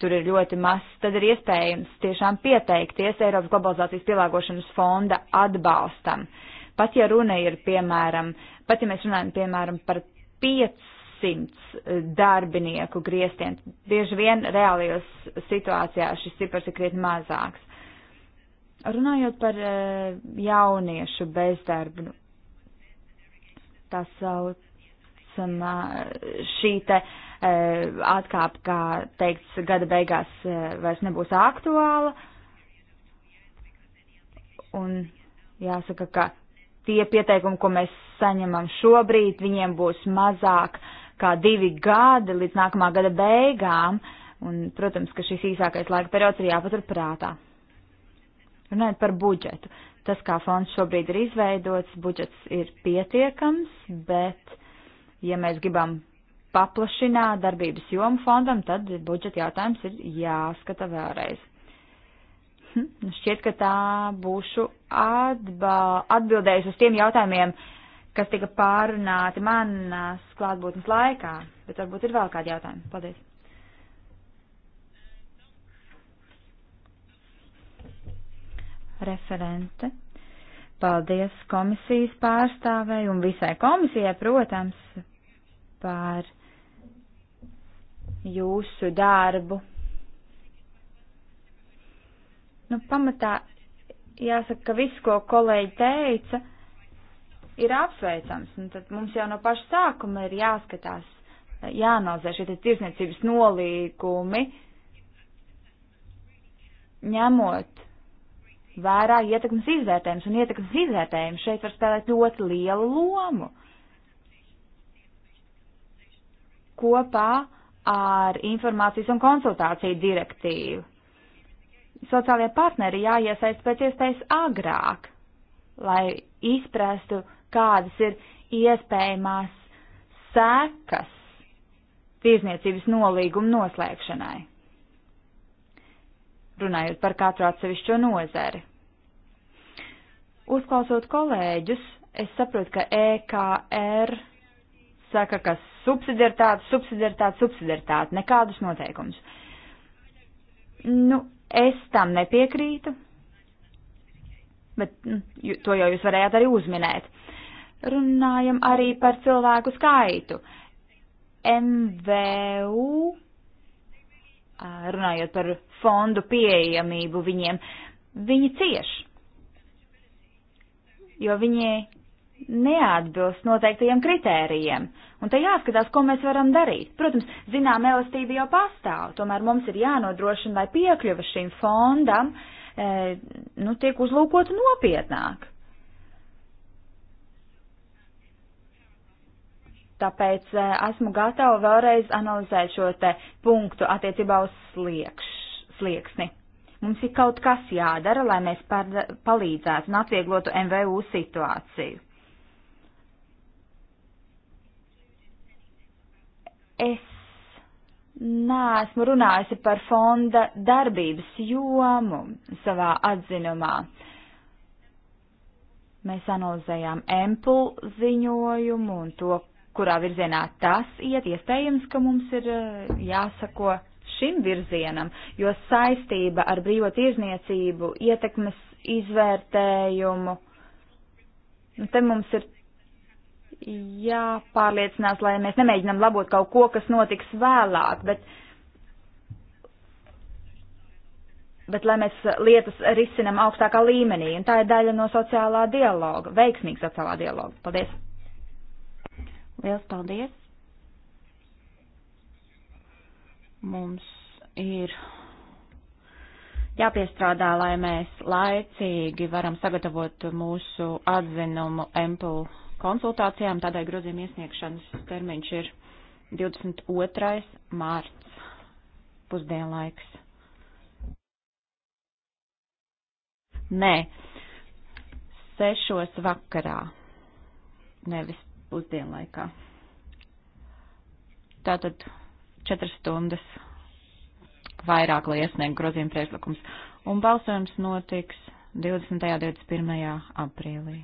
tur ir ļoti mazs, tad ir iespējams tiešām pieteikties Eiropas globalizācijas pielāgošanas fonda atbalstam. Pat ja runa ir, piemēram, pat ja mēs runājam, piemēram, par 500 eh, darbinieku griestiem, bieži vien reālajos situācijās šis cipars ir krietni mazāks. Runājot par e, jauniešu bezdarbu, tā saucamā šī te e, atkāpe, kā teikts, gada beigās e, vairs nebūs aktuāla. Un jāsaka, ka tie pieteikumi, ko mēs saņemam šobrīd, viņiem būs mazāk kā divi gadi līdz nākamā gada beigām. Un, protams, ka šis īsākais laika periods ir jāpatur prātā. Runājot par budžetu, tas, kā fonds šobrīd ir izveidots, budžets ir pietiekams, bet, ja mēs gribam paplašināt darbības jomu fondam, tad budžeta jautājums ir jāskata vēlreiz. Hm, nu šķiet, ka tā būšu atbā, atbildējusi uz tiem jautājumiem, kas tika pārunāti manas klātbūtnes laikā, bet varbūt ir vēl kādi jautājumi. Paldies! referente. Paldies komisijas pārstāvēju un visai komisijai, protams, par jūsu darbu. Nu, pamatā jāsaka, ka viss, ko kolēģi teica, ir apsveicams. Un tad mums jau no paša sākuma ir jāskatās, jānozē šie tirsniecības nolīgumi, ņemot vērā ietekmes izvērtējums, un ietekmes izvērtējums šeit var spēlēt ļoti lielu lomu. Kopā ar informācijas un konsultāciju direktīvu. Sociālie partneri jāiesaist pēc iespējas agrāk, lai izprastu, kādas ir iespējamās sekas tirzniecības nolīguma noslēgšanai runājot par katru atsevišķo nozari. Uzklausot kolēģus, es saprotu, ka EKR saka, ka subsidiaritāte, subsidiaritāte, subsidiaritāte, nekādus noteikumus. Nu, es tam nepiekrītu, bet nu, to jau jūs varējāt arī uzminēt. Runājam arī par cilvēku skaitu. MVU runājot par fondu pieejamību viņiem, viņi cieš, jo viņi neatbilst noteiktajiem kritērijiem. Un te jāskatās, ko mēs varam darīt. Protams, zinām, elastība jau pastāv, tomēr mums ir jānodrošina, lai piekļuva šim fondam e, nu, tiek uzlūkota nopietnāk. Tāpēc eh, esmu gatava vēlreiz analizēt šo te punktu attiecībā uz sliekš, slieksni. Mums ir kaut kas jādara, lai mēs par, palīdzētu un atvieglotu MVU situāciju. Es neesmu runājusi par fonda darbības jomu savā atzinumā. Mēs analizējām empul ziņojumu un to, kurā virzienā tas iet, iespējams, ka mums ir eh, jāsako šim virzienam, jo saistība ar brīvo tirzniecību, ietekmes izvērtējumu, nu, te mums ir jāpārliecinās, lai mēs nemēģinam labot kaut ko, kas notiks vēlāk, bet, bet lai mēs lietas risinam augstākā līmenī, un tā ir daļa no sociālā dialoga, veiksmīga sociālā dialoga. Paldies! Liels paldies! Mums ir jāpiestrādā, lai mēs laicīgi varam sagatavot mūsu atzinumu MPL konsultācijām, tādēļ grozījuma iesniegšanas termiņš ir 22. mārts pusdienlaiks. Nē, sešos vakarā, nevis pusdienlaikā. Tātad četras stundas vairāk, lai iesniegtu grozījumu priekšlikums. Un balsojums notiks 20. un 21. aprīlī.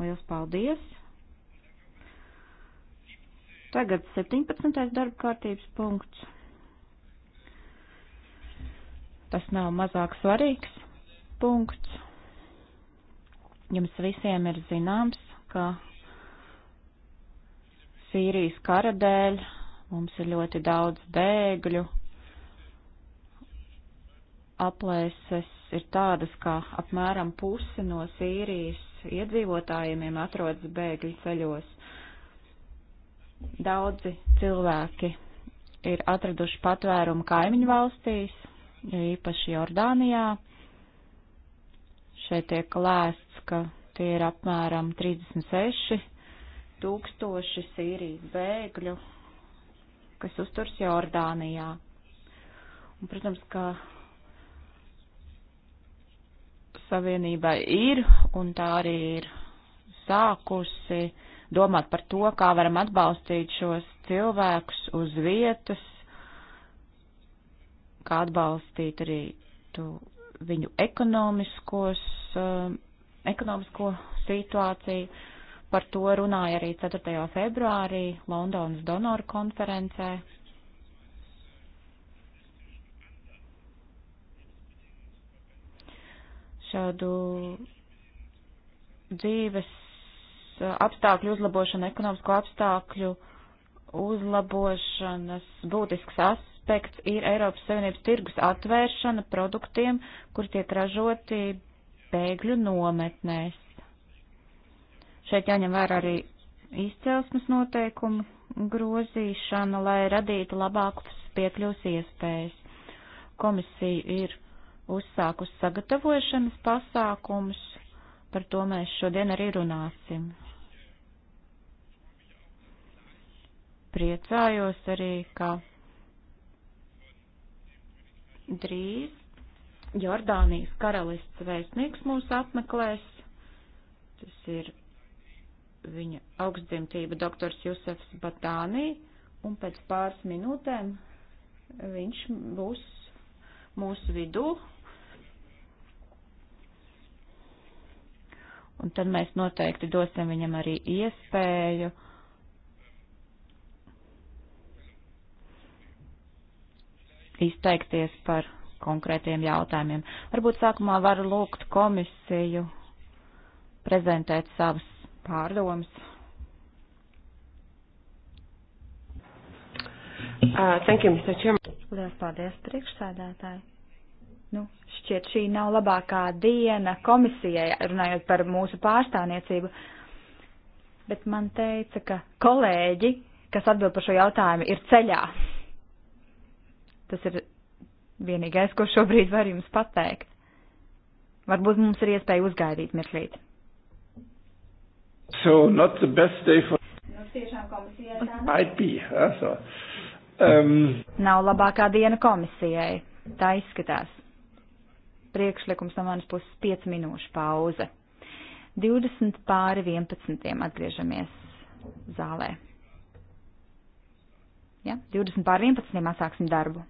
Lielas paldies! Tagad 17. darba kārtības punkts. Tas nav mazāk svarīgs punkts. Jums visiem ir zināms, ka Sīrijas kara dēļ, mums ir ļoti daudz bēgļu, aplēses ir tādas, ka apmēram pusi no Sīrijas iedzīvotājiem atrodas bēgļu ceļos. Daudzi cilvēki ir atraduši patvērumu kaimiņu valstīs, jo īpaši Jordānijā. Šeit tiek lēsts, ka tie ir apmēram 36 tūkstoši Sīrijas bēgļu, kas uzturs Jordānijā. Un, protams, ka savienībai ir, un tā arī ir sākusi domāt par to, kā varam atbalstīt šos cilvēkus uz vietas, kā atbalstīt arī tu, viņu ekonomiskos, um, ekonomisko situāciju. Par to runāja arī 4. februārī Londonas donoru konferencē. Šādu dzīves uh, apstākļu uzlabošana, ekonomisko apstākļu uzlabošanas būtisks aspekts ir Eiropas Savienības tirgus atvēršana produktiem, kur tiek ražoti bēgļu nometnēs. Šeit jāņem vērā arī izcelsmes noteikumu grozīšana, lai radītu labākus piekļūs iespējas. Komisija ir uzsākusi sagatavošanas pasākumus, par to mēs šodien arī runāsim. Priecājos arī, ka drīz Jordānijas karalists vēstnieks mūs apmeklēs. Tas ir viņa augstdzimtība doktors Jusefs Batānī, un pēc pāris minūtēm viņš būs mūsu vidū. Un tad mēs noteikti dosim viņam arī iespēju izteikties par konkrētiem jautājumiem. Varbūt sākumā varu lūgt komisiju prezentēt savus pārdomas. Uh, thank you, Mr. Chairman. Lielas paldies, priekšsēdētāji. Nu, šķiet, šī nav labākā diena komisijai, runājot par mūsu pārstāvniecību, bet man teica, ka kolēģi, kas atbild par šo jautājumu, ir ceļā. Tas ir vienīgais, ko šobrīd var jums pateikt. Varbūt mums ir iespēja uzgaidīt mirklīt. So not the best day for. Nu, might be. Also. Um, Nav labākā diena komisijai. Tā izskatās. Priekšlikums no manas puses 5 minūšu pauze. 20 pāri 11. atgriežamies zālē. Ja? 20 pāri 11. atsāksim darbu.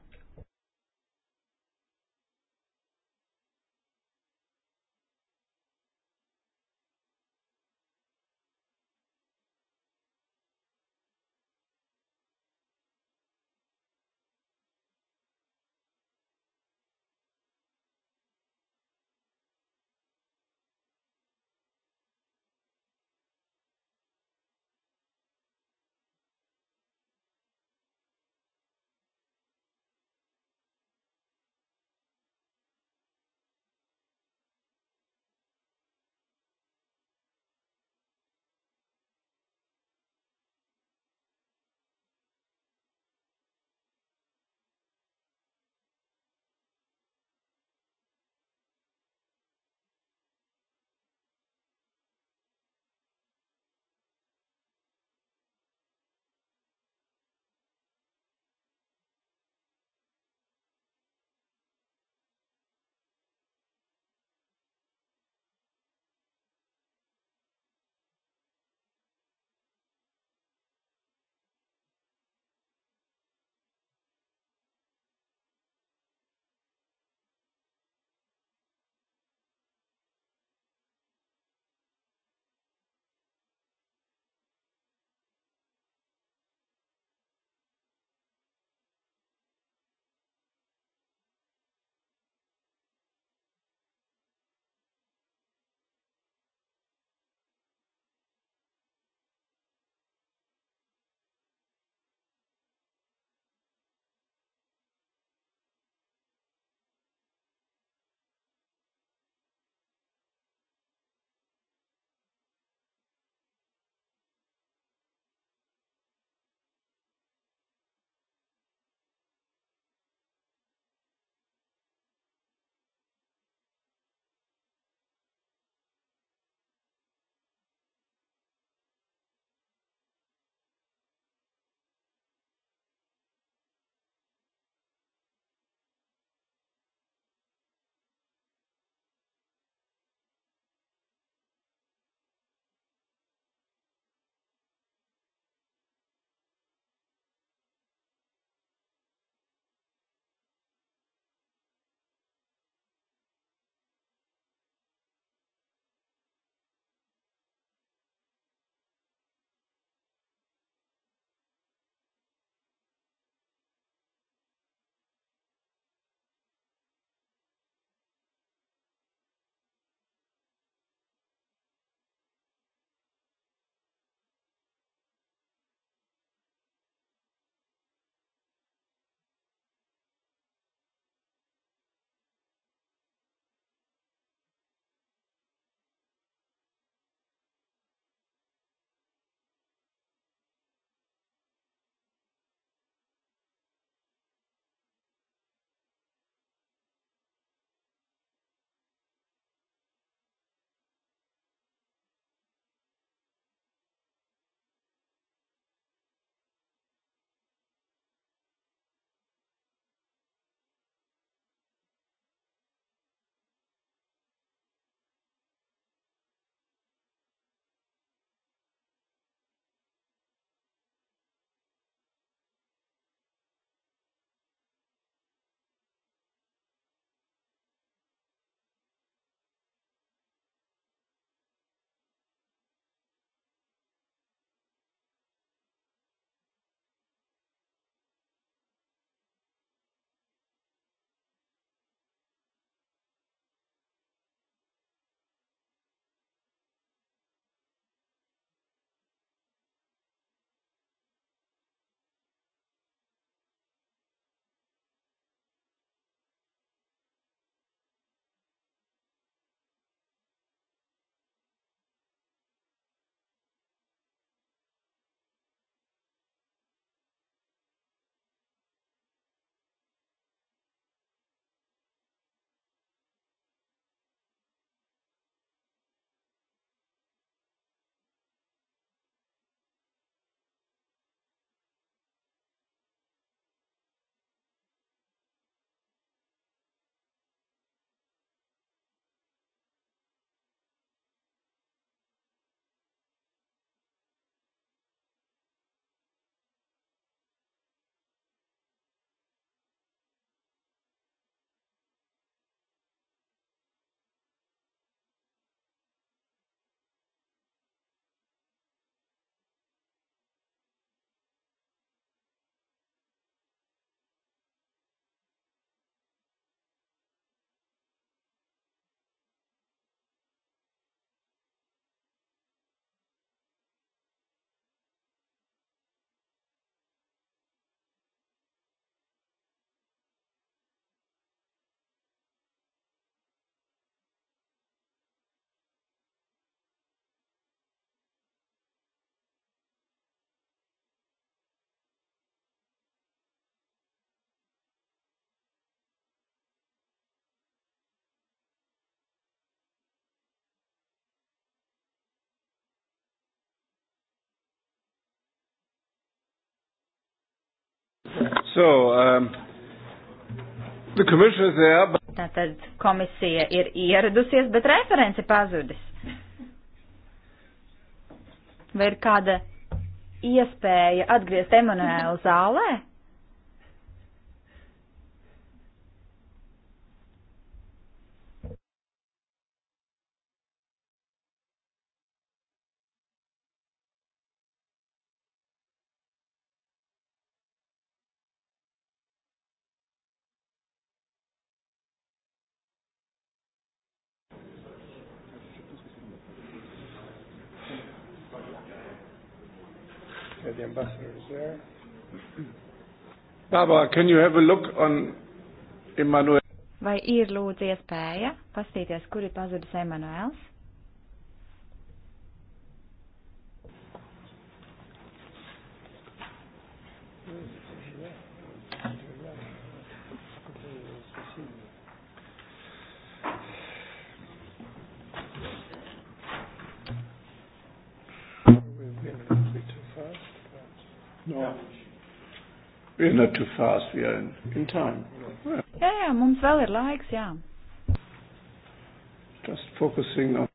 So, um, the commission is there, but... Tātad komisija ir ieradusies, bet referenci pazudis. Vai ir kāda iespēja atgriezt Emanuēlu zālē? Barbara, can you have a look on Emanuel? Vai ir lūdzu iespēja paskatīties, kur ir pazudis Emanuēls? No. Yeah. We are not too fast. We are in, in time. Yeah. Jā, jā, mums vēl ir laiks, jā. Just focusing on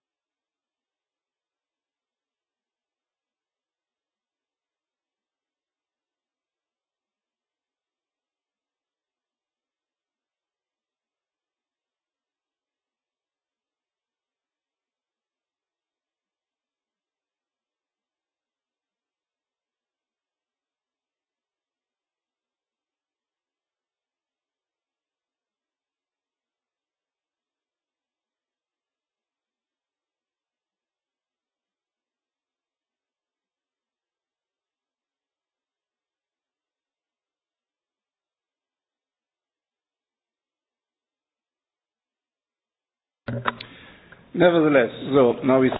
Nevertheless, so now we...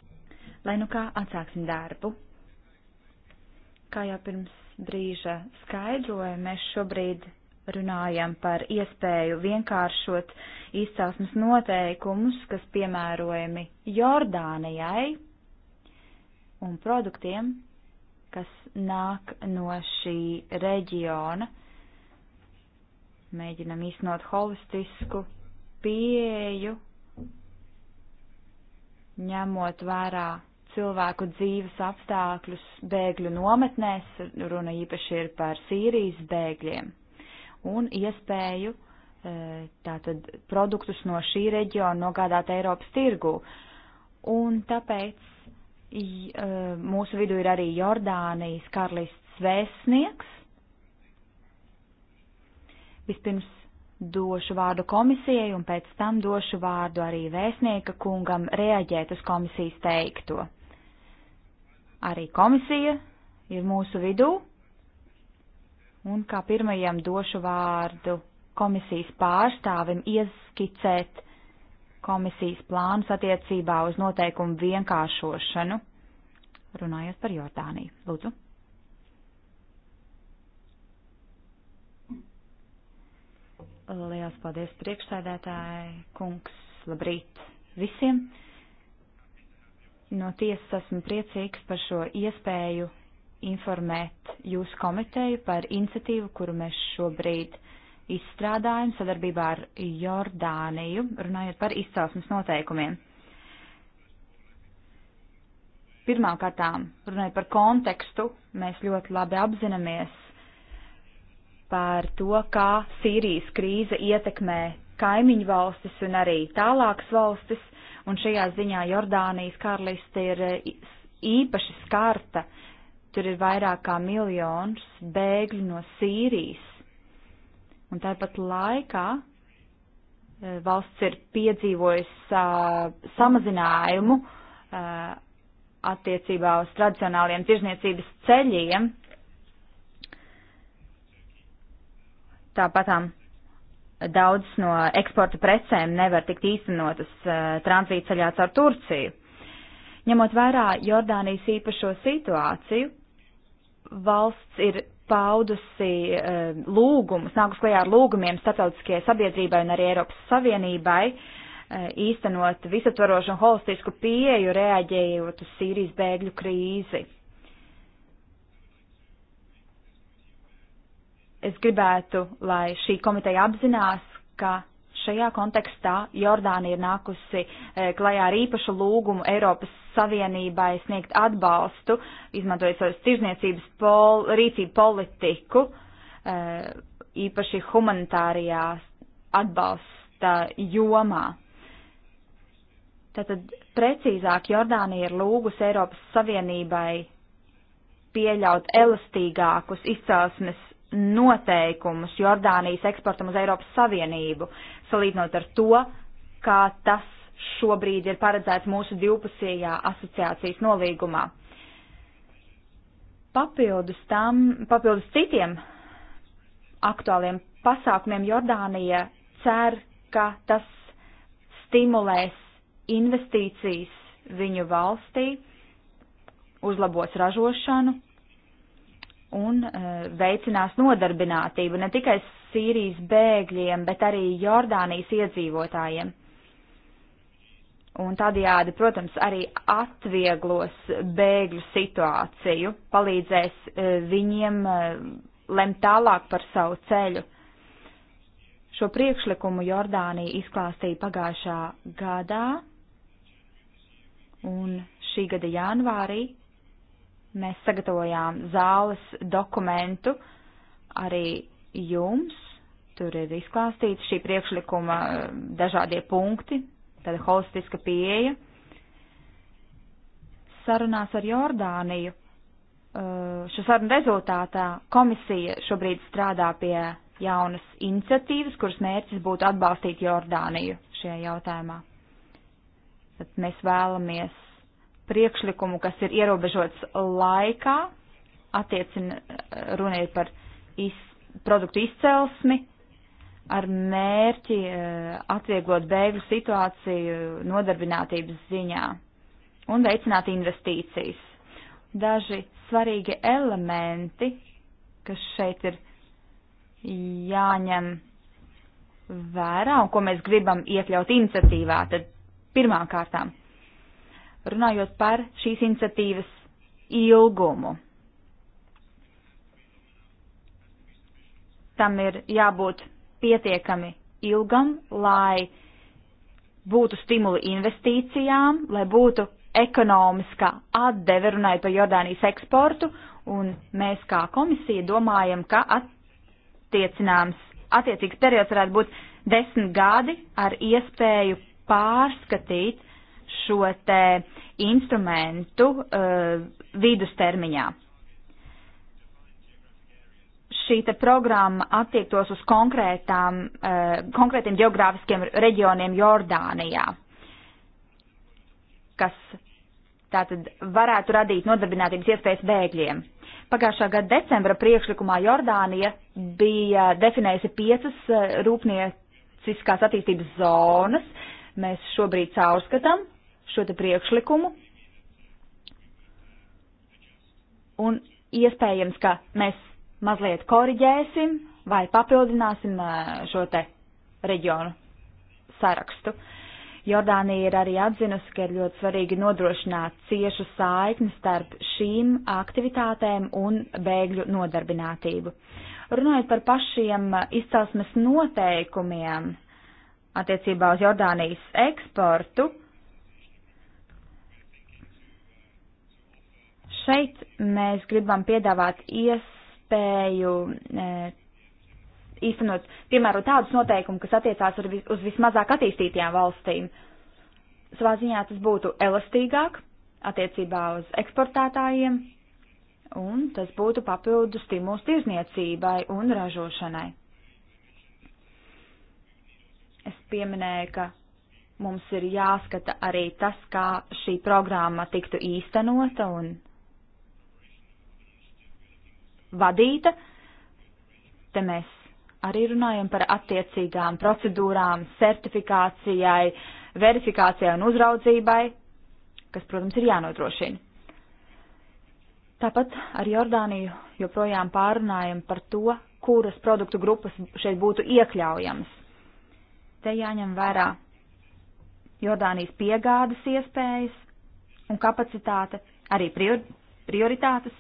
Lai nu kā atsāksim darbu. Kā jau pirms brīža skaidroju, mēs šobrīd runājam par iespēju vienkāršot izcelsmes noteikumus, kas piemērojami Jordānijai un produktiem, kas nāk no šī reģiona. Mēģinam iznot holistisku pieeju ņemot vērā cilvēku dzīves apstākļus bēgļu nometnēs, runa īpaši ir par Sīrijas bēgļiem, un iespēju e, tātad produktus no šī reģiona nogādāt Eiropas tirgū. Un tāpēc e, mūsu vidū ir arī Jordānijas karalists vēstnieks. Vispirms došu vārdu komisijai un pēc tam došu vārdu arī vēstnieka kungam reaģēt uz komisijas teikto. Arī komisija ir mūsu vidū un kā pirmajam došu vārdu komisijas pārstāvim ieskicēt komisijas plānus attiecībā uz noteikumu vienkāršošanu, runājot par Jordāniju. Lūdzu. Liels paldies priekšsēdētāji, kungs, labrīt visiem. No tiesas esmu priecīgs par šo iespēju informēt jūsu komiteju par iniciatīvu, kuru mēs šobrīd izstrādājam sadarbībā ar Jordāniju, runājot par izcelsmes noteikumiem. Pirmkārtām, runājot par kontekstu, mēs ļoti labi apzināmies, par to, kā Sīrijas krīze ietekmē kaimiņu valstis un arī tālākas valstis, un šajā ziņā Jordānijas karaliste ir īpaši skarta. Tur ir vairāk kā miljons bēgļu no Sīrijas. Un tāpat laikā eh, valsts ir piedzīvojis uh, samazinājumu uh, attiecībā uz tradicionāliem tirzniecības ceļiem, Tāpatām daudz no eksporta precēm nevar tikt īstenotas uh, tranzītceļā caur Turciju. Ņemot vērā Jordānijas īpašo situāciju, valsts ir paudusi uh, lūgumus, nākus klajā ar lūgumiem starptautiskajai sabiedrībai un arī Eiropas Savienībai uh, īstenot visatvarošu un holistisku pieeju reaģējot uz Sīrijas bēgļu krīzi. es gribētu, lai šī komiteja apzinās, ka šajā kontekstā Jordānija ir nākusi e, klajā ar īpašu lūgumu Eiropas Savienībai sniegt atbalstu, izmantojot savas tirzniecības pol, rīcību politiku, e, īpaši humanitārijā atbalsta jomā. Tātad precīzāk Jordānija ir lūgus Eiropas Savienībai pieļaut elastīgākus izcelsmes noteikumus Jordānijas eksportam uz Eiropas Savienību, salīdzinot ar to, kā tas šobrīd ir paredzēts mūsu divpusējā asociācijas nolīgumā. Papildus tam, papildus citiem aktuāliem pasākumiem Jordānija cer, ka tas stimulēs investīcijas viņu valstī, uzlabos ražošanu un eh, veicinās nodarbinātību ne tikai Sīrijas bēgļiem, bet arī Jordānijas iedzīvotājiem. Un tādējādi, protams, arī atvieglos bēgļu situāciju, palīdzēs eh, viņiem eh, lemt tālāk par savu ceļu. Šo priekšlikumu Jordānija izklāstīja pagājušā gadā, un šī gada janvārī Mēs sagatavojām zāles dokumentu arī jums. Tur ir izklāstīts šī priekšlikuma eh, dažādie punkti, tāda holistiska pieeja. Sarunās ar Jordāniju eh, šo sarunu rezultātā komisija šobrīd strādā pie jaunas iniciatīvas, kuras mērķis būtu atbalstīt Jordāniju šajā jautājumā. Tad mēs vēlamies priekšlikumu, kas ir ierobežots laikā, attiecina runēt par iz, produktu izcelsmi, ar mērķi eh, atvieglot bēgļu situāciju nodarbinātības ziņā un veicināt investīcijas. Daži svarīgi elementi, kas šeit ir jāņem vērā un ko mēs gribam iekļaut iniciatīvā, tad pirmām kārtām runājot par šīs iniciatīvas ilgumu. Tam ir jābūt pietiekami ilgam, lai būtu stimuli investīcijām, lai būtu ekonomiskā atdeve runājot par Jordānijas eksportu, un mēs kā komisija domājam, ka attiecināms, attiecīgs periods varētu būt desmit gadi ar iespēju pārskatīt šo te instrumentu uh, vidustermiņā. Šī te programma attiektos uz konkrētām, uh, konkrētiem geogrāfiskiem reģioniem Jordānijā, kas tātad varētu radīt nodarbinātības iespējas bēgļiem. Pagājušā gada decembra priekšlikumā Jordānija bija definējusi piecas eh, rūpnieciskās attīstības zonas. Mēs šobrīd caurskatām šo te priekšlikumu. Un iespējams, ka mēs mazliet koriģēsim vai papildināsim šo te reģionu sarakstu. Jordānija ir arī atzinusi, ka ir ļoti svarīgi nodrošināt ciešu saikni starp šīm aktivitātēm un bēgļu nodarbinātību. Runājot par pašiem izcelsmes noteikumiem attiecībā uz Jordānijas eksportu, uh, Šeit mēs gribam piedāvāt iespēju e, īstenot, piemēram, tādus noteikumus, kas attiecās uz vismazāk attīstītajām valstīm. Savā ziņā tas būtu elastīgāk attiecībā uz eksportētājiem, un tas būtu papildu stimuls tirzniecībai un ražošanai. Es pieminēju, ka mums ir jāskata arī tas, kā šī programma tiktu īstenota un vadīta. Te mēs arī runājam par attiecīgām procedūrām, certifikācijai, verifikācijai un uzraudzībai, kas, protams, ir jānodrošina. Tāpat ar Jordāniju joprojām pārunājam par to, kuras produktu grupas šeit būtu iekļaujamas. Te jāņem vērā Jordānijas piegādes iespējas un kapacitāte, arī prioritātes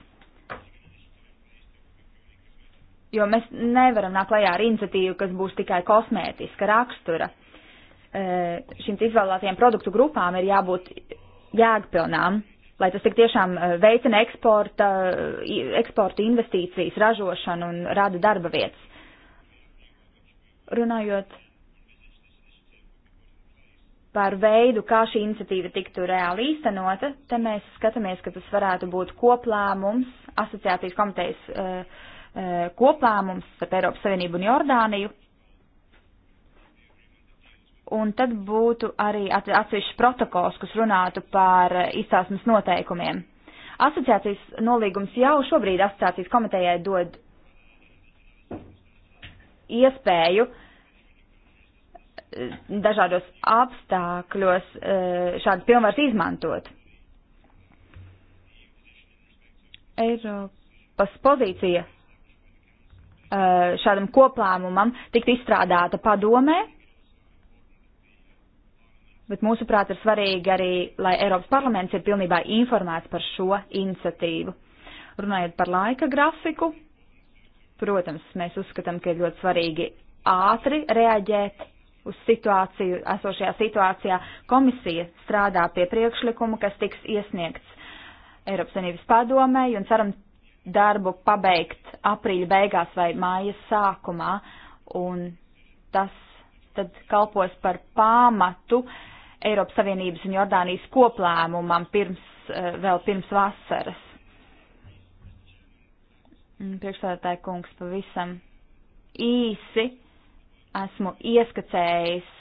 jo mēs nevaram nākt klajā ar iniciatīvu, kas būs tikai kosmētiska rakstura. E, šīm izvēlētajām produktu grupām ir jābūt jēgpilnām, lai tas tik tiešām e, veicina eksporta, eksporta investīcijas, ražošanu un rada darba vietas. Runājot par veidu, kā šī iniciatīva tiktu reāli īstenota, te mēs skatāmies, ka tas varētu būt koplēmums asociācijas komitejas uh, E, koplēmums starp Eiropas Savienību un Jordāniju. Un tad būtu arī atsevišķs protokols, kas runātu par izcelsmes noteikumiem. Asociācijas nolīgums jau šobrīd asociācijas komitejai dod iespēju e, dažādos apstākļos e, šādas pilnvaras izmantot. Eiropas pozīcija Eh, šādam koplēmumam tikt izstrādāta padomē, bet mūsuprāt ir svarīgi arī, lai Eiropas parlaments ir pilnībā informēts par šo iniciatīvu. Runājot par laika grafiku, protams, mēs uzskatām, ka ir ļoti svarīgi ātri reaģēt uz situāciju, esošajā situācijā. Komisija strādā pie priekšlikuma, kas tiks iesniegts Eiropas Savienības padomēji un ceram darbu pabeigt aprīļa beigās vai mājas sākumā, un tas tad kalpos par pamatu Eiropas Savienības un Jordānijas koplēmumam pirms, eh, vēl pirms vasaras. Priekšstādātāja kungs pavisam īsi esmu ieskacējis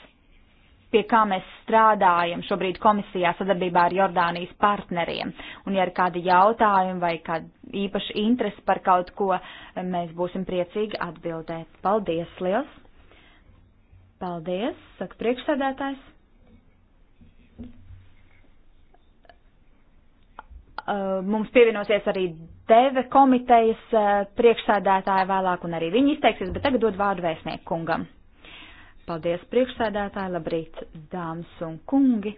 pie kā mēs strādājam šobrīd komisijā sadarbībā ar Jordānijas partneriem. Un, ja ir kādi jautājumi vai kāda īpaša interese par kaut ko, mēs būsim priecīgi atbildēt. Paldies, liels! Paldies, saka priekšsēdētājs. Uh, mums pievienosies arī Deve komitejas uh, priekšsēdētāja vēlāk, un arī viņi izteiksies, bet tagad dod vārdu vēstnieku kungam. Paldies priekšsēdētāji, labrīt, dāmas un kungi.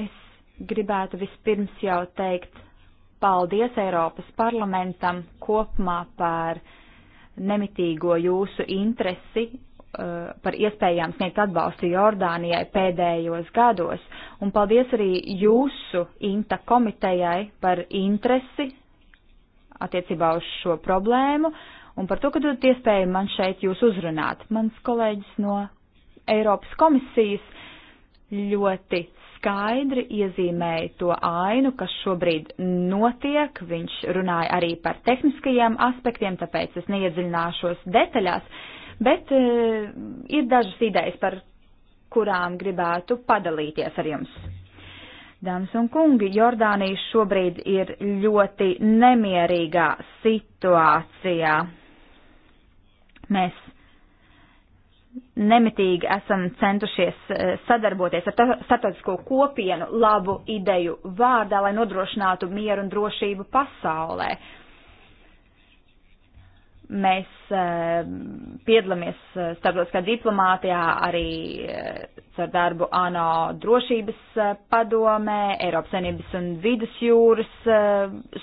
Es gribētu vispirms jau teikt paldies Eiropas parlamentam kopumā par nemitīgo jūsu interesi eh, par iespējām sniegt atbalstu Jordānijai pēdējos gados, un paldies arī jūsu INTA komitejai par interesi attiecībā uz šo problēmu, uh, un par to, ka dodat iespēju man šeit jūs uzrunāt. Mans kolēģis no Eiropas komisijas ļoti skaidri iezīmēja to ainu, kas šobrīd notiek. Viņš runāja arī par tehniskajiem aspektiem, tāpēc es neiedziļināšos detaļās, bet e, ir dažas idejas, par kurām gribētu padalīties ar jums. Dāmas un kungi, Jordānija šobrīd ir ļoti nemierīgā situācijā. Mēs nemitīgi esam centušies eh, sadarboties ar starptautisko kopienu labu ideju vārdā, lai nodrošinātu mieru un drošību pasaulē. Uh, Mēs eh, piedalāmies eh, starptautiskā diplomātijā arī eh, caur darbu ANO drošības padomē, Eiropas Savienības un Vidusjūras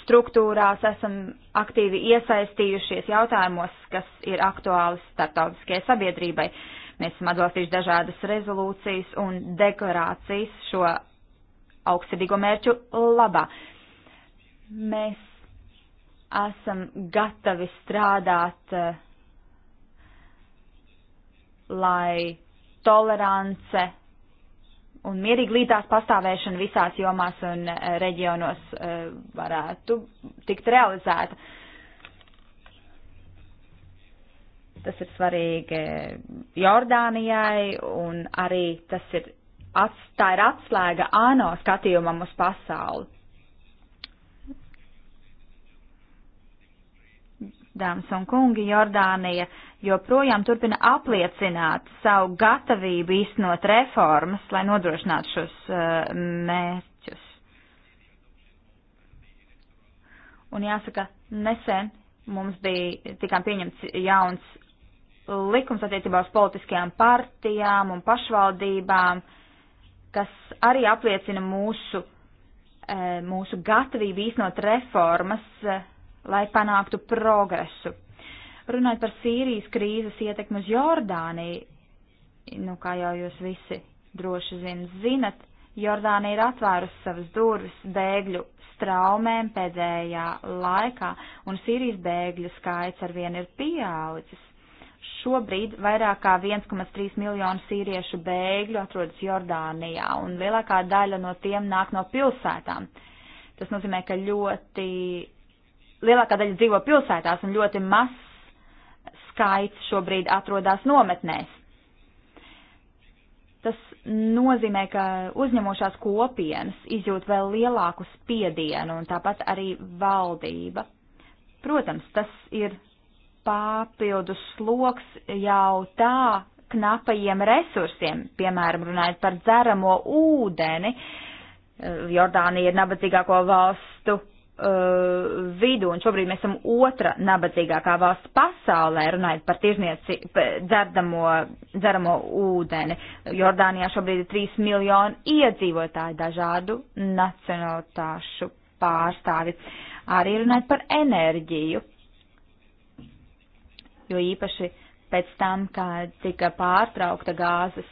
struktūrās esam aktīvi iesaistījušies jautājumos, kas ir aktuāli starptautiskajai sabiedrībai. Mēs esam atbalstījuši dažādas rezolūcijas un deklarācijas šo augstsirdīgo mērķu labā. Mēs esam gatavi strādāt, eh, lai tolerance un mierīgi līdzās pastāvēšana visās jomās un eh, reģionos eh, varētu tikt realizēta. Tas ir svarīgi Jordānijai un arī tas ir, ats, tā ir atslēga ANO skatījumam uz pasauli. Dāmas un kungi, Jordānija joprojām turpina apliecināt savu gatavību īstenot reformas, lai nodrošinātu šos uh, mērķus. Un jāsaka, nesen mums bija tikām pieņemts jauns likums attiecībā uz politiskajām partijām un pašvaldībām, kas arī apliecina mūsu, uh, mūsu gatavību īstenot reformas uh, lai panāktu progresu. Runājot par Sīrijas krīzes ietekmi uz Jordāniju, nu kā jau jūs visi droši zin, zinat, Jordānija ir atvērusi savas durvis bēgļu straumēm pēdējā laikā, un Sīrijas bēgļu skaits arvien ir pieaudzis. Šobrīd vairāk kā 1,3 miljonu sīriešu bēgļu atrodas Jordānijā, un lielākā daļa no tiem nāk no pilsētām. Tas nozīmē, ka ļoti lielākā daļa dzīvo pilsētās un ļoti maz skaits šobrīd atrodas nometnēs. Tas nozīmē, ka uzņemošās kopienas izjūt vēl lielāku spiedienu un tāpat arī valdība. Protams, tas ir papildus sloks jau tā knapajiem resursiem, piemēram, runājot par dzeramo ūdeni. Jordānija ir nabadzīgāko valstu Uh, vidu, un šobrīd mēs esam otra nabadzīgākā valsts pasaulē, runājot par tirznieci dzerdamo, dzeramo ūdeni. Jordānijā šobrīd ir 3 miljoni iedzīvotāji dažādu nacionalitāšu pārstāvi. Arī runājot par enerģiju, jo īpaši pēc tam, kad tika pārtraukta gāzes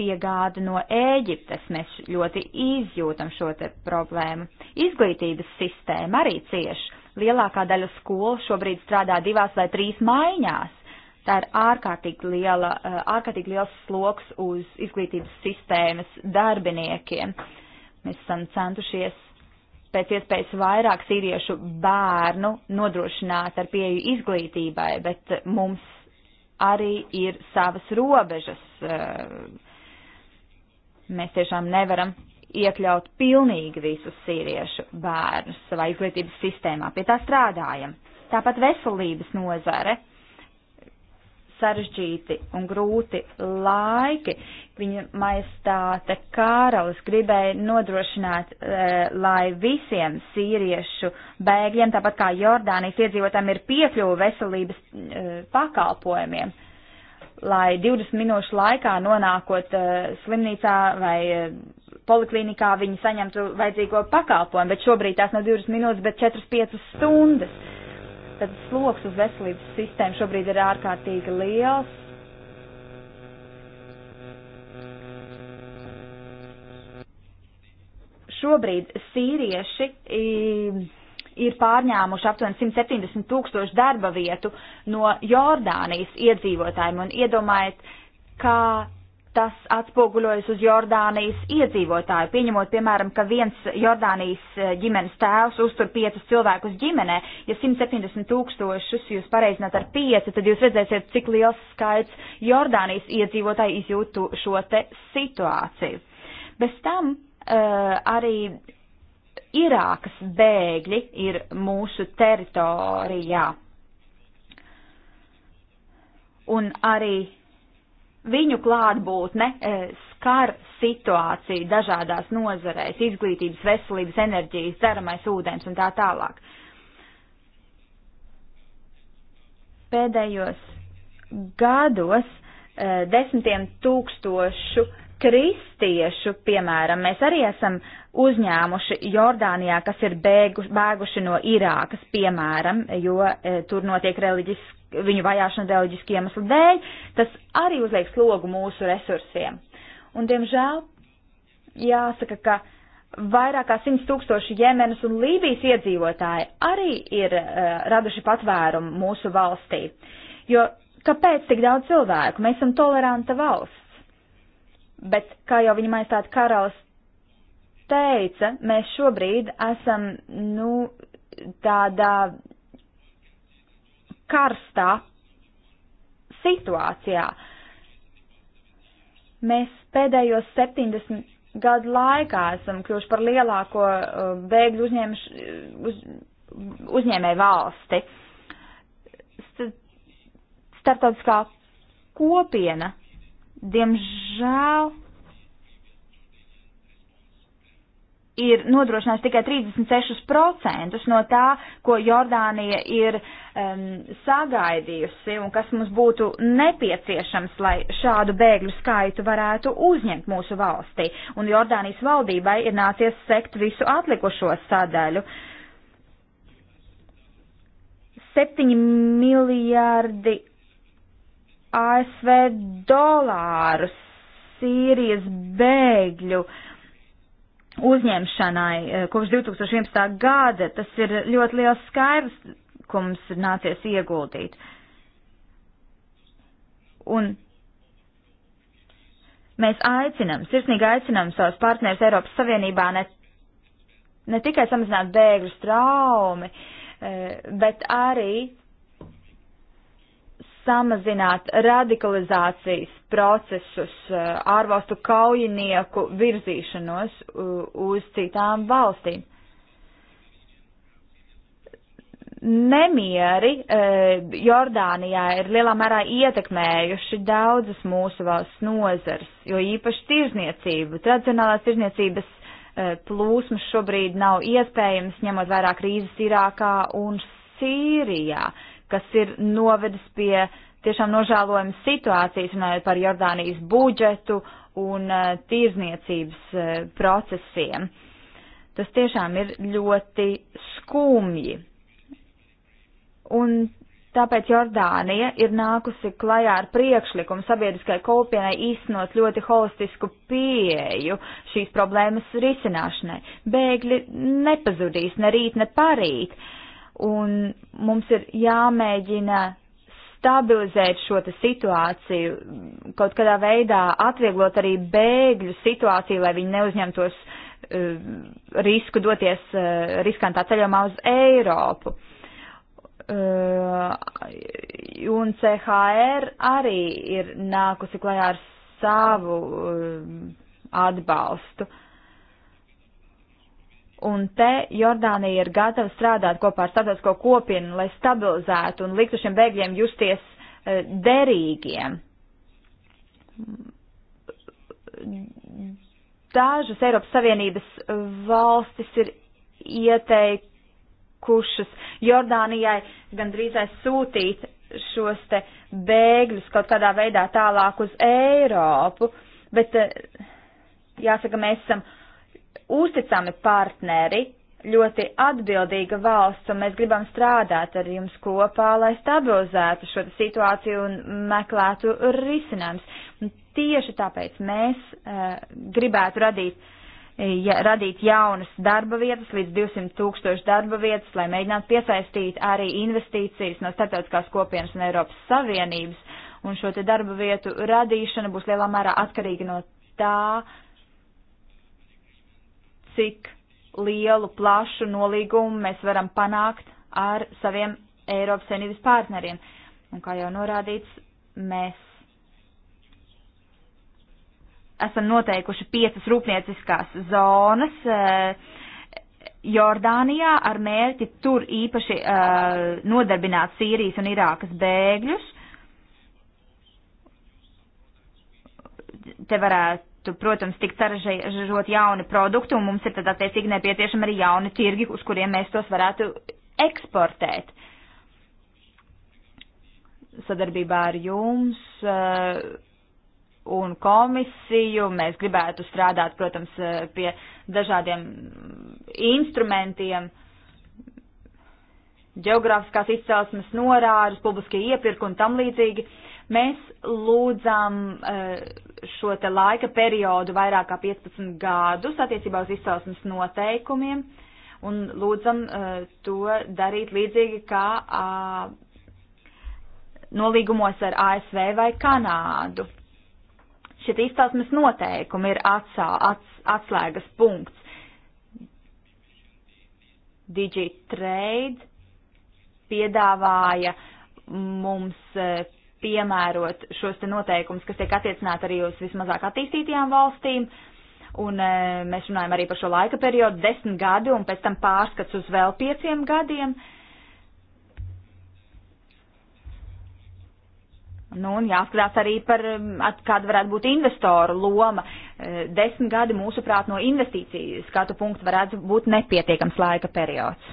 piegādi no Ēģiptes. Mēs ļoti izjūtam šo te problēmu. Izglītības sistēma arī cieši. Lielākā daļa skolu šobrīd strādā divās vai trīs maiņās. Tā ir ārkārtīgi, liela, eh, ārkārtīgi liels sloks uz izglītības sistēmas darbiniekiem. Mēs esam centušies pēc iespējas vairāk sīriešu bērnu nodrošināt ar pieeju izglītībai, bet mums arī ir savas robežas. Uh, Mēs tiešām nevaram iekļaut pilnīgi visus sīviešu bērnus savā izglītības sistēmā. Pie tā strādājam. Tāpat veselības nozare sarežģīti un grūti laiki. Viņa maistāte Kāralis gribēja nodrošināt, e, lai visiem sīriešu bēgļiem, tāpat kā Jordānijas iedzīvotājiem, ir piekļuva veselības e, pakalpojumiem lai 20 minūšu laikā nonākot uh, slimnīcā vai uh, eh, poliklinikā viņi saņemtu vajadzīgo pakalpojumu, bet šobrīd tās nav 20 minūtes, bet 4-5 stundas. Tad sloks uz veselības sistēmu šobrīd ir ārkārtīgi liels. Šobrīd sīrieši. I, ir pārņēmuši aptuveni 170 tūkstoši darba vietu no Jordānijas iedzīvotājiem un iedomājiet, kā tas atspoguļojas uz Jordānijas iedzīvotāju. Pieņemot, piemēram, ka viens Jordānijas e, ģimenes tēvs uztur piecus cilvēkus ģimenē, ja 170 tūkstošus jūs pareizināt ar pieci, tad jūs redzēsiet, cik liels skaits Jordānijas iedzīvotāji izjūtu šo te situāciju. Bez tam uh, arī Irākas bēgļi ir mūsu teritorijā. Un arī viņu klātbūtne e, skar situāciju dažādās nozarēs - izglītības, veselības, enerģijas, dzeramais ūdens un tā tālāk. Pēdējos gados e, desmitiem tūkstošu uh, kristiešu, piemēram, mēs arī esam uzņēmuši Jordānijā, kas ir bēgu, bēguši no Irākas, piemēram, jo e, tur notiek reliģis, viņu vajāšana reliģiski iemeslu dēļ, tas arī uzliek slogu mūsu resursiem. Un, diemžēl, jāsaka, ka vairāk kā 100 tūkstoši Jemenas un Lībijas iedzīvotāji arī ir uh, raduši patvērumu mūsu valstī. Jo kāpēc tik daudz cilvēku? Mēs esam toleranta valsts. Bet, kā jau viņa maistāta karalis teica, mēs šobrīd esam, nu, tādā karstā situācijā. Mēs pēdējos 70 gadu laikā esam kļuvuši par lielāko uh, bēgļu uzņēmuš, uh, uz, uzņēmēju valsti. Startautiskā kopiena diemžēl ir nodrošinājis tikai 36% no tā, ko Jordānija ir um, sagaidījusi un kas mums būtu nepieciešams, lai šādu bēgļu skaitu varētu uzņemt mūsu valstī. Un Jordānijas valdībai ir nācies sekt visu atlikušo sadaļu. 7 miljārdi ASV dolārus Sīrijas bēgļu uzņemšanai eh, kopš 2011. gada. Tas ir ļoti liels skaidrs, ko mums ir nācies ieguldīt. Un mēs aicinam, sirsnīgi aicinam savus partnerus Eiropas Savienībā ne, ne tikai samazināt bēgļu straumi, eh, bet arī samazināt radikalizācijas procesus, eh, ārvalstu kaujinieku virzīšanos uz citām valstīm. Nemieri eh, Jordānijā ir lielā mērā ietekmējuši daudzas mūsu valsts nozars, jo īpaši tirzniecību, tradicionālās tirzniecības eh, plūsmas šobrīd nav iespējams, ņemot vairāk krīzes Irākā un Sīrijā. Uh, kas ir novedis pie tiešām nožēlojamas situācijas, runājot par Jordānijas budžetu un eh, tirzniecības eh, procesiem. Tas tiešām ir ļoti skumji. Un Tāpēc Jordānija ir nākusi klajā ar priekšlikumu sabiedriskai kopienai īstenot ļoti holistisku pieeju šīs problēmas risināšanai. Bēgļi nepazudīs ne rīt, ne parīt. Uh, un mums ir jāmēģina stabilizēt šo situāciju, kaut kādā veidā atvieglot arī bēgļu situāciju, lai viņi neuzņemtos uh, risku doties uh, riskantā ceļojumā uz Eiropu. Uh, un CHR arī ir nākusi klajā ar savu atbalstu. Uh, Un te Jordānija ir gatava strādāt kopā ar starptautisko kopienu, lai stabilizētu un liktu šiem bēgļiem justies uh, derīgiem. Dažas Eiropas Savienības valstis ir ieteikušas Jordānijai gandrīzai sūtīt šos te bēgļus kaut kādā veidā tālāk uz Eiropu, bet uh, jāsaka, mēs esam uh, uzticami partneri, ļoti atbildīga valsts, un mēs gribam strādāt ar jums kopā, lai stabilizētu šo situāciju un meklētu risinājums. Un tieši tāpēc mēs uh, gribētu radīt, ja, radīt jaunas darba vietas, līdz 200 tūkstoši darba vietas, lai mēģinātu piesaistīt arī investīcijas no starptautiskās kopienas un Eiropas Savienības, un šo te darba vietu radīšana būs lielā mērā atkarīga no tā, uh, cik lielu plašu nolīgumu mēs varam panākt ar saviem Eiropas Savienības partneriem. Un kā jau norādīts, mēs esam noteikuši piecas rūpnieciskās zonas eh, Jordānijā ar mērķi tur īpaši eh, nodarbināt Sīrijas un Irākas bēgļus. Te varētu varētu, protams, tikt saražot jauni produkti, un mums ir tad attiecīgi nepieciešami arī jauni tirgi, uz kuriem mēs tos varētu eksportēt. Sadarbībā ar jums eh, un komisiju mēs gribētu strādāt, protams, eh, pie dažādiem instrumentiem, geogrāfiskās izcelsmes norādes, publiskie iepirkumi un tam līdzīgi. Mēs lūdzām uh, eh, šo te laika periodu vairāk kā 15 gadus attiecībā uz izcelsmes noteikumiem un lūdzam uh, to darīt līdzīgi kā uh, nolīgumos ar ASV vai Kanādu. Šie izcelsmes noteikumi ir atsā, ats, atslēgas punkts. DigiTrade piedāvāja mums uh, piemērot šos te noteikumus, kas tiek attiecināti arī uz vismazāk attīstītajām valstīm. Un e, mēs runājam arī par šo laika periodu, desmit gadi, un pēc tam pārskats uz vēl pieciem gadiem. Nu, un jāskatās arī par, at, kāda varētu būt investoru loma. E, desmit gadi, mūsuprāt, no investīciju skatu punktu varētu būt nepietiekams laika periods.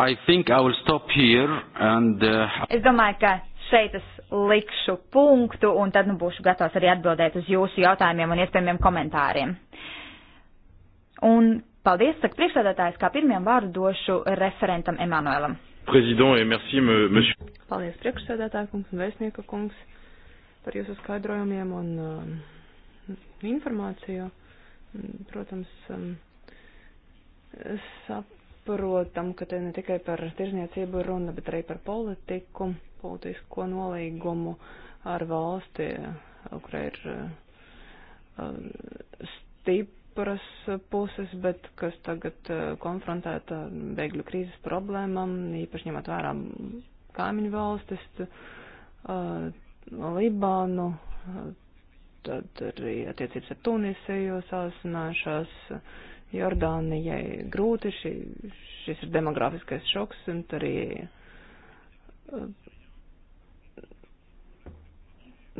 I think I will stop here and, uh... Es domāju, ka šeit es likšu punktu, un tad nu, būšu gatavs arī atbildēt uz jūsu jautājumiem un iespējamiem komentāriem. Un paldies, saka priekšsēdētājs, kā pirmiem vārdu došu referentam Emanuēlam. Merci, monsieur. Paldies, priekšsēdētāja kungs un vēstnieka kungs, par jūsu skaidrojumiem un uh, informāciju. Protams, um, sap saprotam, ka te ne tikai par tirzniecību runa, bet arī par politiku, politisko nolīgumu ar valsti, kurai ir eh, stipras puses, bet kas tagad eh, konfrontēta bēgļu krīzes problēmām, īpaši ņemot vērā kaimiņu valstis, eh, Libānu, tad arī attiecības ar Tunisiju sāsinājušās Jordānijai grūti, šī, šis ir demografiskais šoks un arī eh,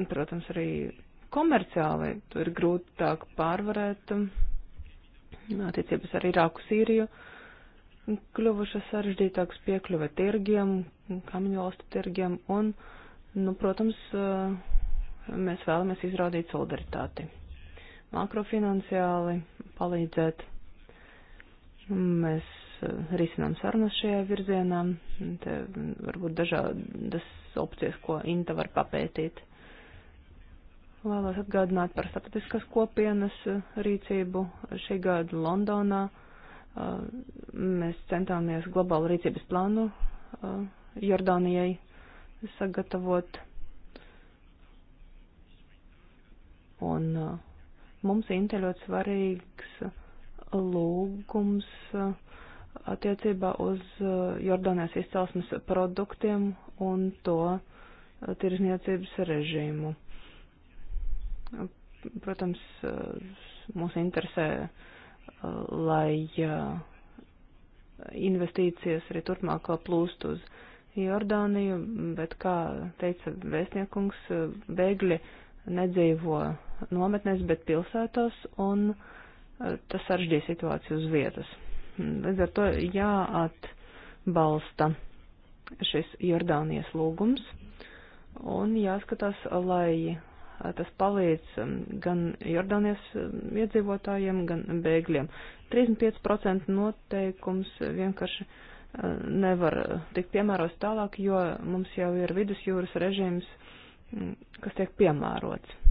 protams, arī komerciāli to ir grūtāk pārvarēt. Attiecības ar Irāku Sīriju kļuvušas sarežģītākas piekļuve tirgiem, kamiņu valstu tirgiem, un, nu, protams, eh, mēs vēlamies izrādīt solidaritāti. Makrofinansiāli palīdzēt Mēs eh, risinām sarunas šajā virzienā. Te varbūt dažādas opcijas, ko Inta var papētīt. Vēlos atgādināt par starptautiskas kopienas eh, rīcību šī gada Londonā. Eh, mēs centāmies globālu rīcības plānu Jordānijai sagatavot. Un mums ir ļoti svarīgs lūgums uh, attiecībā uz uh, Jordānijas izcelsmes produktiem un to uh, tirzniecības režīmu. Protams, mūs interesē, lai investīcijas arī turpmāk plūst uz Jordāniju, bet, kā teica vēstniekungs, bēgļi nedzīvo nometnēs, bet pilsētos, un uh, tas saržģīja situāciju uz vietas. Līdz ar to jāatbalsta šis Jordānijas lūgums un jāskatās, lai tas palīdz um, gan Jordānijas um, iedzīvotājiem, gan bēgļiem. 35% noteikums vienkārši uh, nevar uh, tikt piemērots tālāk, jo mums jau ir vidusjūras režīms, mm, kas tiek piemērots.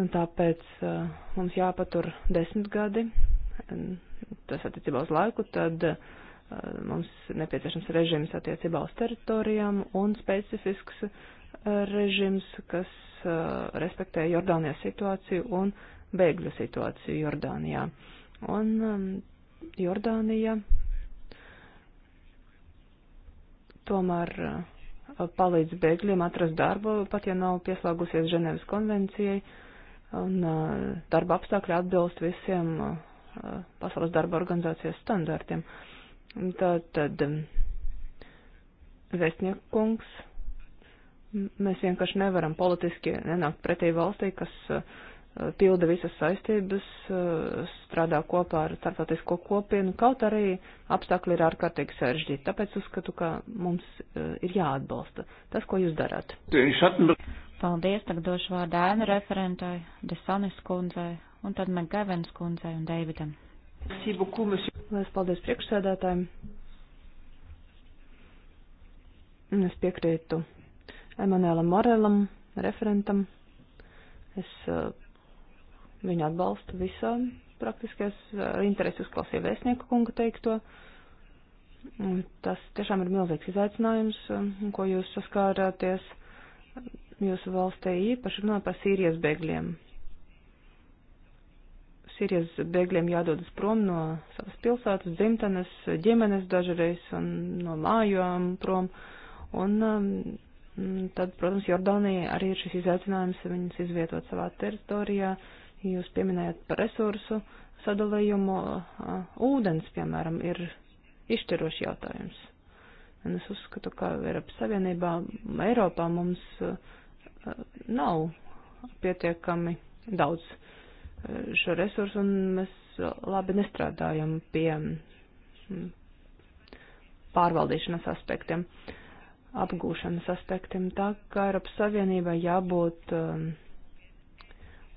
Un tāpēc uh, mums jāpatur desmit gadi, tas attiecībā uz laiku, tad uh, mums nepieciešams režims attiecībā uz teritorijām un specifisks uh, eh, režims, kas uh, respektē Jordānijas situāciju un bēgļu situāciju Jordānijā. Un um, Jordānija tomēr uh, palīdz bēgļiem atrast darbu, pat ja nav pieslēgusies Ženevas konvencijai. Uh, un eh, darba apstākļi atbilst visiem eh, pasaules darba organizācijas standartiem. Tātad, mm, vēstniekungs, mēs vienkārši nevaram politiski nenākt pretī valstī, kas eh, pilda visas saistības, strādā kopā ar starptautisko kopienu, kaut arī apstākļi ir ārkārtīgi sarežģīti. Tāpēc uzskatu, ka mums ir jāatbalsta tas, ko jūs darāt. Paldies, tagad došu vārdu ēnu referentai, Desanis kundzei, un tad Megavens kundzei un Deividam. Lielas paldies priekšsēdētājiem. Es piekrītu Emanuēlam Morelam, referentam. Es uh, viņu atbalstu visā um, praktiski. Es ar uh, interesi uzklausīju vēstnieku kunga teikto. Tas tiešām ir milzīgs izaicinājums, um, ko jūs saskārāties jūsu valstī īpaši runā par Sīrijas bēgļiem. Sīrijas bēgļiem jādodas prom no savas pilsētas, dzimtenes, ģimenes dažreiz un no mājām prom. Un um, tad, protams, Jordānija arī ir šis izaicinājums viņus izvietot savā teritorijā. Jūs pieminējat par resursu sadalījumu. Uh, ūdens, piemēram, ir izšķirošs jautājums. Un es uzskatu, ka Eiropas Savienībā, Eiropā mums. Uh, nav pietiekami daudz eh, šo resursu, un mēs labi nestrādājam pie mm, pārvaldīšanas aspektiem, apgūšanas aspektiem. Tā kā Eiropas Savienībai jābūt eh,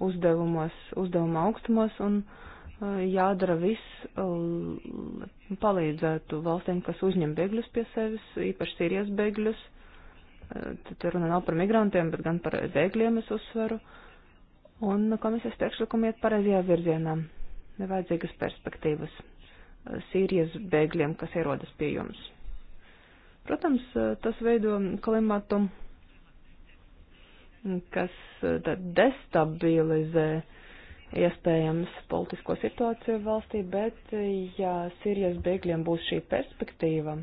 uzdevumos, uzdevuma augstumos un eh, jādara viss, palīdzētu valstīm, kas uzņem bēgļus pie sevis, īpaši Sīrijas bēgļus, Tad runa nav par migrantiem, bet gan par bēgļiem es uzsveru. Un komisijas priekšlikumi iet pareizajā virzienā. Nevajadzīgas perspektīvas Sīrijas bēgļiem, kas ierodas pie jums. Protams, tas veido klimatu, kas destabilizē iespējams politisko situāciju valstī, bet ja Sīrijas bēgļiem būs šī perspektīva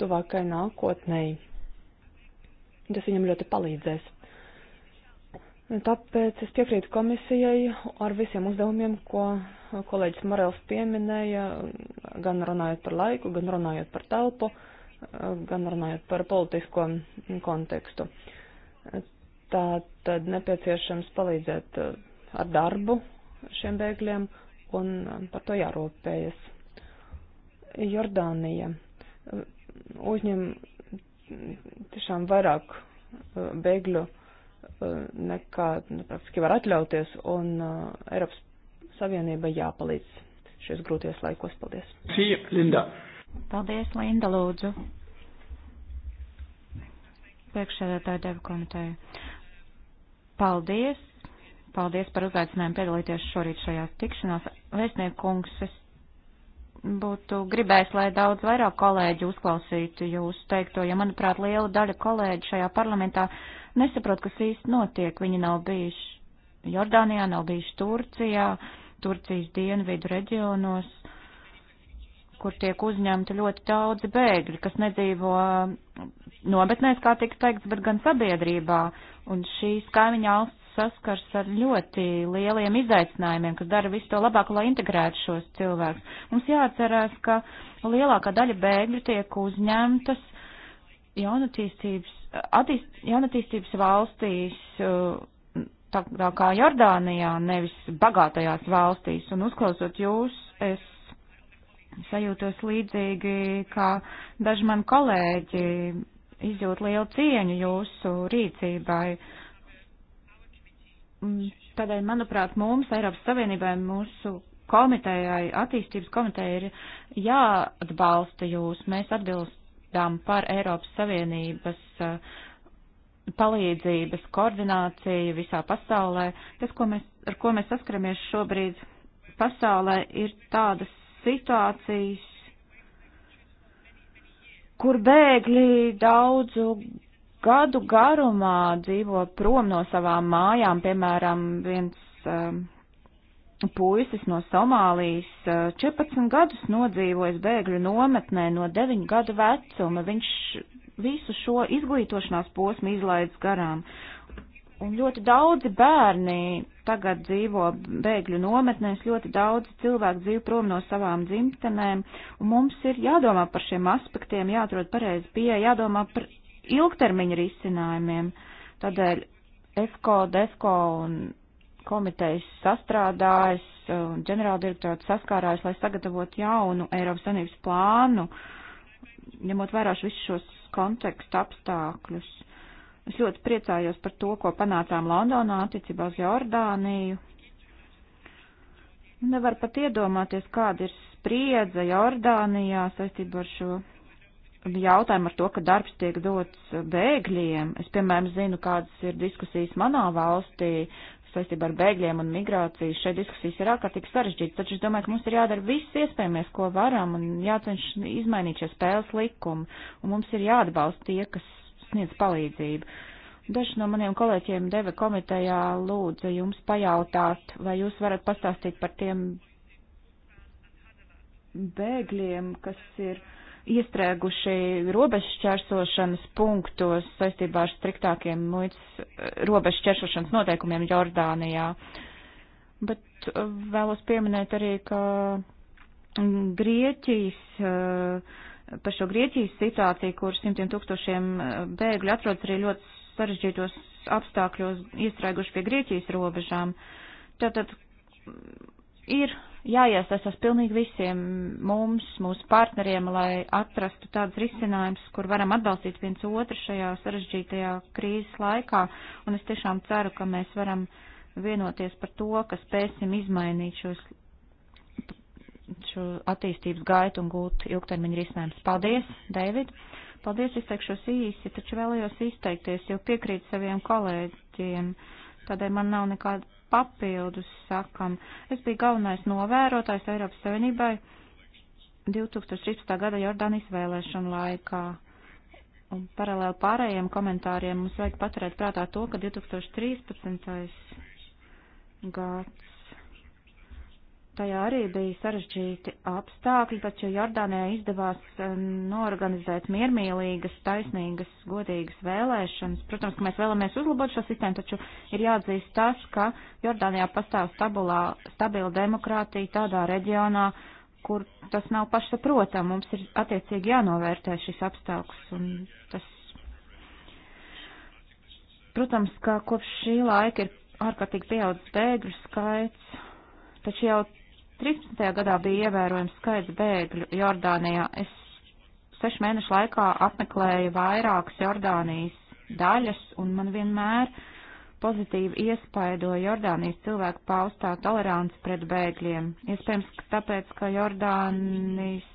tuvākai nākotnēji, Tas viņam ļoti palīdzēs. Tāpēc es piekrītu komisijai ar visiem uzdevumiem, ko kolēģis Morels pieminēja, gan runājot par laiku, gan runājot par telpu, gan runājot par politisko kontekstu. Tā tad nepieciešams palīdzēt ar darbu šiem bēgļiem un par to jārūpējas. Jordānija uzņem tiešām vairāk uh, bēgļu uh, nekā nu, praktiski var atļauties, un uh, Eiropas Savienība jāpalīdz šajos grūties laikos. Paldies! Sī, Linda! Paldies, Linda, lūdzu! Priekšsēdētāja deva komiteja. Paldies! Paldies par uzaicinājumu piedalīties šorīt šajās tikšanās. Vēstnieku kungs, es būtu gribējis, lai daudz vairāk kolēģi uzklausītu jūsu teikto, jo, manuprāt, liela daļa kolēģi šajā parlamentā nesaprot, kas īsti notiek. Viņi nav bijuši Jordānijā, nav bijuši Turcijā, Turcijas dienvidu reģionos, kur tiek uzņemti ļoti daudzi bēgļi, kas nedzīvo nometnēs, kā tika teikts, bet gan sabiedrībā. Un šīs kaimiņa valsts saskars ar ļoti lieliem izaicinājumiem, kas dara visu to labāku, lai integrētu šos cilvēkus. Mums jāatcerās, ka lielākā daļa bēgļu tiek uzņemtas jaunatīstības, attīst, jaunatīstības valstīs, tā, tā kā Jordānijā, nevis bagātajās valstīs. Un uzklausot jūs, es sajūtos līdzīgi, kā daži mani kolēģi izjūt lielu cieņu jūsu rīcībai. Uh, Mm, tādēļ, manuprāt, mums, Eiropas Savienībai, mūsu komitejai, attīstības komitejai ir jāatbalsta jūs. Mēs atbildām par Eiropas Savienības eh, palīdzības koordināciju visā pasaulē. Tas, ko mēs, ar ko mēs saskaramies šobrīd pasaulē, ir tādas situācijas, kur bēgļi daudzu gadu garumā dzīvo prom no savām mājām, piemēram, viens um, puisis no Somālijas 14 uh, gadus nodzīvojis bēgļu nometnē no 9 gadu vecuma. Viņš visu šo izglītošanās posmu izlaidz garām. Un ļoti daudzi bērni tagad dzīvo bēgļu nometnēs, ļoti daudz cilvēku dzīvo prom no savām dzimtenēm, un mums ir jādomā par šiem aspektiem, jāatrod pareizi pieeja, jādomā par ilgtermiņa risinājumiem. Tādēļ EFCO, DEFCO un komitejas sastrādājas, ģenerāldirektorāts saskārājas, lai sagatavotu jaunu Eiropas Sanības plānu, ņemot vērā visus šos kontekstu apstākļus. Es ļoti priecājos par to, ko panācām Londonā attiecībā uz Jordāniju. Nevar pat iedomāties, kāda ir spriedze Jordānijā saistībā ar šo jautājumu ar to, ka darbs tiek dots bēgļiem. Es, piemēram, zinu, kādas ir diskusijas manā valstī saistībā ar bēgļiem un migrāciju. Šeit diskusijas ir ārkārtīgi sarežģītas, taču es domāju, ka mums ir jādara viss iespējamies, ko varam, un jāceņš izmainīt šie spēles likumi, un mums ir jāatbalsta tie, kas sniedz palīdzību. Daži no maniem kolēģiem deva komitejā lūdza jums pajautāt, vai jūs varat pastāstīt par tiem bēgļiem, kas ir uh, iestrēguši robežšķērsošanas punktos saistībā ar striktākiem muitas eh, robežšķērsošanas noteikumiem Jordānijā. Bet eh, vēlos pieminēt arī, ka mm, Grieķijas, eh, par šo Grieķijas situāciju, kur simtiem tūkstošiem bēgļu atrodas arī ļoti sarežģītos apstākļos iestrēguši pie Grieķijas robežām. Tātad mm, ir jāiesaistās pilnīgi visiem mums, mūsu partneriem, lai atrastu tādus risinājumus, kur varam atbalstīt viens otru šajā sarežģītajā krīzes laikā. Un es tiešām ceru, ka mēs varam vienoties par to, ka spēsim izmainīt šos, šo attīstības gaitu un gūt ilgtermiņa risinājumus. Paldies, David! Paldies, izteikšos īsi, taču vēlējos izteikties, jo piekrīt saviem kolēģiem. Tādēļ man nav nekāda papildus sakam. Es biju galvenais novērotājs Eiropas Savienībai 2013. gada Jordānijas vēlēšanu laikā. Un paralēli pārējiem komentāriem mums vajag paturēt prātā to, ka 2013. gads tajā arī bija sarežģīti apstākļi, taču Jordānijā izdevās eh, norganizēt miermīlīgas, taisnīgas, godīgas vēlēšanas. Protams, ka mēs vēlamies uzlabot šo sistēmu, taču ir jāatzīst tas, ka Jordānijā pastāv stabilā, stabila demokrātija tādā reģionā, kur tas nav pašsaprotam. Mums ir attiecīgi jānovērtē šis apstākļus un tas. Protams, ka kopš šī laika ir ārkārtīgi pieaudzis bēgļu skaits, taču jau 13. gadā bija ievērojams skaits bēgļu Jordānijā. Es sešu mēnešu laikā apmeklēju vairākas Jordānijas daļas, un man vienmēr pozitīvi iespaidoja Jordānijas cilvēku paustā tolerants pret bēgļiem. Iespējams, ka tāpēc, ka Jordānijas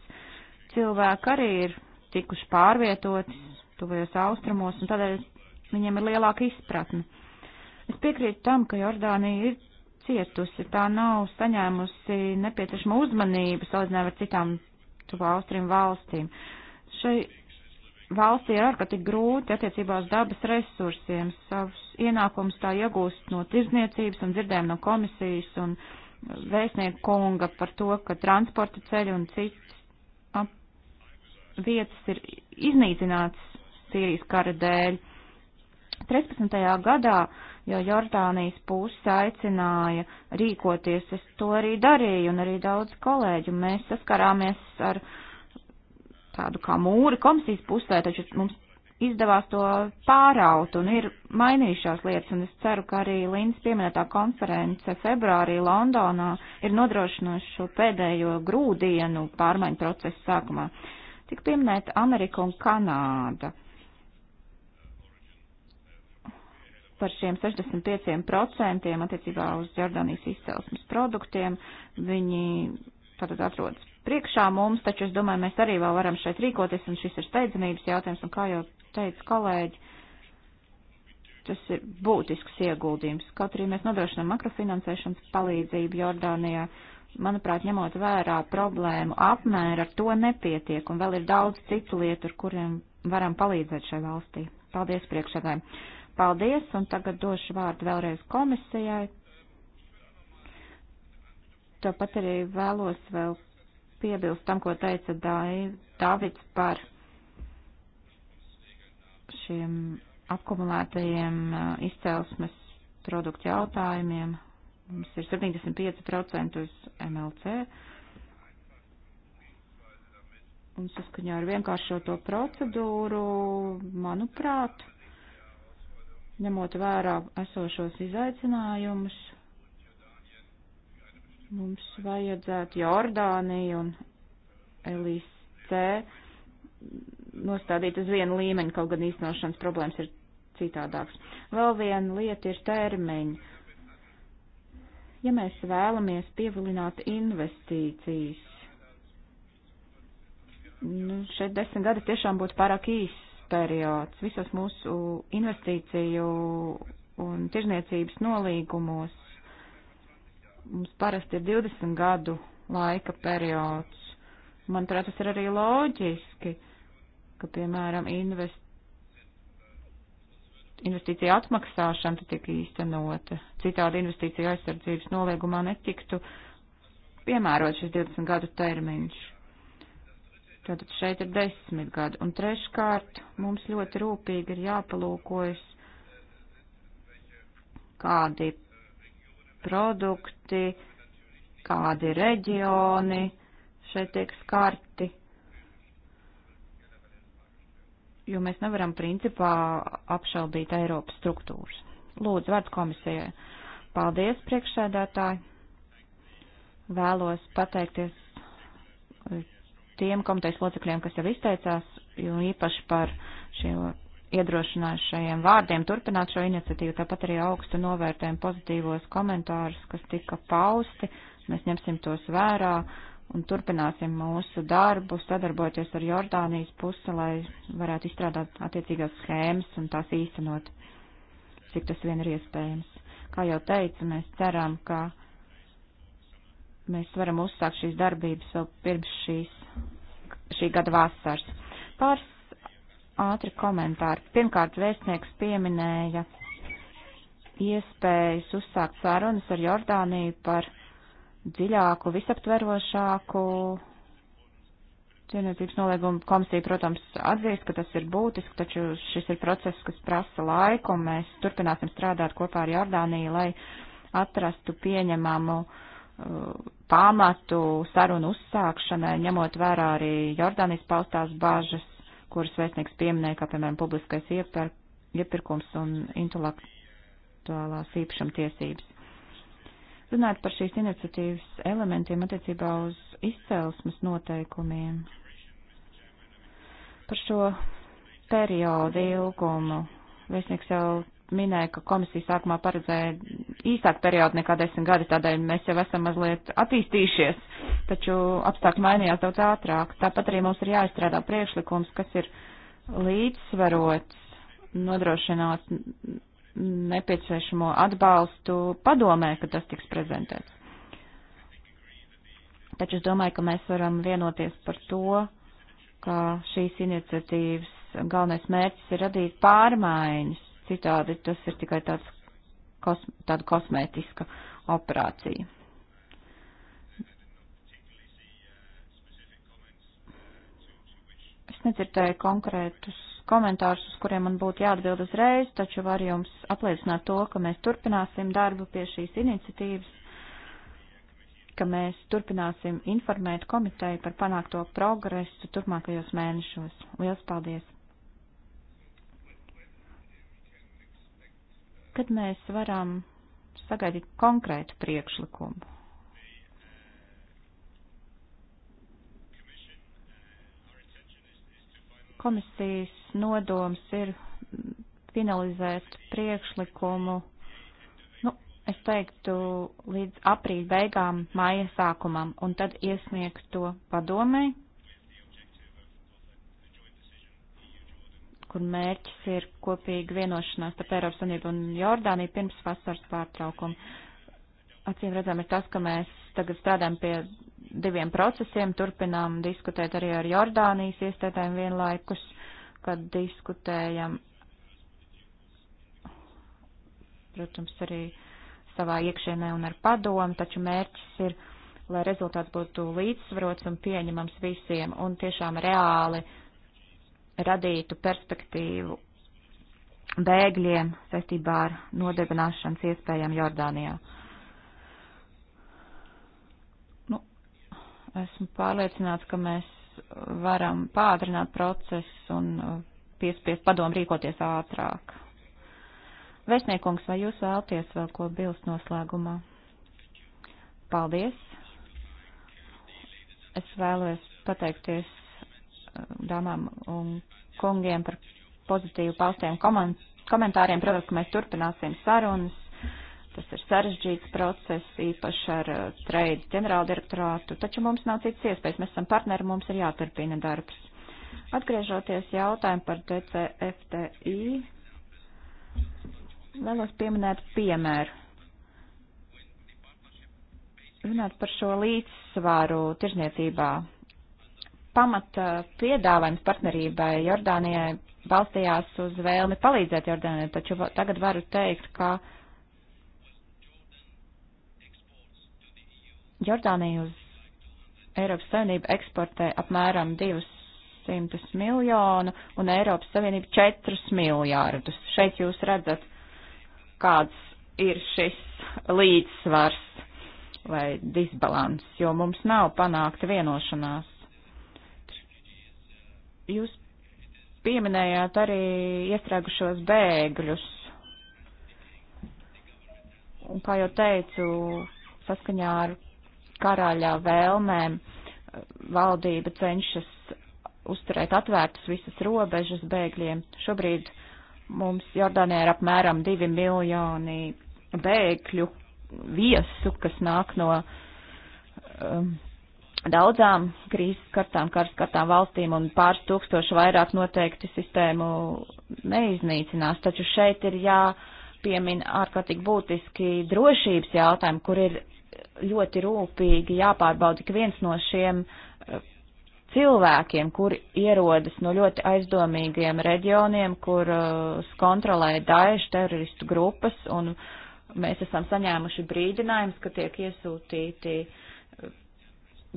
cilvēki arī ir tikuši pārvietoti tuvajos austrumos, un tādēļ viņiem ir lielāka izpratne. Es piekrītu tam, ka Jordānija ir cietusi, tā nav saņēmusi nepieciešamo uzmanību salīdzinājumā ar citām tuvā austrim valstīm. Šai valstī ir ārkārtīgi grūti attiecībā uz dabas resursiem, savus ienākumus tā iegūst no tirzniecības un dzirdējam no komisijas un vēstnieku konga par to, ka transporta ceļi un citas vietas ir iznīcināts Sīrijas kara dēļ. 13. gadā jo Jordānijas puse aicināja rīkoties. Es to arī darīju, un arī daudz kolēģu. Mēs saskarāmies ar tādu kā mūri komisijas pusē, taču mums izdevās to pāraut, un ir mainījušās lietas, un es ceru, ka arī Līnas pieminētā konference februārī Londonā ir nodrošinājusi šo pēdējo grūdienu pārmaiņu procesu sākumā. Tik pieminēta Amerika un Kanāda. Uh, par šiem 65% attiecībā uz Jordānijas izcelsmes produktiem. Viņi tātad atrodas priekšā mums, taču es domāju, mēs arī vēl varam šeit rīkoties, un šis ir steidzamības jautājums, un kā jau teica kolēģi, tas ir būtisks ieguldījums. Kaut arī mēs nodrošinām makrofinansēšanas palīdzību Jordānijā, manuprāt, ņemot vērā problēmu apmēru, ar to nepietiek, un vēl ir daudz citu lietu, ar kuriem varam palīdzēt šai valstī. Paldies priekšsēdājiem! Paldies, un tagad došu vārdu vēlreiz komisijai. Tāpat arī vēlos vēl piebilst tam, ko teica Dāvids par šiem akumulētajiem uh, izcelsmes produktu jautājumiem. Mums ir 75% uz MLC. Un saskaņā ar vienkāršoto procedūru, manuprāt, ņemot vērā esošos izaicinājumus, mums vajadzētu Jordāniju un LIC nostādīt uz vienu līmeņu, kaut gan īstenošanas problēmas ir citādāks. Vēl viena lieta ir termiņi. Ja mēs vēlamies pievilināt investīcijas, nu, šeit desmit gadi tiešām būtu pārāk īss periods visos mūsu investīciju un tirzniecības nolīgumos. Mums parasti ir 20 gadu laika periods. Manuprāt, tas ir arī loģiski, ka, piemēram, invest... investīcija atmaksāšana tiek īstenota. Citādi investīcija aizsardzības nolīgumā netiktu piemērot šis 20 gadu termiņš. Tātad šeit ir desmit gadi. Un treškārt mums ļoti rūpīgi ir jāpalūkojas, kādi produkti, kādi reģioni šeit tiek skarti. Jo mēs nevaram principā apšaubīt Eiropas struktūras. Lūdzu, vārds komisijai. Paldies, priekšsēdētāji. Vēlos pateikties tiem komitejas locekļiem, kas jau izteicās, jo īpaši par šiem iedrošinājušajiem vārdiem turpināt šo iniciatīvu. Tāpat arī augstu novērtējam pozitīvos komentārus, kas tika pausti. Mēs ņemsim tos vērā un turpināsim mūsu darbu, sadarbojoties ar Jordānijas pusi, lai varētu izstrādāt attiecīgās schēmas un tās īstenot, cik tas vien ir iespējams. Kā jau teicu, mēs ceram, ka mēs varam uzsākt šīs darbības vēl pirms šīs, šī gada vasaras. Pāris ātri komentāri. Pirmkārt, vēstnieks pieminēja iespējas uzsākt sarunas ar Jordāniju par dziļāku, visaptverošāku cienītības noliegumu. Komisija, protams, atzīst, ka tas ir būtiski, taču šis ir process, kas prasa laiku, un mēs turpināsim strādāt kopā ar Jordāniju, lai atrastu pieņemamu uh, pamatu sarunu uzsākšanai, ņemot vērā arī Jordānijas paustās bāžas, kuras vēstnieks pieminēja, kā piemēram publiskais iepirk, iepirkums un intelektuālās īpašuma tiesības. Runāt par šīs iniciatīvas elementiem attiecībā uz izcelsmes noteikumiem, par šo periodu ilgumu. Vēstnieks jau minēja, ka komisija sākumā paredzēja īsāku periodu nekā desmit gadi, tādēļ mēs jau esam mazliet attīstījušies, taču apstākļi mainījās daudz ātrāk. Tāpat arī mums ir jāizstrādā priekšlikums, kas ir līdzsvarots, nodrošināt nepieciešamo atbalstu padomē, kad tas tiks prezentēts. Taču es domāju, ka mēs varam vienoties par to, ka šīs iniciatīvas galvenais mērķis ir radīt pārmaiņas citādi tas ir tikai tāds, kos, tāda kosmētiska operācija. Es nedzirdēju konkrētus komentārus, uz kuriem man būtu jāatbild uzreiz, taču var jums apliecināt to, ka mēs turpināsim darbu pie šīs iniciatīvas, ka mēs turpināsim informēt komiteju par panākto progresu turpmākajos mēnešos. Lielas paldies! kad mēs varam sagaidīt konkrētu priekšlikumu? Komisijas nodoms ir finalizēt priekšlikumu, nu, es teiktu, līdz aprīļa beigām, māja sākumam, un tad iesniegt to padomē, kur mērķis ir kopīga vienošanās starp Eiropas Unību un Jordāniju pirms vasaras pārtraukuma. Acīm redzam ir tas, ka mēs tagad strādājam pie diviem procesiem, turpinām diskutēt arī ar Jordānijas iestādēm vienlaikus, kad diskutējam, protams, arī savā iekšienē un ar padomu, taču mērķis ir, lai rezultāts būtu līdzsvarots un pieņemams visiem un tiešām reāli uh, radītu perspektīvu bēgļiem saistībā ar nodarbināšanas iespējām Jordānijā. Nu, esmu pārliecināts, ka mēs varam pātrināt procesu un uh, piespiest padomu rīkoties ātrāk. Vēstniekungs, vai jūs vēlties vēl ko bilst noslēgumā? Paldies! Es vēlos pateikties dāmām un kungiem par pozitīvu paustiem komentāriem. Protams, ka mēs turpināsim sarunas. Tas ir sarežģīts process, īpaši ar uh, trade ģenerāldirektorātu, taču mums nav cits iespējas. Mēs esam partneri, mums ir jāturpina darbs. Atgriežoties jautājumu par DCFTI, vēlos pieminēt piemēru runāt par šo līdzsvaru tirzniecībā pamata piedāvājums partnerībai Jordānijai balstījās uz vēlmi palīdzēt Jordānijai, taču tagad varu teikt, ka Jordānija uz Eiropas Savienību eksportē apmēram 200 miljonu un Eiropas Savienība 4 miljārdus. Šeit jūs redzat, kāds ir šis līdzsvars vai disbalans, jo mums nav panākta vienošanās Jūs pieminējāt arī iestrēgušos bēgļus. Un, kā jau teicu, saskaņā ar karaļā vēlmēm valdība cenšas uzturēt atvērtas visas robežas bēgļiem. Šobrīd mums Jordānijā ir apmēram divi miljoni bēgļu viesu, kas nāk no um, daudzām krīzes kartām, karas kartām valstīm un pāris tūkstoši vairāk noteikti sistēmu neiznīcinās, taču šeit ir jāpiemina ārkārtīgi būtiski drošības jautājumi, kur ir ļoti rūpīgi jāpārbauda ik viens no šiem eh, cilvēkiem, kuri ierodas no ļoti aizdomīgiem reģioniem, kur uh, kontrolē daešu teroristu grupas, un mēs esam saņēmuši brīdinājums, ka tiek iesūtīti uh,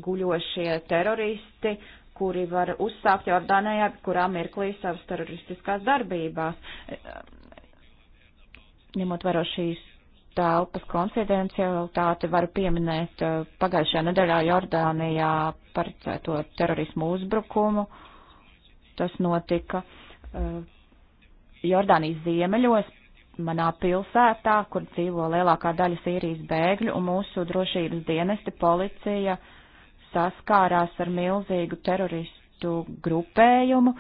guļošie teroristi, kuri var uzsākt Jordānijā, kurā mirklī savas teroristiskās darbībās. Ņemot vērā šīs telpas konfidencialitāti, varu pieminēt eh, pagājušajā nedēļā Jordānijā paredzēto terorismu uzbrukumu. Tas notika eh, Jordānijas ziemeļos, manā pilsētā, kur dzīvo lielākā daļa Sīrijas bēgļu, un mūsu drošības dienesti policija uh, saskārās ar milzīgu teroristu grupējumu,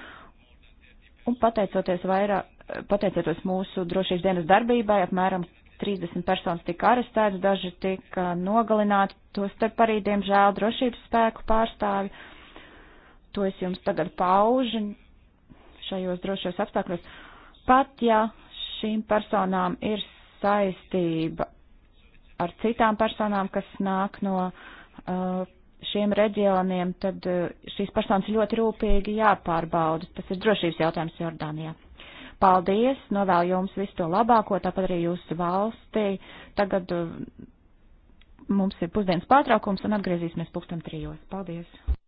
un pateicoties, vairā, pateicoties mūsu drošības dienas darbībai, apmēram 30 personas tika arestētas, daži tika nogalināti, to starp arī, diemžēl, drošības spēku pārstāvi. To es jums tagad paužu šajos drošos apstākļos. Pat ja šīm personām ir saistība ar citām personām, kas nāk no uh, šiem reģioniem, tad eh, šīs personas ļoti rūpīgi jāpārbauda. Tas ir drošības jautājums Jordānijā. Paldies, novēlu jums visu to labāko, tāpat arī jūsu valstī. Tagad eh, mums ir pusdienas pārtraukums un atgriezīsimies pulkstam trijos. Paldies!